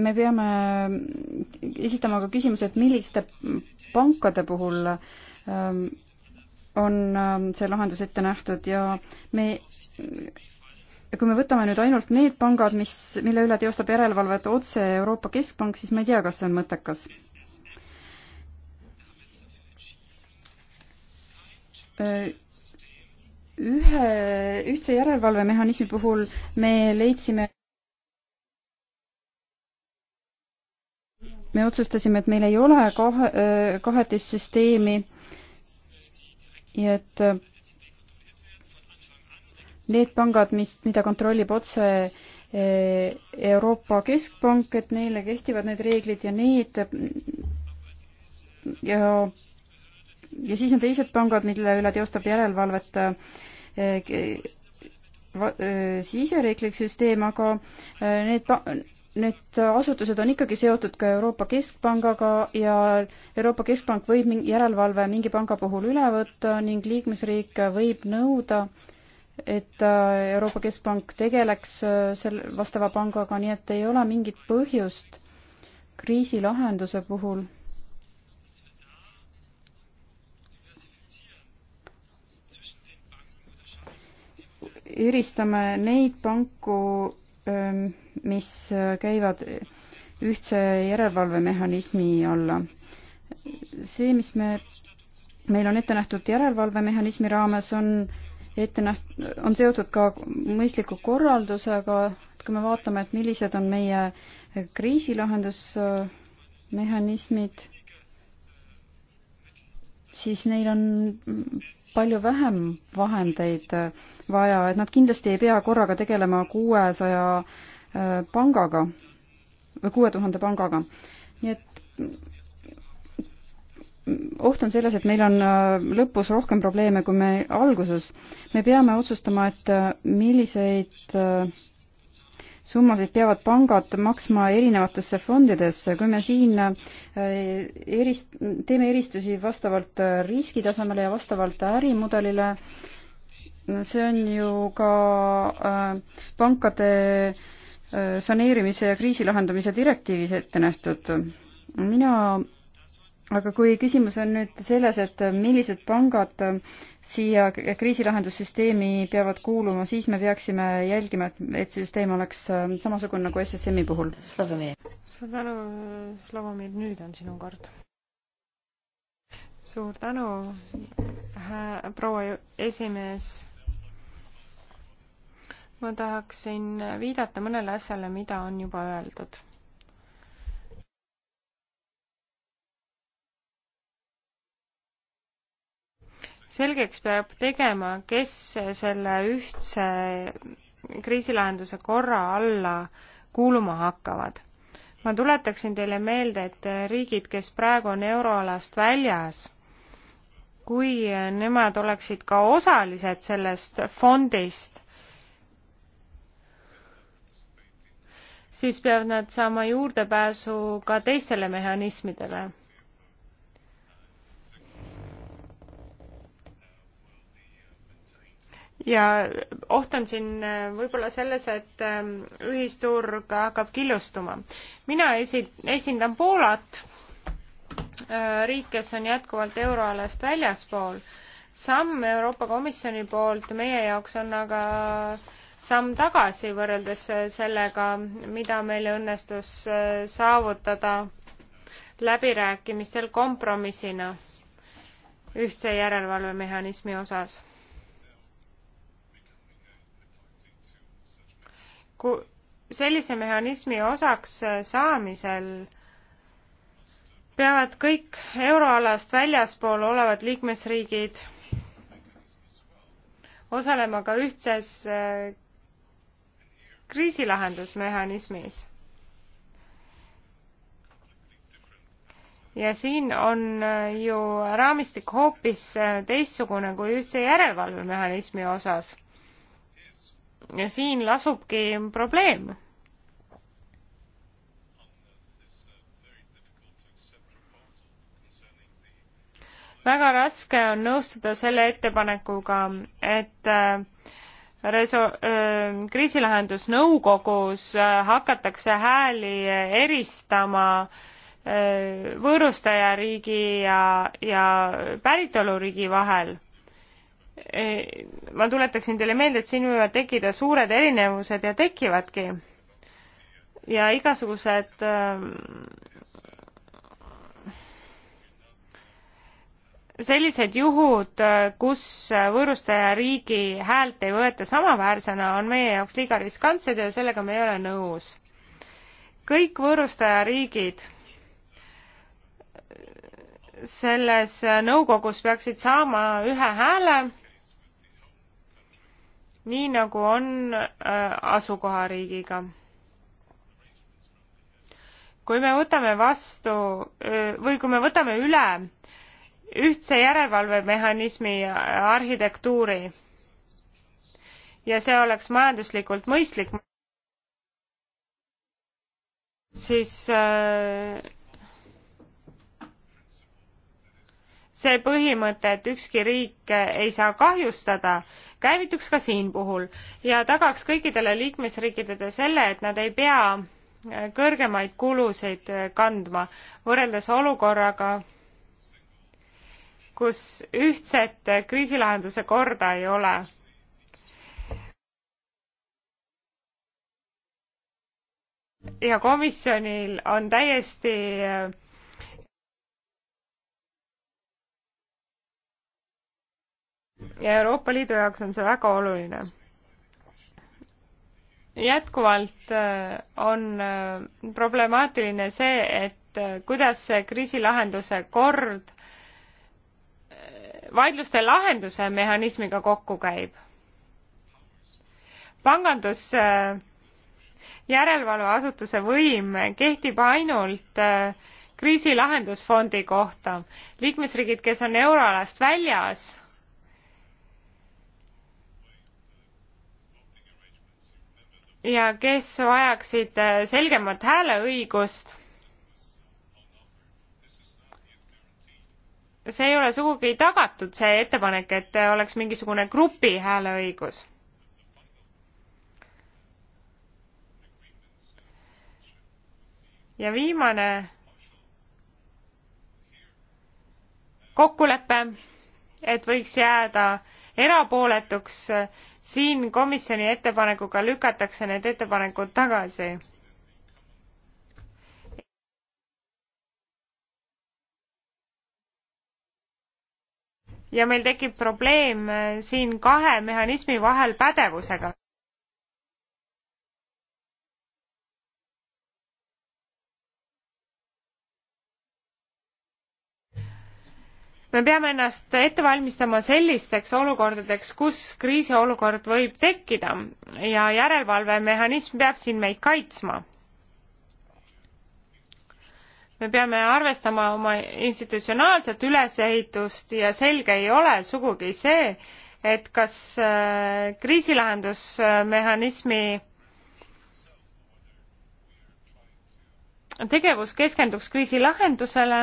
me peame esitama ka küsimuse, et milliste pankade puhul ähm, on ähm, see lahendus ette nähtud ja me ja kui me võtame nüüd ainult need pangad, mis, mille üle teostab järelevalvet otse Euroopa Keskpank, siis ma ei tea, kas see on mõttekas. Äh, ühe, ühtse järelevalvemehhanismi puhul me leidsime me otsustasime, et meil ei ole kahe, äh, kahetissüsteemi ja et äh, need pangad, mis, mida kontrollib otse äh, Euroopa Keskpank, et neile kehtivad need reeglid ja need ja ja siis on teised pangad, mille üle teostab järelevalvet äh, siseriiklik süsteem, aga need need asutused on ikkagi seotud ka Euroopa Keskpangaga ja Euroopa Keskpank võib järelevalve mingi panga puhul üle võtta ning liikmesriik võib nõuda, et äh, Euroopa Keskpank tegeleks äh, selle vastava pangaga, nii et ei ole mingit põhjust kriisilahenduse puhul eristame neid panku öö, ähm, mis äh, käivad ühtse järelevalvemehhanismi alla. see, mis me, meil on ette nähtud järelevalvemehhanismi raames, on ette näht-, on seotud ka mõistliku korraldusega, et kui me vaatame, et millised on meie kriisilahendusmehhanismid, siis neil on palju vähem vahendeid vaja, et nad kindlasti ei pea korraga tegelema kuuesaja 600 pangaga või kuue tuhande pangaga. nii et oht on selles, et meil on äh, lõpus rohkem probleeme kui me alguses. me peame otsustama, et äh, milliseid äh, summasid peavad pangad maksma erinevatesse fondidesse, kui me siin erist-, teeme eristusi vastavalt riskitasemele ja vastavalt ärimudelile, see on ju ka pankade äh, saneerimise ja kriisi lahendamise direktiivis ette nähtud. mina, aga kui küsimus on nüüd selles, et millised pangad siia kriisilahendussüsteemi peavad kuuluma, siis me peaksime jälgima, et, et see süsteem oleks samasugune nagu SSM-i puhul. suur tänu, Slavomir, nüüd on sinu kord. suur tänu, proua esimees ma tahaksin viidata mõnele asjale, mida on juba öeldud. selgeks peab tegema, kes selle ühtse kriisilahenduse korra alla kuuluma hakkavad. ma tuletaksin teile meelde, et riigid, kes praegu on euroalast väljas, kui nemad oleksid ka osalised sellest fondist siis peavad nad saama juurdepääsu ka teistele mehhanismidele. ja oht on siin äh, võib-olla selles, et ähm, ühisturg hakkab killustuma. mina esi-, esindan Poolat, äh, riik, kes on jätkuvalt euroalast väljaspool. samm Euroopa Komisjoni poolt meie jaoks on aga äh, samm tagasi võrreldes äh, sellega, mida meil õnnestus äh, saavutada läbirääkimistel kompromissina ühtse järelevalvemehhanismi osas. kui sellise mehhanismi osaks äh, saamisel peavad kõik euroalast väljaspool olevad liikmesriigid osalema ka ühtses kriisilahendusmehhanismis. ja siin on äh, ju raamistik hoopis äh, teistsugune kui ühtse järelevalvemehhanismi osas. ja siin lasubki probleem väga raske on nõustuda selle ettepanekuga, et äh, reso-, ähm, kriisilahendusnõukogus äh, hakatakse hääli äh, eristama äh, võõrustajariigi ja, ja päritoluriigi vahel. E, ma tuletaksin teile meelde, et siin võivad tekkida suured erinevused ja tekivadki. ja igasugused äh, sellised juhud, kus võõrustaja riigi häält ei võeta samaväärsena, on meie jaoks liiga riskantsed ja sellega me ei ole nõus. kõik võõrustaja riigid selles nõukogus peaksid saama ühe hääle, nii nagu on äh, asukohariigiga kui me võtame vastu äh, või kui me võtame üle ühtse järelevalvemehhanismi arhitektuuri ja see oleks majanduslikult mõistlik, siis äh, see põhimõte, et ükski riik ei saa kahjustada, käivituks ka siin puhul ja tagaks kõikidele liikmesriikidele selle, et nad ei pea kõrgemaid kulusid kandma võrreldes olukorraga, kus ühtset kriisilahenduse korda ei ole. ja komisjonil on täiesti ja Euroopa Liidu jaoks on see väga oluline. jätkuvalt äh, on äh, problemaatiline see, et äh, kuidas see kriisilahenduse kord äh, vaidluste lahenduse mehhanismiga kokku käib. pangandus järelevalveasutuse võim kehtib ainult äh, kriisilahendusfondi kohta. liikmesriigid, kes on euroalast väljas, ja kes vajaksid äh, selgemat hääleõigust see ei ole sugugi tagatud, see ettepanek, et oleks mingisugune grupi hääleõigus. ja viimane kokkulepe, et võiks jääda erapooletuks, siin komisjoni ettepanekuga lükatakse need ettepanekud tagasi ja meil tekib probleem äh, siin kahe mehhanismi vahel pädevusega. me peame ennast ette valmistama sellisteks olukordadeks, kus kriisiolukord võib tekkida ja järelevalvemehhanism peab siin meid kaitsma me peame arvestama oma institutsionaalset ülesehitust ja selge ei ole sugugi see, et kas äh, kriisilahendusmehhanismi tegevus keskenduks kriisi lahendusele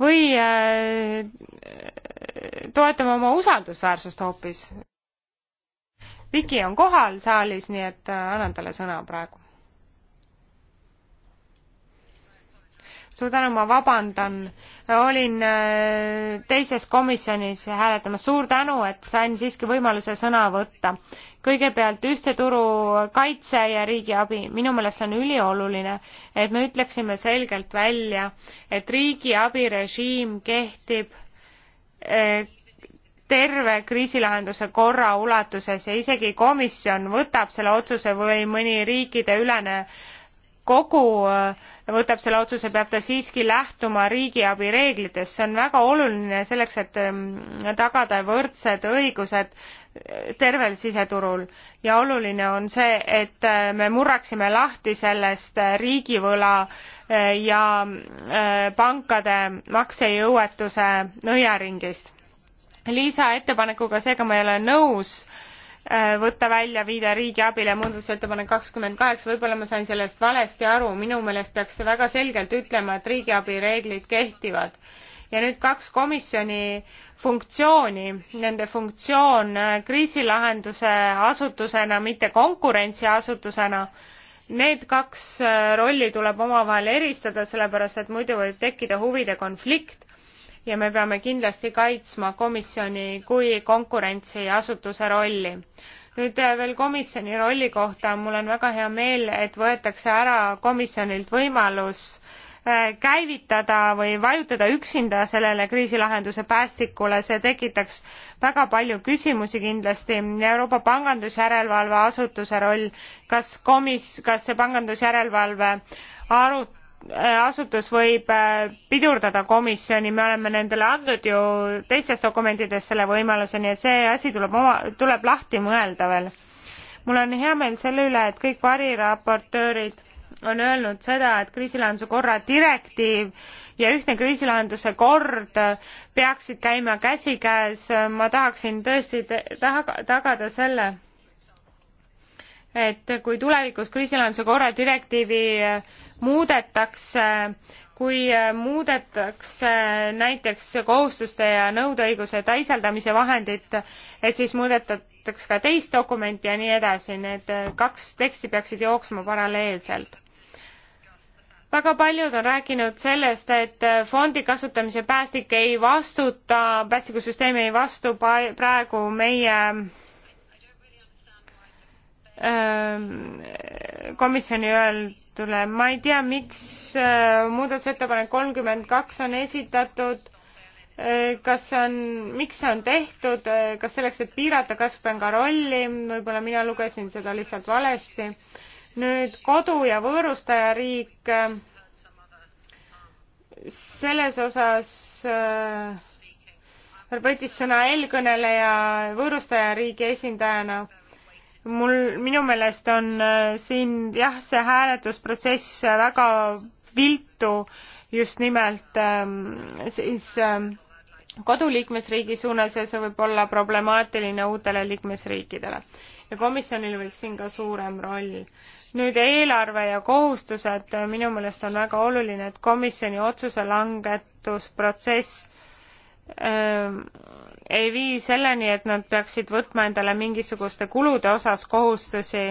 või äh, toetame oma usaldusväärsust hoopis. Viki on kohal saalis, nii et äh, annan talle sõna praegu. suur tänu, ma vabandan, olin äh, teises komisjonis hääletamas, suur tänu, et sain siiski võimaluse sõna võtta. kõigepealt ühtse turu kaitse ja riigiabi, minu meelest on ülioluline, et me ütleksime selgelt välja, et riigiabirežiim kehtib äh, terve kriisilahenduse korra ulatuses ja isegi komisjon võtab selle otsuse või mõni riikideülene kogu äh, võtab selle otsuse, peab ta siiski lähtuma riigiabi reeglitest, see on väga oluline selleks, et ähm, tagada võrdsed õigused äh, tervel siseturul ja oluline on see, et äh, me murraksime lahti sellest riigivõla ja pankade maksejõuetuse nõiaringist lisaettepanekuga, seega ma ei ole nõus äh, võtta välja viide riigiabile muudatusettepanek kakskümmend kaheksa, võib-olla ma sain sellest valesti aru, minu meelest peaks väga selgelt ütlema, et riigiabi reeglid kehtivad. ja nüüd kaks komisjoni funktsiooni, nende funktsioon äh, kriisilahenduse asutusena, mitte konkurentsiasutusena, need kaks äh, rolli tuleb omavahel eristada, sellepärast et muidu võib tekkida huvide konflikt ja me peame kindlasti kaitsma komisjoni kui konkurentsiasutuse rolli. nüüd äh, veel komisjoni rolli kohta, mul on väga hea meel, et võetakse ära komisjonilt võimalus äh, käivitada või vajutada üksinda sellele kriisilahenduse päästikule, see tekitaks väga palju küsimusi kindlasti. Euroopa Pangandusjärelevalve asutuse roll, kas komis-, kas see pangandusjärelevalve arut-, Äh, asutus võib äh, pidurdada komisjoni, me oleme nendele andnud ju teistes dokumentides selle võimaluse, nii et see asi tuleb oma, tuleb lahti mõelda veel. mul on hea meel selle üle, et kõik variraportöörid on öelnud seda, et kriisilahenduse korra direktiiv ja ühtne kriisilahenduse kord peaksid käima käsikäes, ma tahaksin tõesti taga, tagada selle, et kui tulevikus kriisilahenduse korra direktiivi muudetakse, kui muudetakse näiteks kohustuste ja nõudeõiguse teisaldamise vahendit, et siis muudetakse ka teist dokumenti ja nii edasi, need kaks teksti peaksid jooksma paralleelselt väga paljud on rääkinud sellest, et fondi kasutamise päästik ei vastuta, päästikusüsteem ei vastu praegu meie Ähm, komisjoni öeldule. ma ei tea, miks äh, muudatusettepanek kolmkümmend kaks on esitatud, äh, kas see on, miks see on tehtud, äh, kas selleks, et piirata Kaspenga rolli, võib-olla mina lugesin seda lihtsalt valesti. nüüd kodu- ja võõrustajariik, selles osas võttis sõna eelkõneleja võõrustajariigi esindajana mul, minu meelest on äh, siin jah, see hääletusprotsess väga viltu just nimelt ähm, siis ähm, koduliikmesriigi suunas ja see võib olla problemaatiline uutele liikmesriikidele. ja komisjonil võiks siin ka suurem roll. nüüd eelarve ja kohustused, äh, minu meelest on väga oluline, et komisjoni otsuse langetusprotsess ähm, ei vii selleni, et nad peaksid võtma endale mingisuguste kulude osas kohustusi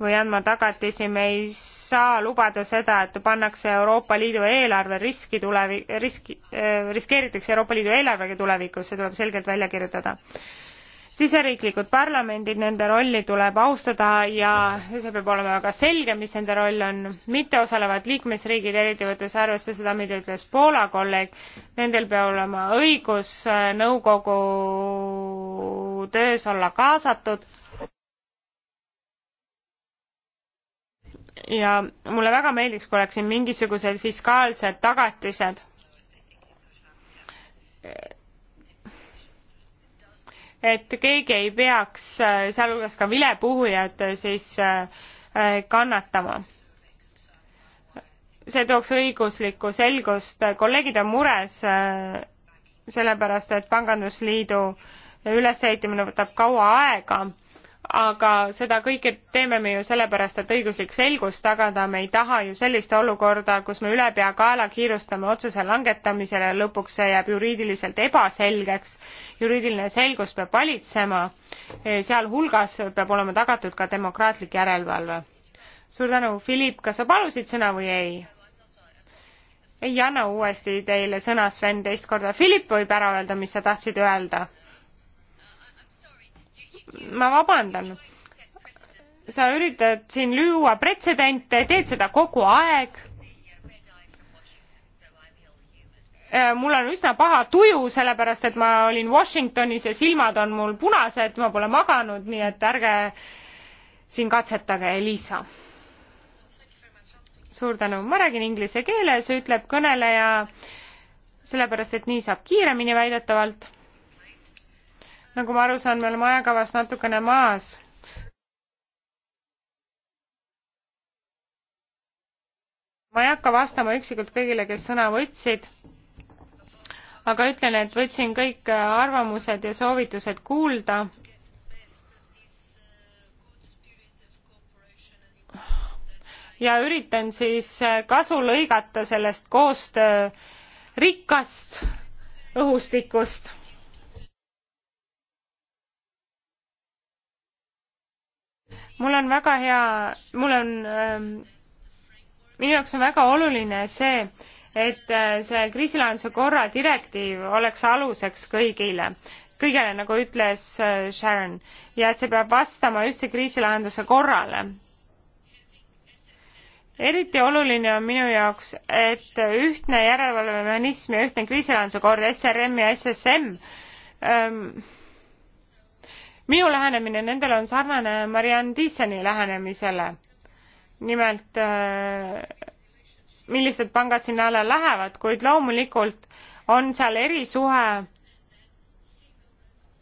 või andma tagatisi, me ei saa lubada seda, et pannakse Euroopa Liidu eelarve riski tulevi-, riski, äh, riskeeritakse Euroopa Liidu eelarvega tulevikus, see tuleb selgelt välja kirjutada siseriiklikud parlamendid, nende rolli tuleb austada ja see peab olema väga selge, mis nende roll on. mitteosalevad liikmesriigid, eriti võttes arvesse seda, mida ütles Poola kolleeg, nendel peab olema õigus äh, nõukogu töös olla kaasatud. ja mulle väga meeldiks, kui oleks siin mingisugused fiskaalsed tagatised et keegi ei peaks, äh, sealhulgas ka vilepuhujad, äh, siis äh, kannatama. see tooks õiguslikku selgust, kolleegid on mures sellepärast, et pangandusliidu ülesehitamine võtab kaua aega aga seda kõike teeme me ju sellepärast, et õiguslik selgus tagada, me ei taha ju sellist olukorda, kus me ülepeakaela kiirustame otsuse langetamisele, lõpuks see jääb juriidiliselt ebaselgeks. juriidiline selgus peab valitsema, sealhulgas peab olema tagatud ka demokraatlik järelevalve. suur tänu, Philipp, kas sa palusid sõna või ei? ei anna uuesti teile sõna, Sven, teist korda. Philipp võib ära öelda, mis sa tahtsid öelda ma vabandan. sa üritad siin luua pretsedente, teed seda kogu aeg. Äh, mul on üsna paha tuju, sellepärast et ma olin Washingtonis ja silmad on mul punased, ma pole maganud, nii et ärge siin katsetage, Elisa. suur tänu, ma räägin inglise keeles, ütleb kõneleja, sellepärast et nii saab kiiremini väidetavalt nagu ma aru saan, me oleme ajakavast natukene maas. ma ei hakka vastama üksikult kõigile, kes sõna võtsid, aga ütlen, et võtsin kõik arvamused ja soovitused kuulda ja üritan siis kasu lõigata sellest koostöö rikkast õhustikust mul on väga hea, mul on ähm,, minu jaoks on väga oluline see, et äh, see kriisilahenduse korra direktiiv oleks aluseks kõigile, kõigele, nagu ütles äh, Sharon, ja et see peab vastama ühtse kriisilahenduse korrale. eriti oluline on minu jaoks, et ühtne järelevalvemehhanism ja ühtne kriisilahenduse kord SRM ja SSM ähm, minu lähenemine nendele on sarnane Marianne Thyssen'i lähenemisele. nimelt, äh, millised pangad sinna alla lähevad, kuid loomulikult on seal erisuhe,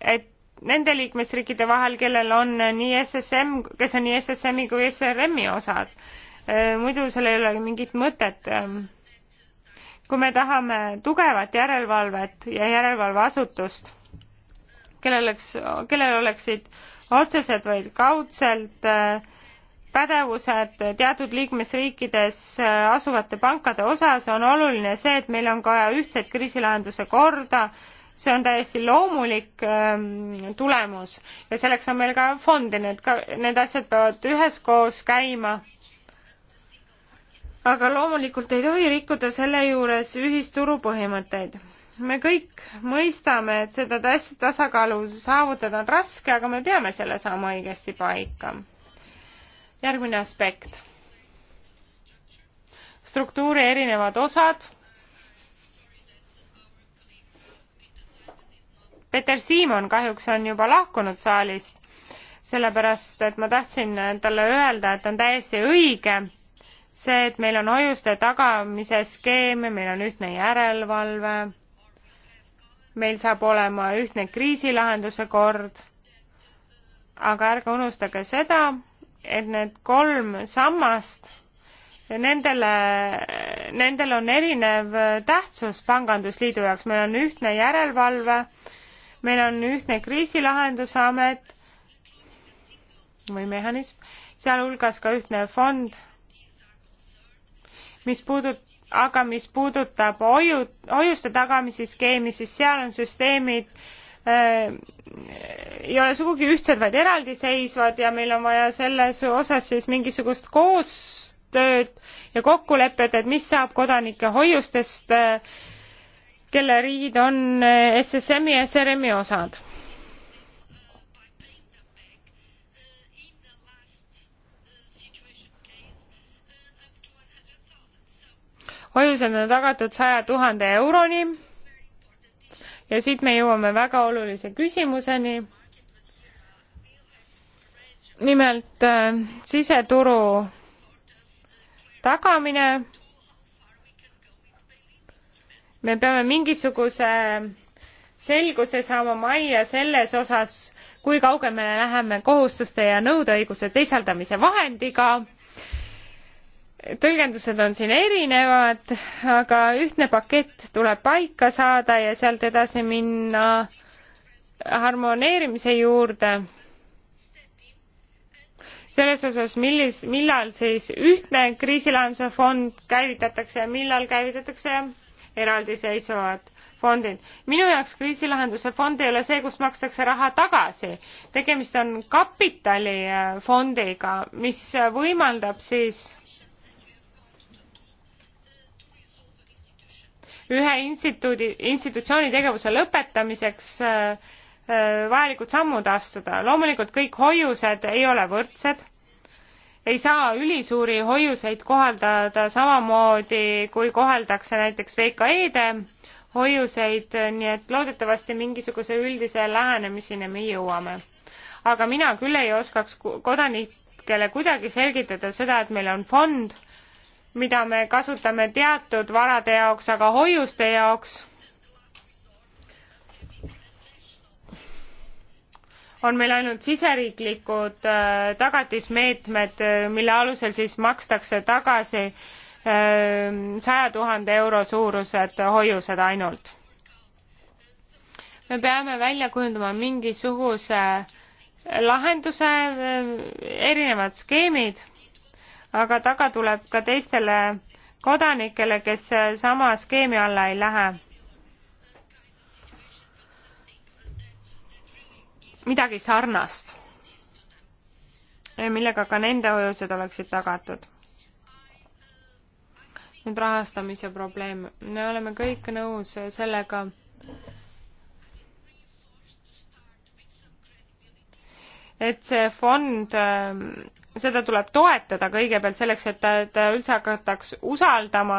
et nende liikmesriikide vahel, kellel on nii SSM, kes on nii SSM-i kui SRM-i osad. Äh, muidu sellel ei ole mingit mõtet. Ähm. kui me tahame tugevat järelevalvet ja järelevalveasutust, kellel oleks, kellel oleksid otsesed või kaudselt äh, pädevused teatud liikmesriikides äh, asuvate pankade osas, on oluline see, et meil on ka ühtset kriisilahenduse korda, see on täiesti loomulik ähm, tulemus ja selleks on meil ka fondi, need ka, need asjad peavad üheskoos käima aga loomulikult ei tohi rikkuda selle juures ühisturu põhimõtteid me kõik mõistame, et seda tasakaalu saavutada on raske, aga me peame selle saama õigesti paika. järgmine aspekt. struktuuri erinevad osad. Peter Siimon kahjuks on juba lahkunud saalist, sellepärast et ma tahtsin talle öelda, et on täiesti õige see, et meil on hoiuste tagamise skeem, meil on ühtne järelevalve meil saab olema ühtne kriisilahenduse kord, aga ärge unustage seda, et need kolm sammast, nendele, nendel on erinev tähtsus Pangandusliidu jaoks, meil on ühtne järelevalve, meil on ühtne kriisilahenduse amet või mehhanism, sealhulgas ka ühtne fond, mis puudutab aga mis puudutab hoiu-, hoiuste tagamise skeemi, siis seal on süsteemid äh, ei ole sugugi ühtsed, vaid eraldiseisvad ja meil on vaja selles osas siis mingisugust koostööd ja kokkulepet, et mis saab kodanike hoiustest äh, kelle riigid on SSM-i ja SRM-i osad hoiused on tagatud saja tuhande euroni ja siit me jõuame väga olulise küsimuseni. nimelt äh, siseturu tagamine. me peame mingisuguse selguse saama majja selles osas, kui kauge me läheme kohustuste ja nõudeõiguse teisaldamise vahendiga äh, tõlgendused on siin erinevad, aga ühtne pakett tuleb paika saada ja sealt edasi minna harmoneerimise juurde. selles osas, millis, millal siis ühtne kriisilahenduse fond käivitatakse ja millal käivitatakse eraldiseisvad fondid. minu jaoks kriisilahenduse fond ei ole see, kus makstakse raha tagasi. tegemist on kapitalifondiga, mis võimaldab siis ühe instituudi, institutsiooni tegevuse lõpetamiseks äh, äh, vajalikud sammud astuda. loomulikult kõik hoiused ei ole võrdsed, ei saa ülisuuri hoiuseid kohaldada samamoodi, kui koheldakse näiteks VKE-de hoiuseid, nii et loodetavasti mingisuguse üldise lähenemiseni me jõuame. aga mina küll ei oskaks kodanikele kuidagi selgitada seda, et meil on fond mida me kasutame teatud varade jaoks, aga hoiuste jaoks on meil ainult siseriiklikud äh, tagatismeetmed, äh, mille alusel siis makstakse tagasi äh, saja tuhande euro suurused hoiused ainult. me peame välja kujundama mingisuguse lahenduse, erinevad skeemid aga taga tuleb ka teistele kodanikele, kes sama skeemi alla ei lähe. midagi sarnast, millega ka nende hoiused oleksid tagatud. nüüd rahastamise probleem. me oleme kõik nõus sellega, et see fond seda tuleb toetada kõigepealt selleks, et ta üldse hakataks usaldama.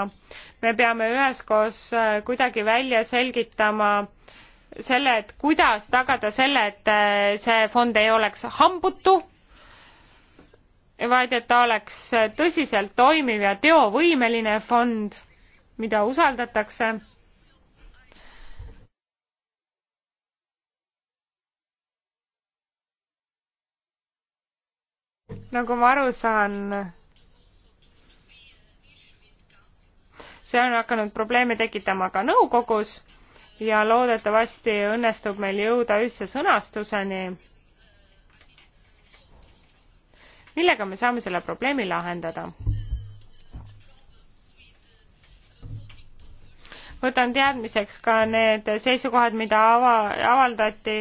me peame üheskoos äh, kuidagi välja selgitama selle, et kuidas tagada selle, et äh, see fond ei oleks hambutu, vaid et ta oleks tõsiselt toimiv ja teovõimeline fond, mida usaldatakse nagu ma aru saan, see on hakanud probleeme tekitama ka nõukogus ja loodetavasti õnnestub meil jõuda ühtse sõnastuseni, millega me saame selle probleemi lahendada. võtan teadmiseks ka need seisukohad, mida ava, avaldati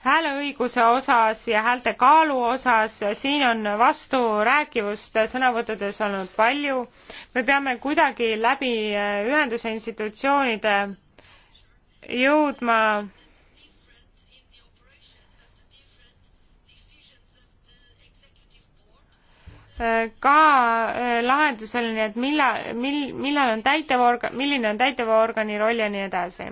hääleõiguse osas ja häälte kaalu osas, siin on vasturääkivust sõnavõttudes olnud palju. me peame kuidagi läbi eh, ühenduse institutsioonide jõudma ka eh, lahenduseni, et millal, mil-, millal on täitevorgan, milline on täitevorgani roll ja nii edasi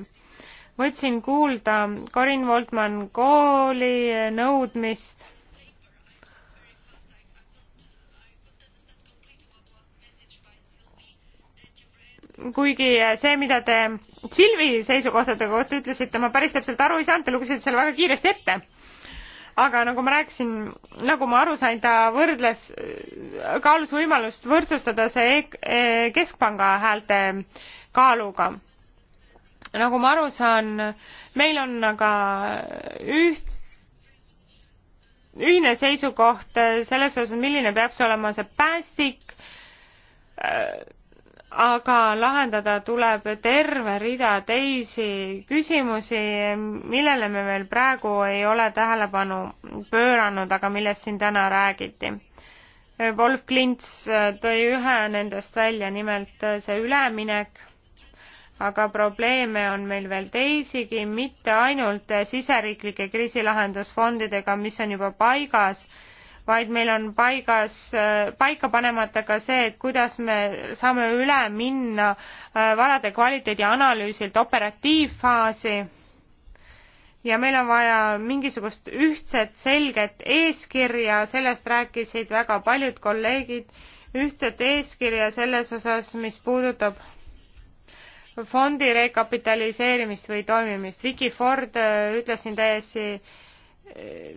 võtsin kuulda Karin Voltmann kooli nõudmist kuigi see, mida te Silvi seisukohtade kohta ütlesite, ma päris täpselt aru ei saanud, te lugesite selle väga kiiresti ette. aga nagu ma rääkisin, nagu ma aru sain, ta võrdles, kaalus võimalust võrdsustada see e e keskpanga häälte kaaluga nagu ma aru saan, meil on aga üht, ühine seisukoht selles osas, milline peaks olema see päästik, aga lahendada tuleb terve rida teisi küsimusi, millele me veel praegu ei ole tähelepanu pööranud, aga millest siin täna räägiti Wolf Klints tõi ühe nendest välja, nimelt see üleminek aga probleeme on meil veel teisigi, mitte ainult siseriiklike kriisilahendusfondidega, mis on juba paigas, vaid meil on paigas, paika panemata ka see, et kuidas me saame üle minna äh, varade kvaliteedi analüüsilt operatiivfaasi. ja meil on vaja mingisugust ühtset selget eeskirja, sellest rääkisid väga paljud kolleegid, ühtset eeskirja selles osas, mis puudutab fondi rekapitaliseerimist või toimimist. Vicky Ford äh, ütles siin täiesti äh,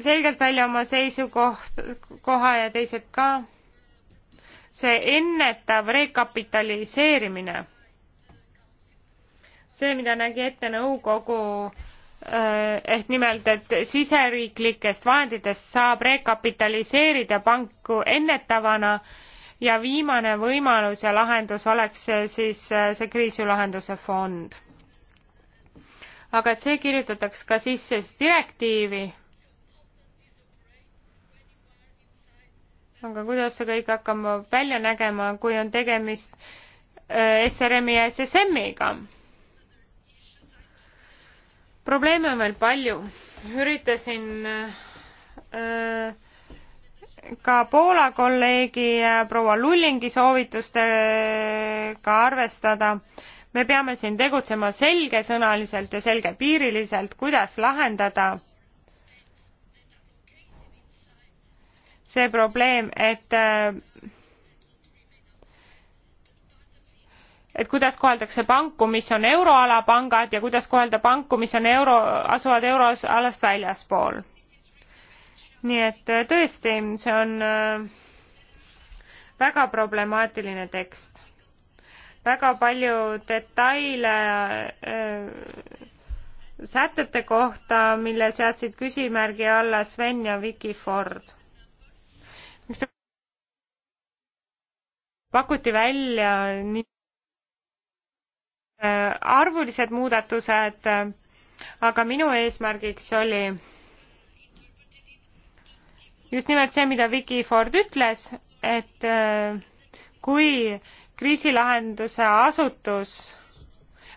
selgelt välja oma seisukoht, koha ja teised ka. see ennetav rekapitaliseerimine, see, mida nägi ette nõukogu äh, ehk nimelt, et siseriiklikest vahenditest saab rekapitaliseerida panku ennetavana äh, ja viimane võimalus ja lahendus oleks siis äh, see kriisilahenduse fond. aga et see kirjutataks ka sisse siis direktiivi. aga kuidas see kõik hakkab välja nägema, kui on tegemist äh, SRM-i ja SSM-iga? probleeme on veel palju. üritasin öö, äh, ka Poola kolleegi proua Lullingi soovitustega arvestada. me peame siin tegutsema selgesõnaliselt ja selgepiiriliselt, kuidas lahendada see probleem, et et kuidas koheldakse panku, mis on euroala pangad ja kuidas kohelda panku, mis on euro, asuvad euroalast väljaspool nii et äh, tõesti, see on äh, väga problemaatiline tekst. väga palju detaile äh, sätete kohta, mille seadsid küsimärgi alla Sven ja Vicky Ford. miks te pakuti välja nii äh, arvulised muudatused, aga minu eesmärgiks oli just nimelt see, mida Vicky Ford ütles, et äh, kui kriisilahenduse asutus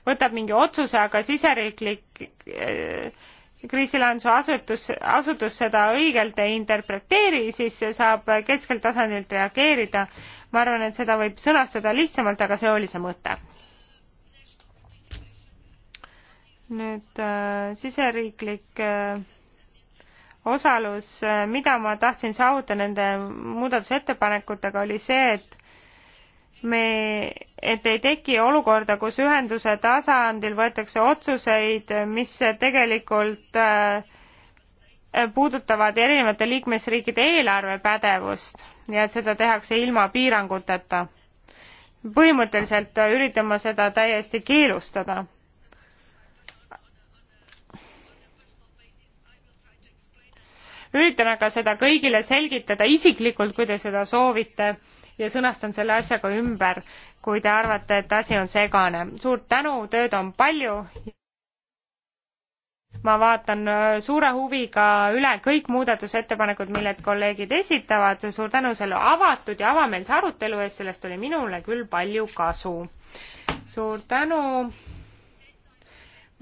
võtab mingi otsuse, aga siseriiklik äh, kriisilahenduse asutus, asutus seda õigelt ei interpreteeri, siis saab keskelt tasandilt reageerida. ma arvan, et seda võib sõnastada lihtsamalt, aga see oli see mõte. nüüd äh, siseriiklik äh, osalus, mida ma tahtsin saavutada nende muudatusettepanekutega, oli see, et me, et ei teki olukorda, kus ühenduse tasandil võetakse otsuseid, mis tegelikult äh, puudutavad erinevate liikmesriikide eelarvepädevust ja et seda tehakse ilma piiranguteta. põhimõtteliselt üritan ma seda täiesti keelustada üritan aga seda kõigile selgitada isiklikult, kui te seda soovite ja sõnastan selle asja ka ümber, kui te arvate, et asi on segane. suurt tänu, tööd on palju. ma vaatan äh, suure huviga üle kõik muudatusettepanekud, mille kolleegid esitavad. suur tänu selle avatud ja avameelse arutelu eest, sellest oli minule küll palju kasu. suur tänu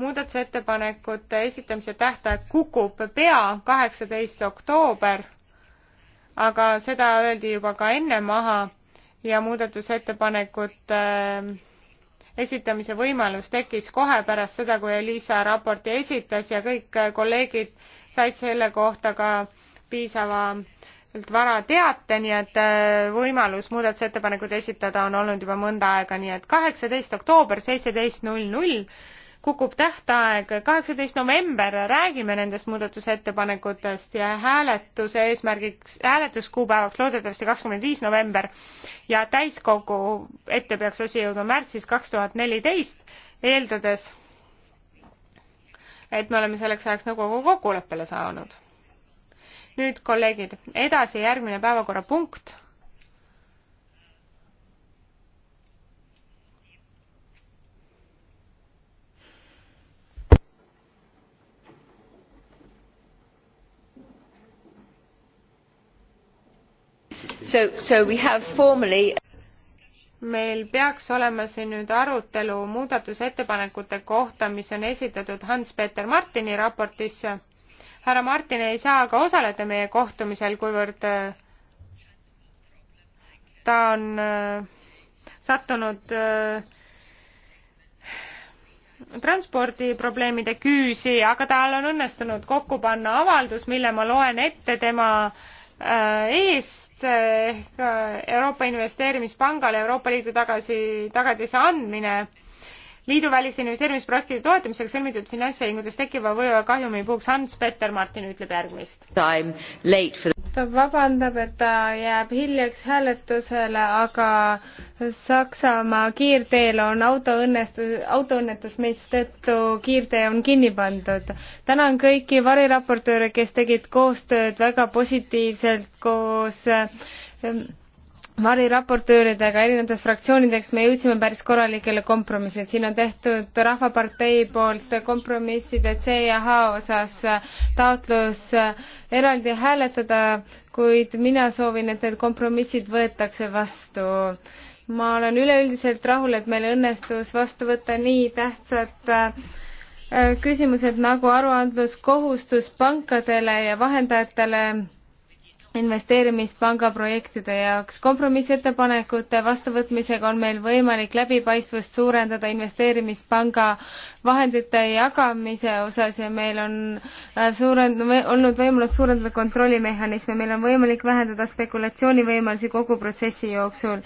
muudatusettepanekute esitamise tähtaeg kukub pea, kaheksateist oktoober, aga seda öeldi juba ka enne maha ja muudatusettepanekute äh, esitamise võimalus tekkis kohe pärast seda, kui Elisa raporti esitas ja kõik kolleegid said selle kohta ka piisavalt vara teate, nii et äh, võimalus muudatusettepanekuid esitada on olnud juba mõnda aega, nii et kaheksateist oktoober seitseteist null null kukub tähtaeg kaheksateist november, räägime nendest muudatusettepanekutest ja hääletuse eesmärgiks, hääletuskuupäevaks loodetavasti kakskümmend viis november ja täiskogu ette peaks asi jõudma märtsis kaks tuhat neliteist, eeldades, et me oleme selleks ajaks nõukogu kokkuleppele saanud. nüüd kolleegid, edasi järgmine päevakorrapunkt Formally... meil peaks olema siin nüüd arutelu muudatusettepanekute kohta, mis on esitatud Hans-Peter Martini raportisse. härra Martin ei saa aga osaleda meie kohtumisel, kuivõrd äh, ta on äh, sattunud äh, transpordiprobleemide küüsi, aga tal on õnnestunud kokku panna avaldus, mille ma loen ette tema äh, Äh, eest eh, ehk äh, Euroopa Investeerimispangale Euroopa Liidu tagasi, tagatise andmine liiduväliste investeerimisprojektide toetamiseks sõlmitud finantstehingutes tekkiva võiva kahjumi puhuks Hans Peter Martin ütleb järgmist ta vabandab, et ta jääb hiljaks hääletusele, aga Saksamaa kiirteel on autoõnnetus, autoõnnetus, mistõttu kiirtee on kinni pandud. tänan kõiki variraportööre, kes tegid koostööd väga positiivselt koos ehm, variraportööridega erinevatest fraktsioonidest me jõudsime päris korralikele kompromissile. siin on tehtud Rahvapartei poolt kompromisside C ja H osas taotlus eraldi hääletada, kuid mina soovin, et need kompromissid võetakse vastu. ma olen üleüldiselt rahul, et meil õnnestus vastu võtta nii tähtsad äh, küsimused nagu aruandluskohustus pankadele ja vahendajatele investeerimispanga projektide jaoks. kompromissettepanekute vastuvõtmisega on meil võimalik läbipaistvust suurendada investeerimispanga vahendite jagamise osas ja meil on äh, suurend- või,, olnud võimalus suurendada kontrollimehhanisme, meil on võimalik vähendada spekulatsioonivõimalusi kogu protsessi jooksul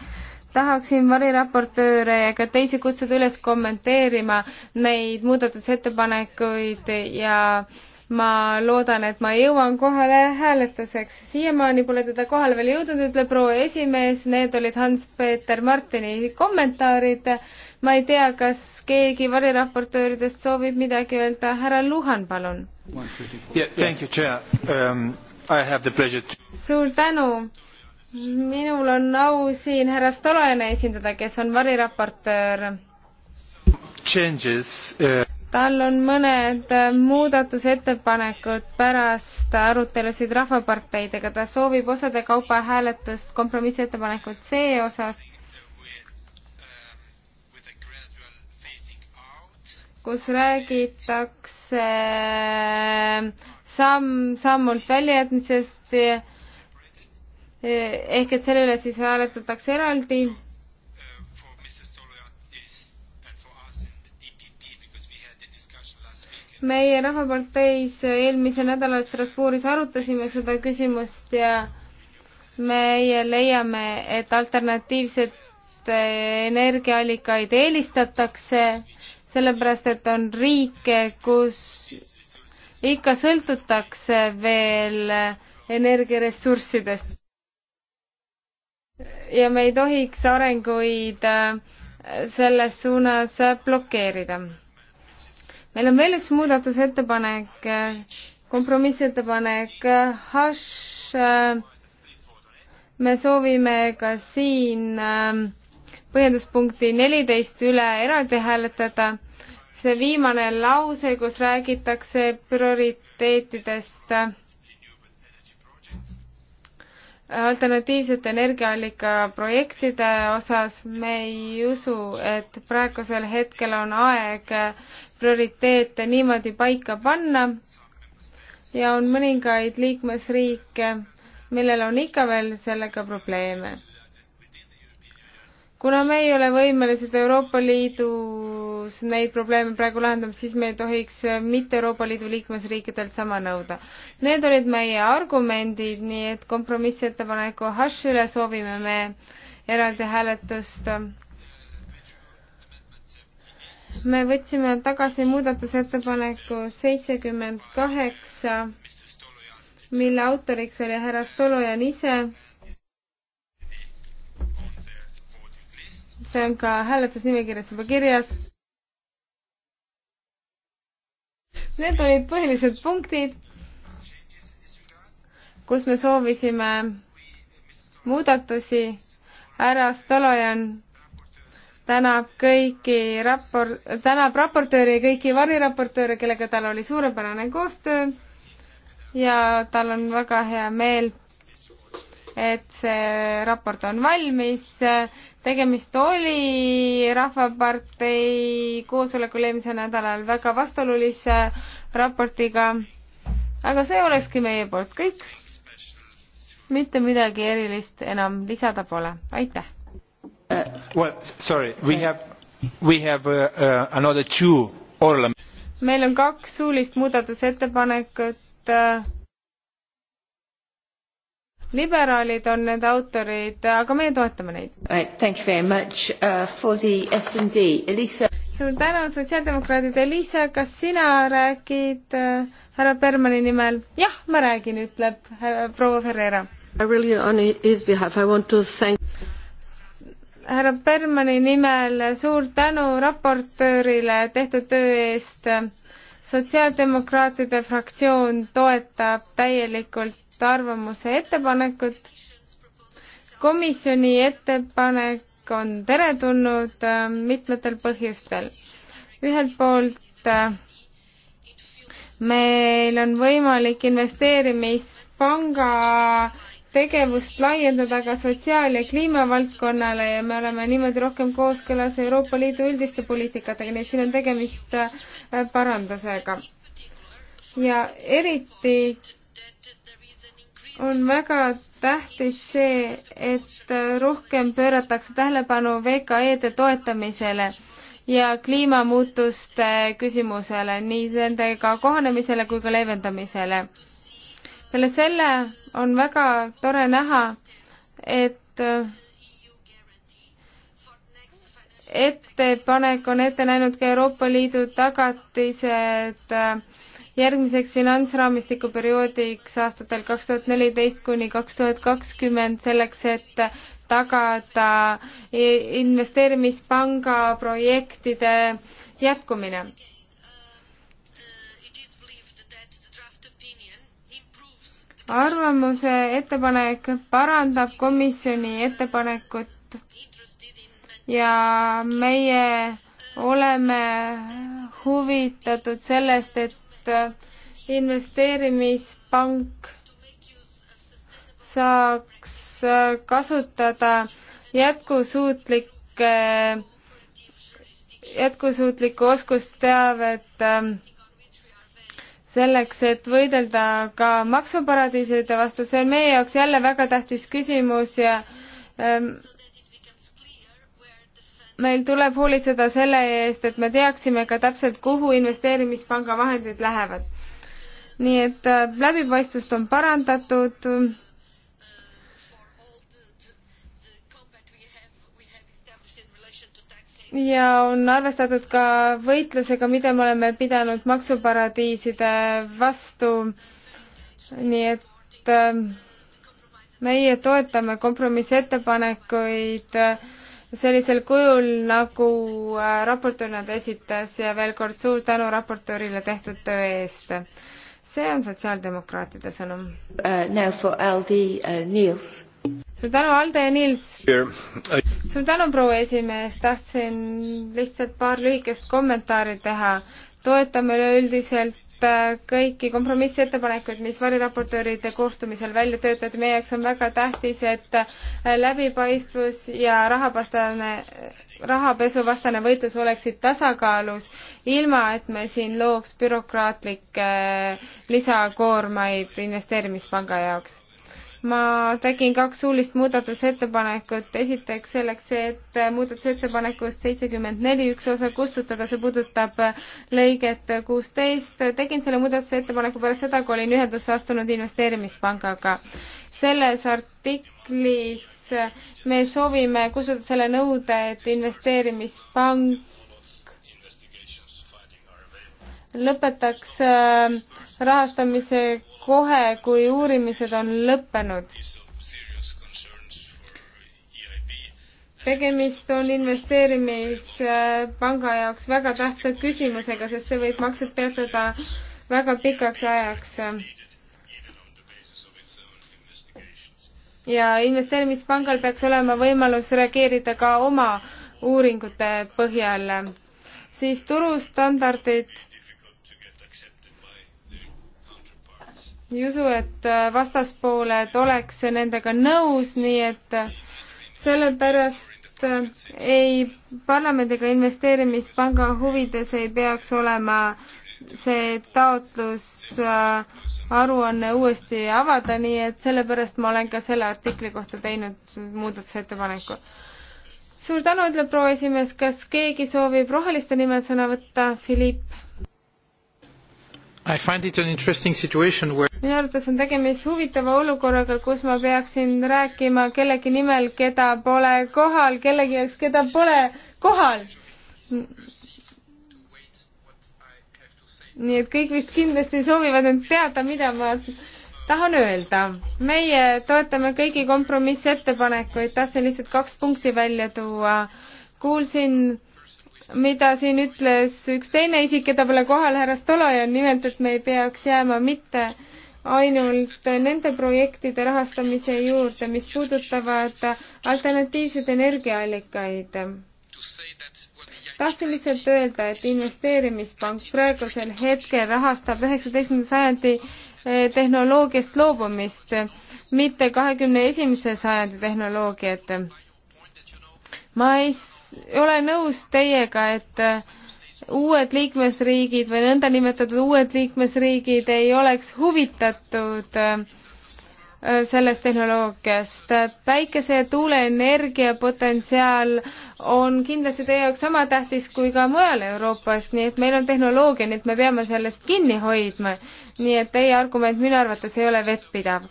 tahaksin variraportööre ja ka teisi kutsuda üles kommenteerima neid muudatusettepanekuid ja äh, ma loodan, et ma jõuan kohale hääletuseks. siiamaani pole teda kohale veel jõudnud, ütleb proua esimees, need olid Hans-Peeter Martini kommentaarid. ma ei tea, kas keegi variraportööridest soovib midagi öelda, härra Luhan, palun yeah,. Um, suur tänu minul on au siin härra Stolojana esindada, kes on variraportöör. Changes uh tal on mõned äh, muudatusettepanekud pärast arutelusid Rahvaparteidega. ta soovib osade kaupa hääletust kompromissettepanekut C osas, kus räägitakse äh, samm-sammult väljajätmisest ehk et selle üle siis hääletatakse eraldi meie Rahvaparteis eelmisel nädalal Strasbourgis arutasime seda küsimust ja meie leiame, et alternatiivset energiaallikaid eelistatakse, sellepärast et on riike, kus ikka sõltutakse veel energiaressurssidest. ja me ei tohiks arenguid selles suunas blokeerida meil on veel üks muudatusettepanek, kompromissettepanek hash. Äh, me soovime ka siin ähm, põhjenduspunkti neliteist üle eraldi hääletada. see viimane lause, kus räägitakse prioriteetidest äh, alternatiivsete energiaallika projektide osas me ei usu, et praegusel hetkel on aeg äh, prioriteete niimoodi paika panna ja on mõningaid liikmesriike, millel on ikka veel sellega probleeme. kuna me ei ole võimelised Euroopa Liidus neid probleeme praegu lahendama, siis me ei tohiks mitte Euroopa Liidu liikmesriikidelt sama nõuda. Need olid meie argumendid, nii et kompromissettepaneku hašile soovime me eraldi hääletust me võtsime tagasi muudatusettepaneku seitsekümmend kaheksa, mille autoriks oli härra Stolojan ise. see on ka hääletusnimekirjas juba kirjas. Need olid põhilised punktid, kus me soovisime muudatusi. härra Stolojan tänab kõiki rapor-, tänab raportööri ja kõiki variraportööre, kellega tal oli suurepärane koostöö ja tal on väga hea meel, et see raport on valmis. tegemist oli Rahvapartei koosolekul eelmisel nädalal väga vastuolulise raportiga. aga see olekski meie poolt kõik. mitte midagi erilist enam lisada pole. aitäh! Uh, well, sorry, we have, we have uh, uh, another two oral. meil on kaks suulist muudatusettepanekut uh, liberaalid on need autorid, uh, aga meie toetame neid right,. Thank you very much uh, for the SND, Elisa. suur tänu, sotsiaaldemokraadid, Elisa, kas sina räägid uh, härra Bermani nimel? jah, ma räägin, ütleb äh, proua Ferreira. I really on his behalf I want to thank härra Bermani nimel suur tänu raportöörile tehtud töö eest. sotsiaaldemokraatide fraktsioon toetab täielikult arvamuse ettepanekut. komisjoni ettepanek on teretulnud äh, mitmetel põhjustel. ühelt poolt äh, meil on võimalik investeerimispanga tegevust laiendada ka sotsiaal- ja kliimavaldkonnale ja me oleme niimoodi rohkem kooskõlas Euroopa Liidu üldiste poliitikatega, nii et siin on tegemist äh, parandusega. ja eriti on väga tähtis see, et äh, rohkem pööratakse tähelepanu VKE-de toetamisele ja kliimamuutuste küsimusele, nii nendega kohanemisele kui ka leevendamisele peale selle on väga tore näha, et ettepanek on ette näinud ka Euroopa Liidu tagatised äh, järgmiseks finantsraamistiku perioodiks aastatel kaks tuhat neliteist kuni kaks tuhat kakskümmend selleks, et tagada investeerimispanga projektide jätkumine arvamuse ettepanek parandab komisjoni ettepanekut ja meie oleme huvitatud sellest, et investeerimispank saaks kasutada jätkusuutlikke, jätkusuutlikku oskusteavet äh, selleks, et võidelda ka maksuparadiiside vastu, see on meie jaoks jälle väga tähtis küsimus ja ähm, meil tuleb hoolitseda selle eest, et me teaksime ka täpselt, kuhu investeerimispanga vahendid lähevad. nii et äh, läbipaistvust on parandatud äh, ja on arvestatud ka võitlusega, mida me oleme pidanud maksuparadiiside vastu. nii et ähm, meie toetame kompromissettepanekuid äh, sellisel kujul, nagu äh, raportöör nad esitas ja veel kord suur tänu raportöörile tehtud töö eest. see on sotsiaaldemokraatide sõnum uh,. Now for LD uh, Niels suur tänu, Alde ja Nils! suur tänu, proua esimees, tahtsin lihtsalt paar lühikest kommentaari teha. toetame üleüldiselt äh, kõiki kompromissettepanekuid, mis variraportööride kohtumisel välja töötati, meie jaoks on väga tähtis, et äh, läbipaistvus ja rahapastane, rahapesuvastane võitlus oleksid tasakaalus, ilma et me siin looks bürokraatlikke äh, lisakoormaid investeerimispanga jaoks ma tegin kaks suulist muudatusettepanekut, esiteks selleks, et muudatusettepanekust seitsekümmend neli üks osa kustutada, see puudutab lõiget kuusteist, tegin selle muudatusettepaneku pärast seda, kui olin ühendusse astunud investeerimispangaga. selles artiklis me soovime kustutada selle nõude, et investeerimispank lõpetaks äh, rahastamise kohe, kui uurimised on lõppenud. tegemist on investeerimispanga jaoks väga tähtsa küsimusega, sest see võib maksed peatada väga pikaks ajaks. ja investeerimispangal peaks olema võimalus reageerida ka oma uuringute põhjal. siis turustandardid ei usu, et äh, vastaspooled oleks nendega nõus, nii et äh, sellepärast äh, ei, parlamendiga investeerimispanga huvides ei peaks olema see taotlus äh, aruanne uuesti avada, nii et sellepärast ma olen ka selle artikli kohta teinud muudatusettepaneku. suur tänu, ütleb proua esimees, kas keegi soovib roheliste nimel sõna võtta, Philipp? Where... minu arvates on tegemist huvitava olukorraga, kus ma peaksin rääkima kellegi nimel, keda pole kohal, kellegi jaoks, keda pole kohal. nii et kõik vist kindlasti soovivad nüüd teada, mida ma tahan öelda. meie toetame kõigi kompromissettepanekuid, tahtsin lihtsalt kaks punkti välja tuua. kuulsin mida siin ütles üks teine isik, keda pole kohal, härra Stolojan, nimelt, et me ei peaks jääma mitte ainult nende projektide rahastamise juurde, mis puudutavad alternatiivseid energiaallikaid. tahtsin lihtsalt öelda, et investeerimispank praegusel hetkel rahastab üheksateistkümnenda sajandi eh, tehnoloogiast loobumist, mitte kahekümne esimese sajandi tehnoloogiat. ma ei ei ole nõus teiega, et äh, uued liikmesriigid või nõndanimetatud uued liikmesriigid ei oleks huvitatud äh, sellest tehnoloogiast. päikese ja tuuleenergia potentsiaal on kindlasti teie jaoks sama tähtis kui ka mujal Euroopas, nii et meil on tehnoloogia, nii et me peame sellest kinni hoidma. nii et teie argument minu arvates ei ole vettpidav.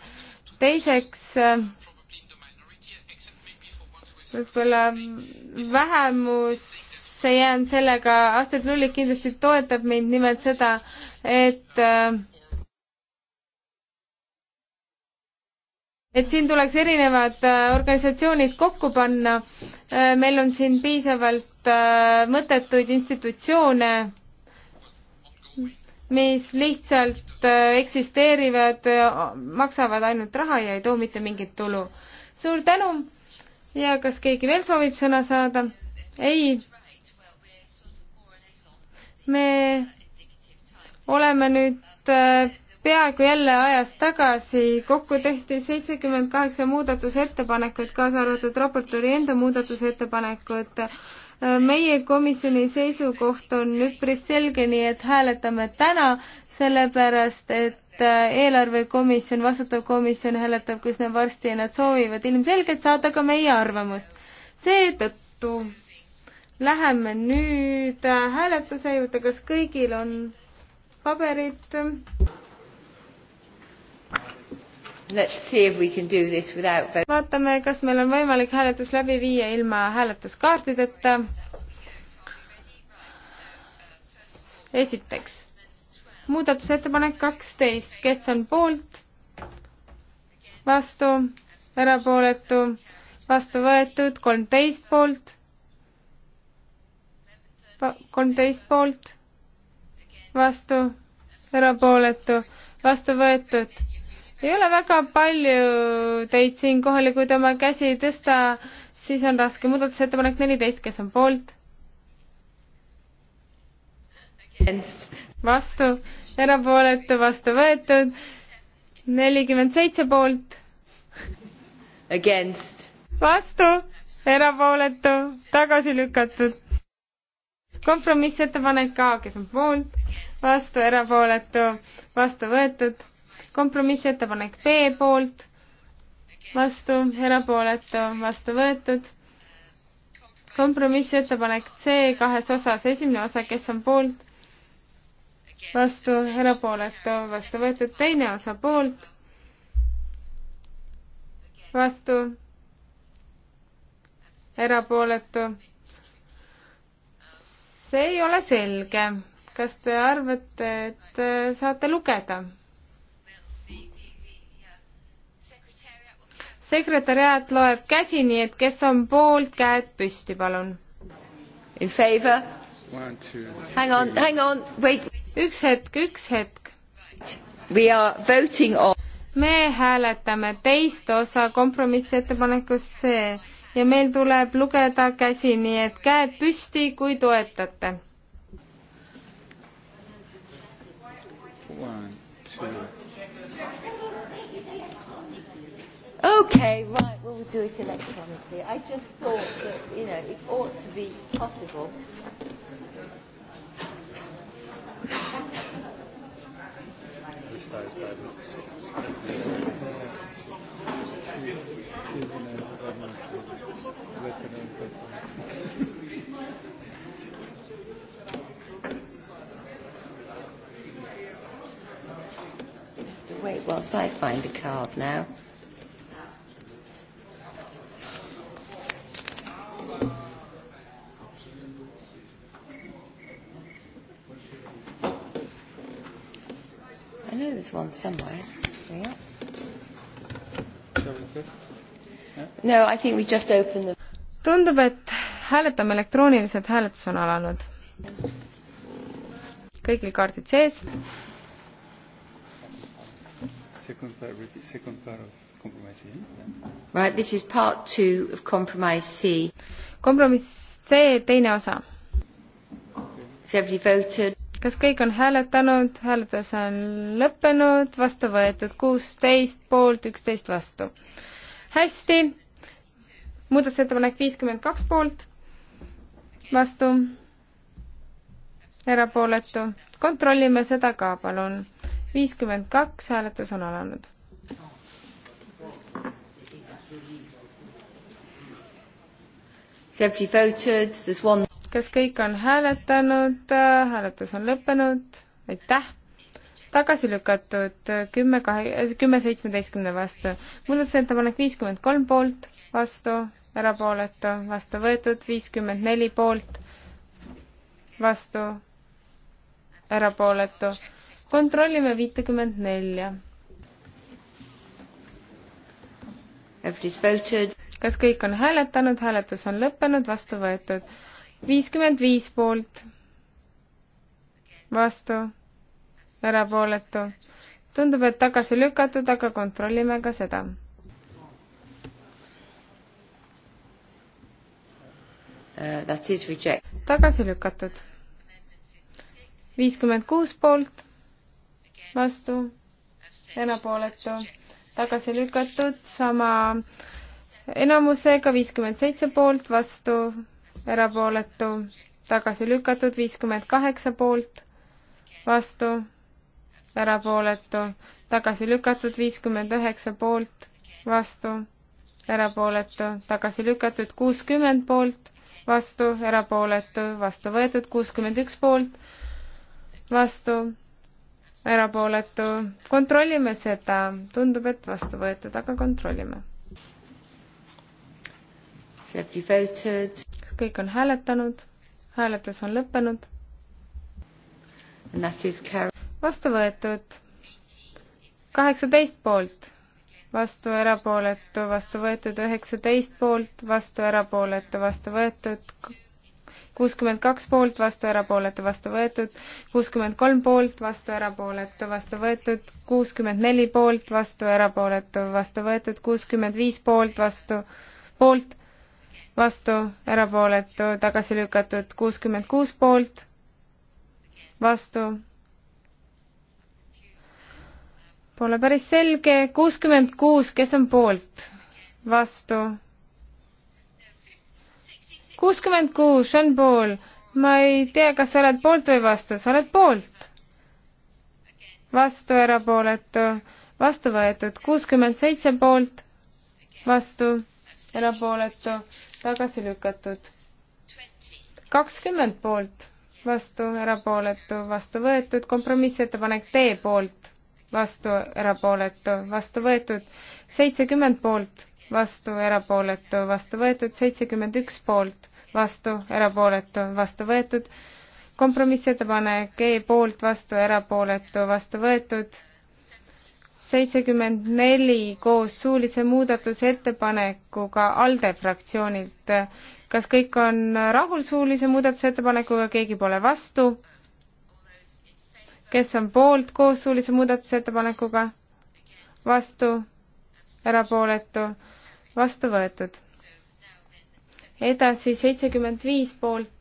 teiseks äh, võib-olla vähemusse jään sellega, Astrid Lullik kindlasti toetab mind nimelt seda, et äh, et siin tuleks erinevad äh, organisatsioonid kokku panna. Äh, meil on siin piisavalt mõttetuid institutsioone, mis lihtsalt eksisteerivad, maksavad ainult raha ja ei too mitte mingit tulu. suur tänu ja kas keegi veel soovib sõna saada? ei. me oleme nüüd äh, peaaegu jälle ajast tagasi, kokku tehti seitsekümmend kaheksa muudatusettepanekut, kaasa arvatud raportööri enda muudatusettepanekud. Äh, meie komisjoni seisukoht on üpris selge, nii et hääletame täna, sellepärast et et äh, eelarvekomisjon, vastutav komisjon hääletab üsna varsti ja nad soovivad ilmselgelt saada ka meie arvamust. seetõttu läheme nüüd äh, hääletuse juurde, kas kõigil on paberid? Without... vaatame, kas meil on võimalik hääletus läbi viia ilma hääletuskaartideta. esiteks muudatusettepanek kaksteist, kes on poolt, vastu, erapooletu, vastu võetud, kolmteist poolt, kolmteist poolt, vastu, erapooletu, vastu võetud. ei ole väga palju teid siin kohal ja kui te oma käsi ei tõsta, siis on raske. muudatusettepanek neliteist, kes on poolt? vastu, erapooletu, vastu võetud, nelikümmend seitse poolt. Against. vastu, erapooletu, tagasi lükatud. kompromissettepanek A, kes on poolt, vastu, erapooletu, vastu võetud. kompromissettepanek B poolt, vastu, erapooletu, vastu võetud kompromissettepanek C kahes osas, esimene osa, kes on poolt, vastu, erapooletu, vastu võetud, teine osa poolt, vastu, erapooletu. see ei ole selge. kas te arvate, et äh, saate lugeda? sekretäriaat loeb käsi, nii et kes on poolt, käed püsti, palun. In favor? Hang on, hang on, wait üks hetk, üks hetk. On... me hääletame teist osa kompromissettepanekust C ja meil tuleb lugeda käsi, nii et käed püsti, kui toetate. Okay, right, well, we'll do it electronically. I just thought that, you know, it ought to be possible Wait whilst I find a card now. is one somewhere. There you are. No, I think we just opened the... tundub, et hääletame elektrooniliselt, hääletus on alanud. kõigil kaardid sees. Right, this is part two of compromise C. kompromiss C teine osa. Has everybody voted? kas kõik on hääletanud, hääletus on lõppenud, vastu võetud kuusteist poolt, üksteist vastu. hästi, muudatusettepanek viiskümmend kaks poolt, vastu, erapooletu, kontrollime seda ka, palun. viiskümmend kaks, hääletus on alanud. Has everybody voted? There's one kas kõik on hääletanud, hääletus on lõppenud, aitäh! tagasi lükatud kümme kahe, kümme seitsmeteistkümne vastu. muudatusettepanek viiskümmend kolm poolt, vastu, erapooletu, vastu võetud, viiskümmend neli poolt, vastu, erapooletu. kontrollime viitekümmend nelja. kas kõik on hääletanud, hääletus on lõppenud, vastu võetud viiskümmend viis poolt, vastu, erapooletu. tundub, et tagasi lükatud, aga kontrollime ka seda. Uh, tagasi lükatud. viiskümmend kuus poolt, vastu, erapooletu, tagasi lükatud, sama enamusega viiskümmend seitse poolt, vastu erapooletu, tagasi lükatud, viiskümmend kaheksa poolt, vastu, erapooletu, tagasi lükatud, viiskümmend üheksa poolt, vastu, erapooletu, tagasi lükatud, kuuskümmend poolt, vastu, erapooletu, vastu võetud, kuuskümmend üks poolt, vastu, erapooletu. kontrollime seda, tundub, et vastu võetud, aga kontrollime kas kõik on hääletanud? hääletus on lõppenud. vastu võetud kaheksateist poolt, vastu erapooletu, vastu võetud üheksateist poolt, vastu erapooletu, vastu võetud kuuskümmend kaks poolt, vastu erapooletu, vastu võetud, kuuskümmend kolm poolt, vastu erapooletu, vastu võetud, kuuskümmend neli poolt, vastu erapooletu, vastu võetud, kuuskümmend viis poolt, vastu, poolt vastu, erapooletu, tagasi lükatud kuuskümmend kuus poolt, vastu. Pole päris selge, kuuskümmend kuus, kes on poolt, vastu? kuuskümmend kuus, Sean Paul, ma ei tea, kas sa oled poolt või vastu, sa oled poolt. vastu, erapooletu, vastu võetud, kuuskümmend seitse poolt, vastu, erapooletu tagasi lükatud. kakskümmend poolt, vastu, erapooletu, vastu võetud, kompromissettepanek D poolt, vastu, erapooletu, vastu võetud, seitsekümmend poolt, vastu, erapooletu, vastu võetud, seitsekümmend üks poolt, vastu, erapooletu, vastu võetud, kompromissettepanek E poolt, vastu, erapooletu, vastu võetud seitsekümmend neli koos suulise muudatusettepanekuga ALDE fraktsioonilt. kas kõik on rahul suulise muudatusettepanekuga, keegi pole vastu? kes on poolt koos suulise muudatusettepanekuga? vastu? erapooletu? vastu võetud. edasi seitsekümmend viis poolt,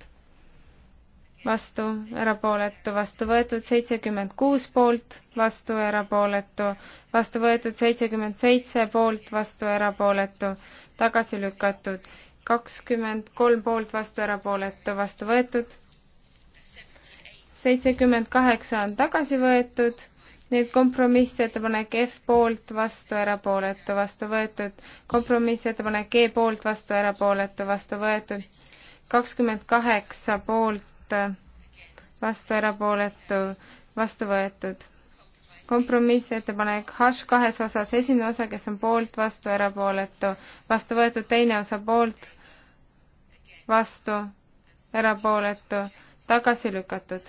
vastu, erapooletu, vastu võetud seitsekümmend kuus poolt, vastu erapooletu, vastu võetud seitsekümmend seitse poolt, vastu erapooletu, tagasi lükatud, kakskümmend kolm poolt, vastu erapooletu, vastu võetud, seitsekümmend kaheksa on tagasi võetud, nüüd kompromissettepanek F poolt, vastu erapooletu, vastu võetud, kompromissettepanek G poolt, vastu erapooletu, vastu võetud, kakskümmend kaheksa poolt, poolt, vastu erapooletu, vastu võetud. kompromissettepanek H kahes osas, esimene osa, kes on poolt, vastu erapooletu, vastu võetud, teine osa poolt, vastu erapooletu, tagasi lükatud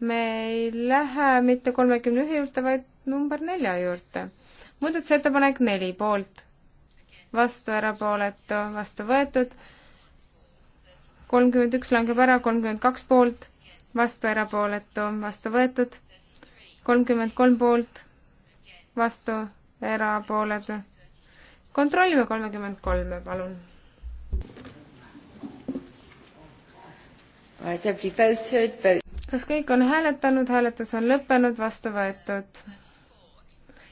me ei lähe mitte kolmekümne ühe juurde, vaid number nelja juurde. muudatusettepanek neli poolt, vastu, erapooletu, vastu võetud. kolmkümmend üks langeb ära, kolmkümmend kaks poolt, vastu, erapooletu, vastu võetud. kolmkümmend kolm poolt, vastu, erapooletu. kontrollime kolmekümmend kolme, palun. kas kõik on hääletanud, hääletus on lõppenud, vastu võetud.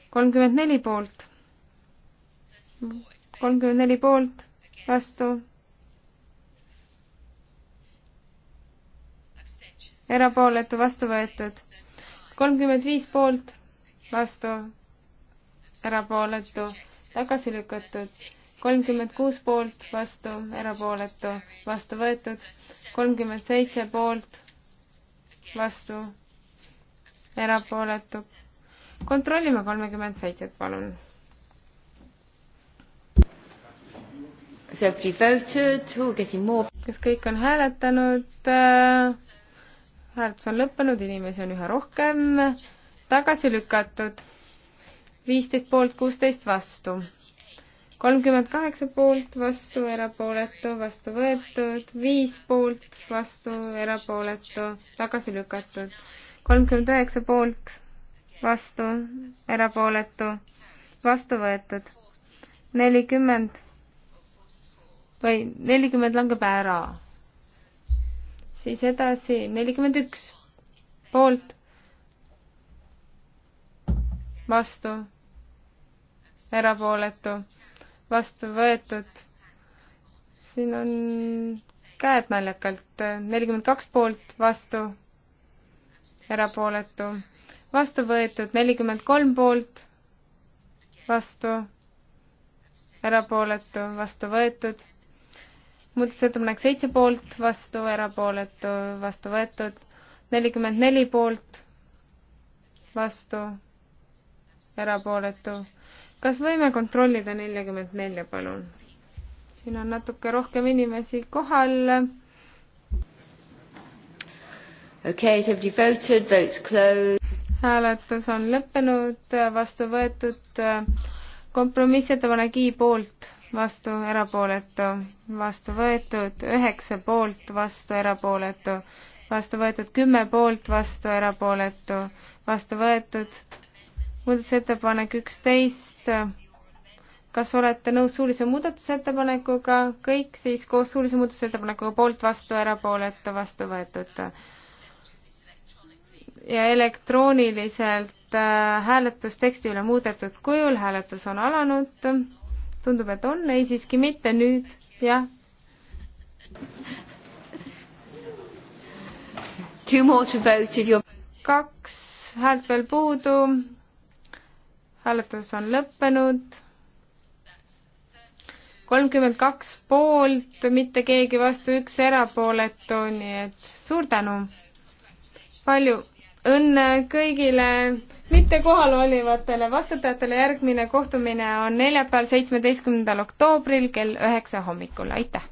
kolmkümmend neli poolt kolmkümmend neli poolt, vastu. erapooletu, vastu võetud. kolmkümmend viis poolt, vastu, erapooletu, tagasi lükatud. kolmkümmend kuus poolt, vastu, erapooletu, vastu võetud. kolmkümmend seitse poolt, vastu, erapooletu. kontrollime kolmekümmend seitset, palun kas kõik on hääletanud? hääletus on lõppenud, inimesi on üha rohkem. tagasi lükatud. viisteist poolt, kuusteist vastu. kolmkümmend kaheksa poolt, vastu, erapooletu, vastu võetud. viis poolt, vastu, erapooletu, tagasi lükatud. kolmkümmend üheksa poolt, vastu, erapooletu, vastu võetud. nelikümmend või nelikümmend langeb ära. siis edasi nelikümmend üks poolt, vastu, erapooletu, vastu võetud. siin on käed naljakalt, nelikümmend kaks poolt, vastu, erapooletu, vastu võetud, nelikümmend kolm poolt, vastu, erapooletu, vastu võetud, muudatusettepanek seitse poolt, vastu, erapooletu, vastu võetud, nelikümmend neli poolt, vastu, erapooletu. kas võime kontrollida neljakümmet nelja, palun? siin on natuke rohkem inimesi kohal. okei okay,, so you voted, votes closed. hääletus on lõppenud, vastu võetud kompromissettepanek I poolt vastu erapooletu, vastu võetud üheksa poolt, vastu erapooletu, vastu võetud kümme poolt, vastu erapooletu, vastu võetud muudatusettepanek üksteist. kas olete nõus suulise muudatusettepanekuga, kõik siis koos suulise muudatusettepanekuga poolt, vastu erapooletu, vastu võetud? ja elektrooniliselt äh, hääletusteksti üle muudetud kujul hääletus on alanud tundub, et on, ei siiski mitte, nüüd jah. kaks häält veel puudu. hääletus on lõppenud. kolmkümmend kaks poolt, mitte keegi vastu, üks erapooletu, nii et suur tänu. palju õnne kõigile mitte kohal olivatele vastutajatele järgmine kohtumine on neljapäeval, seitsmeteistkümnendal oktoobril kell üheksa hommikul, aitäh!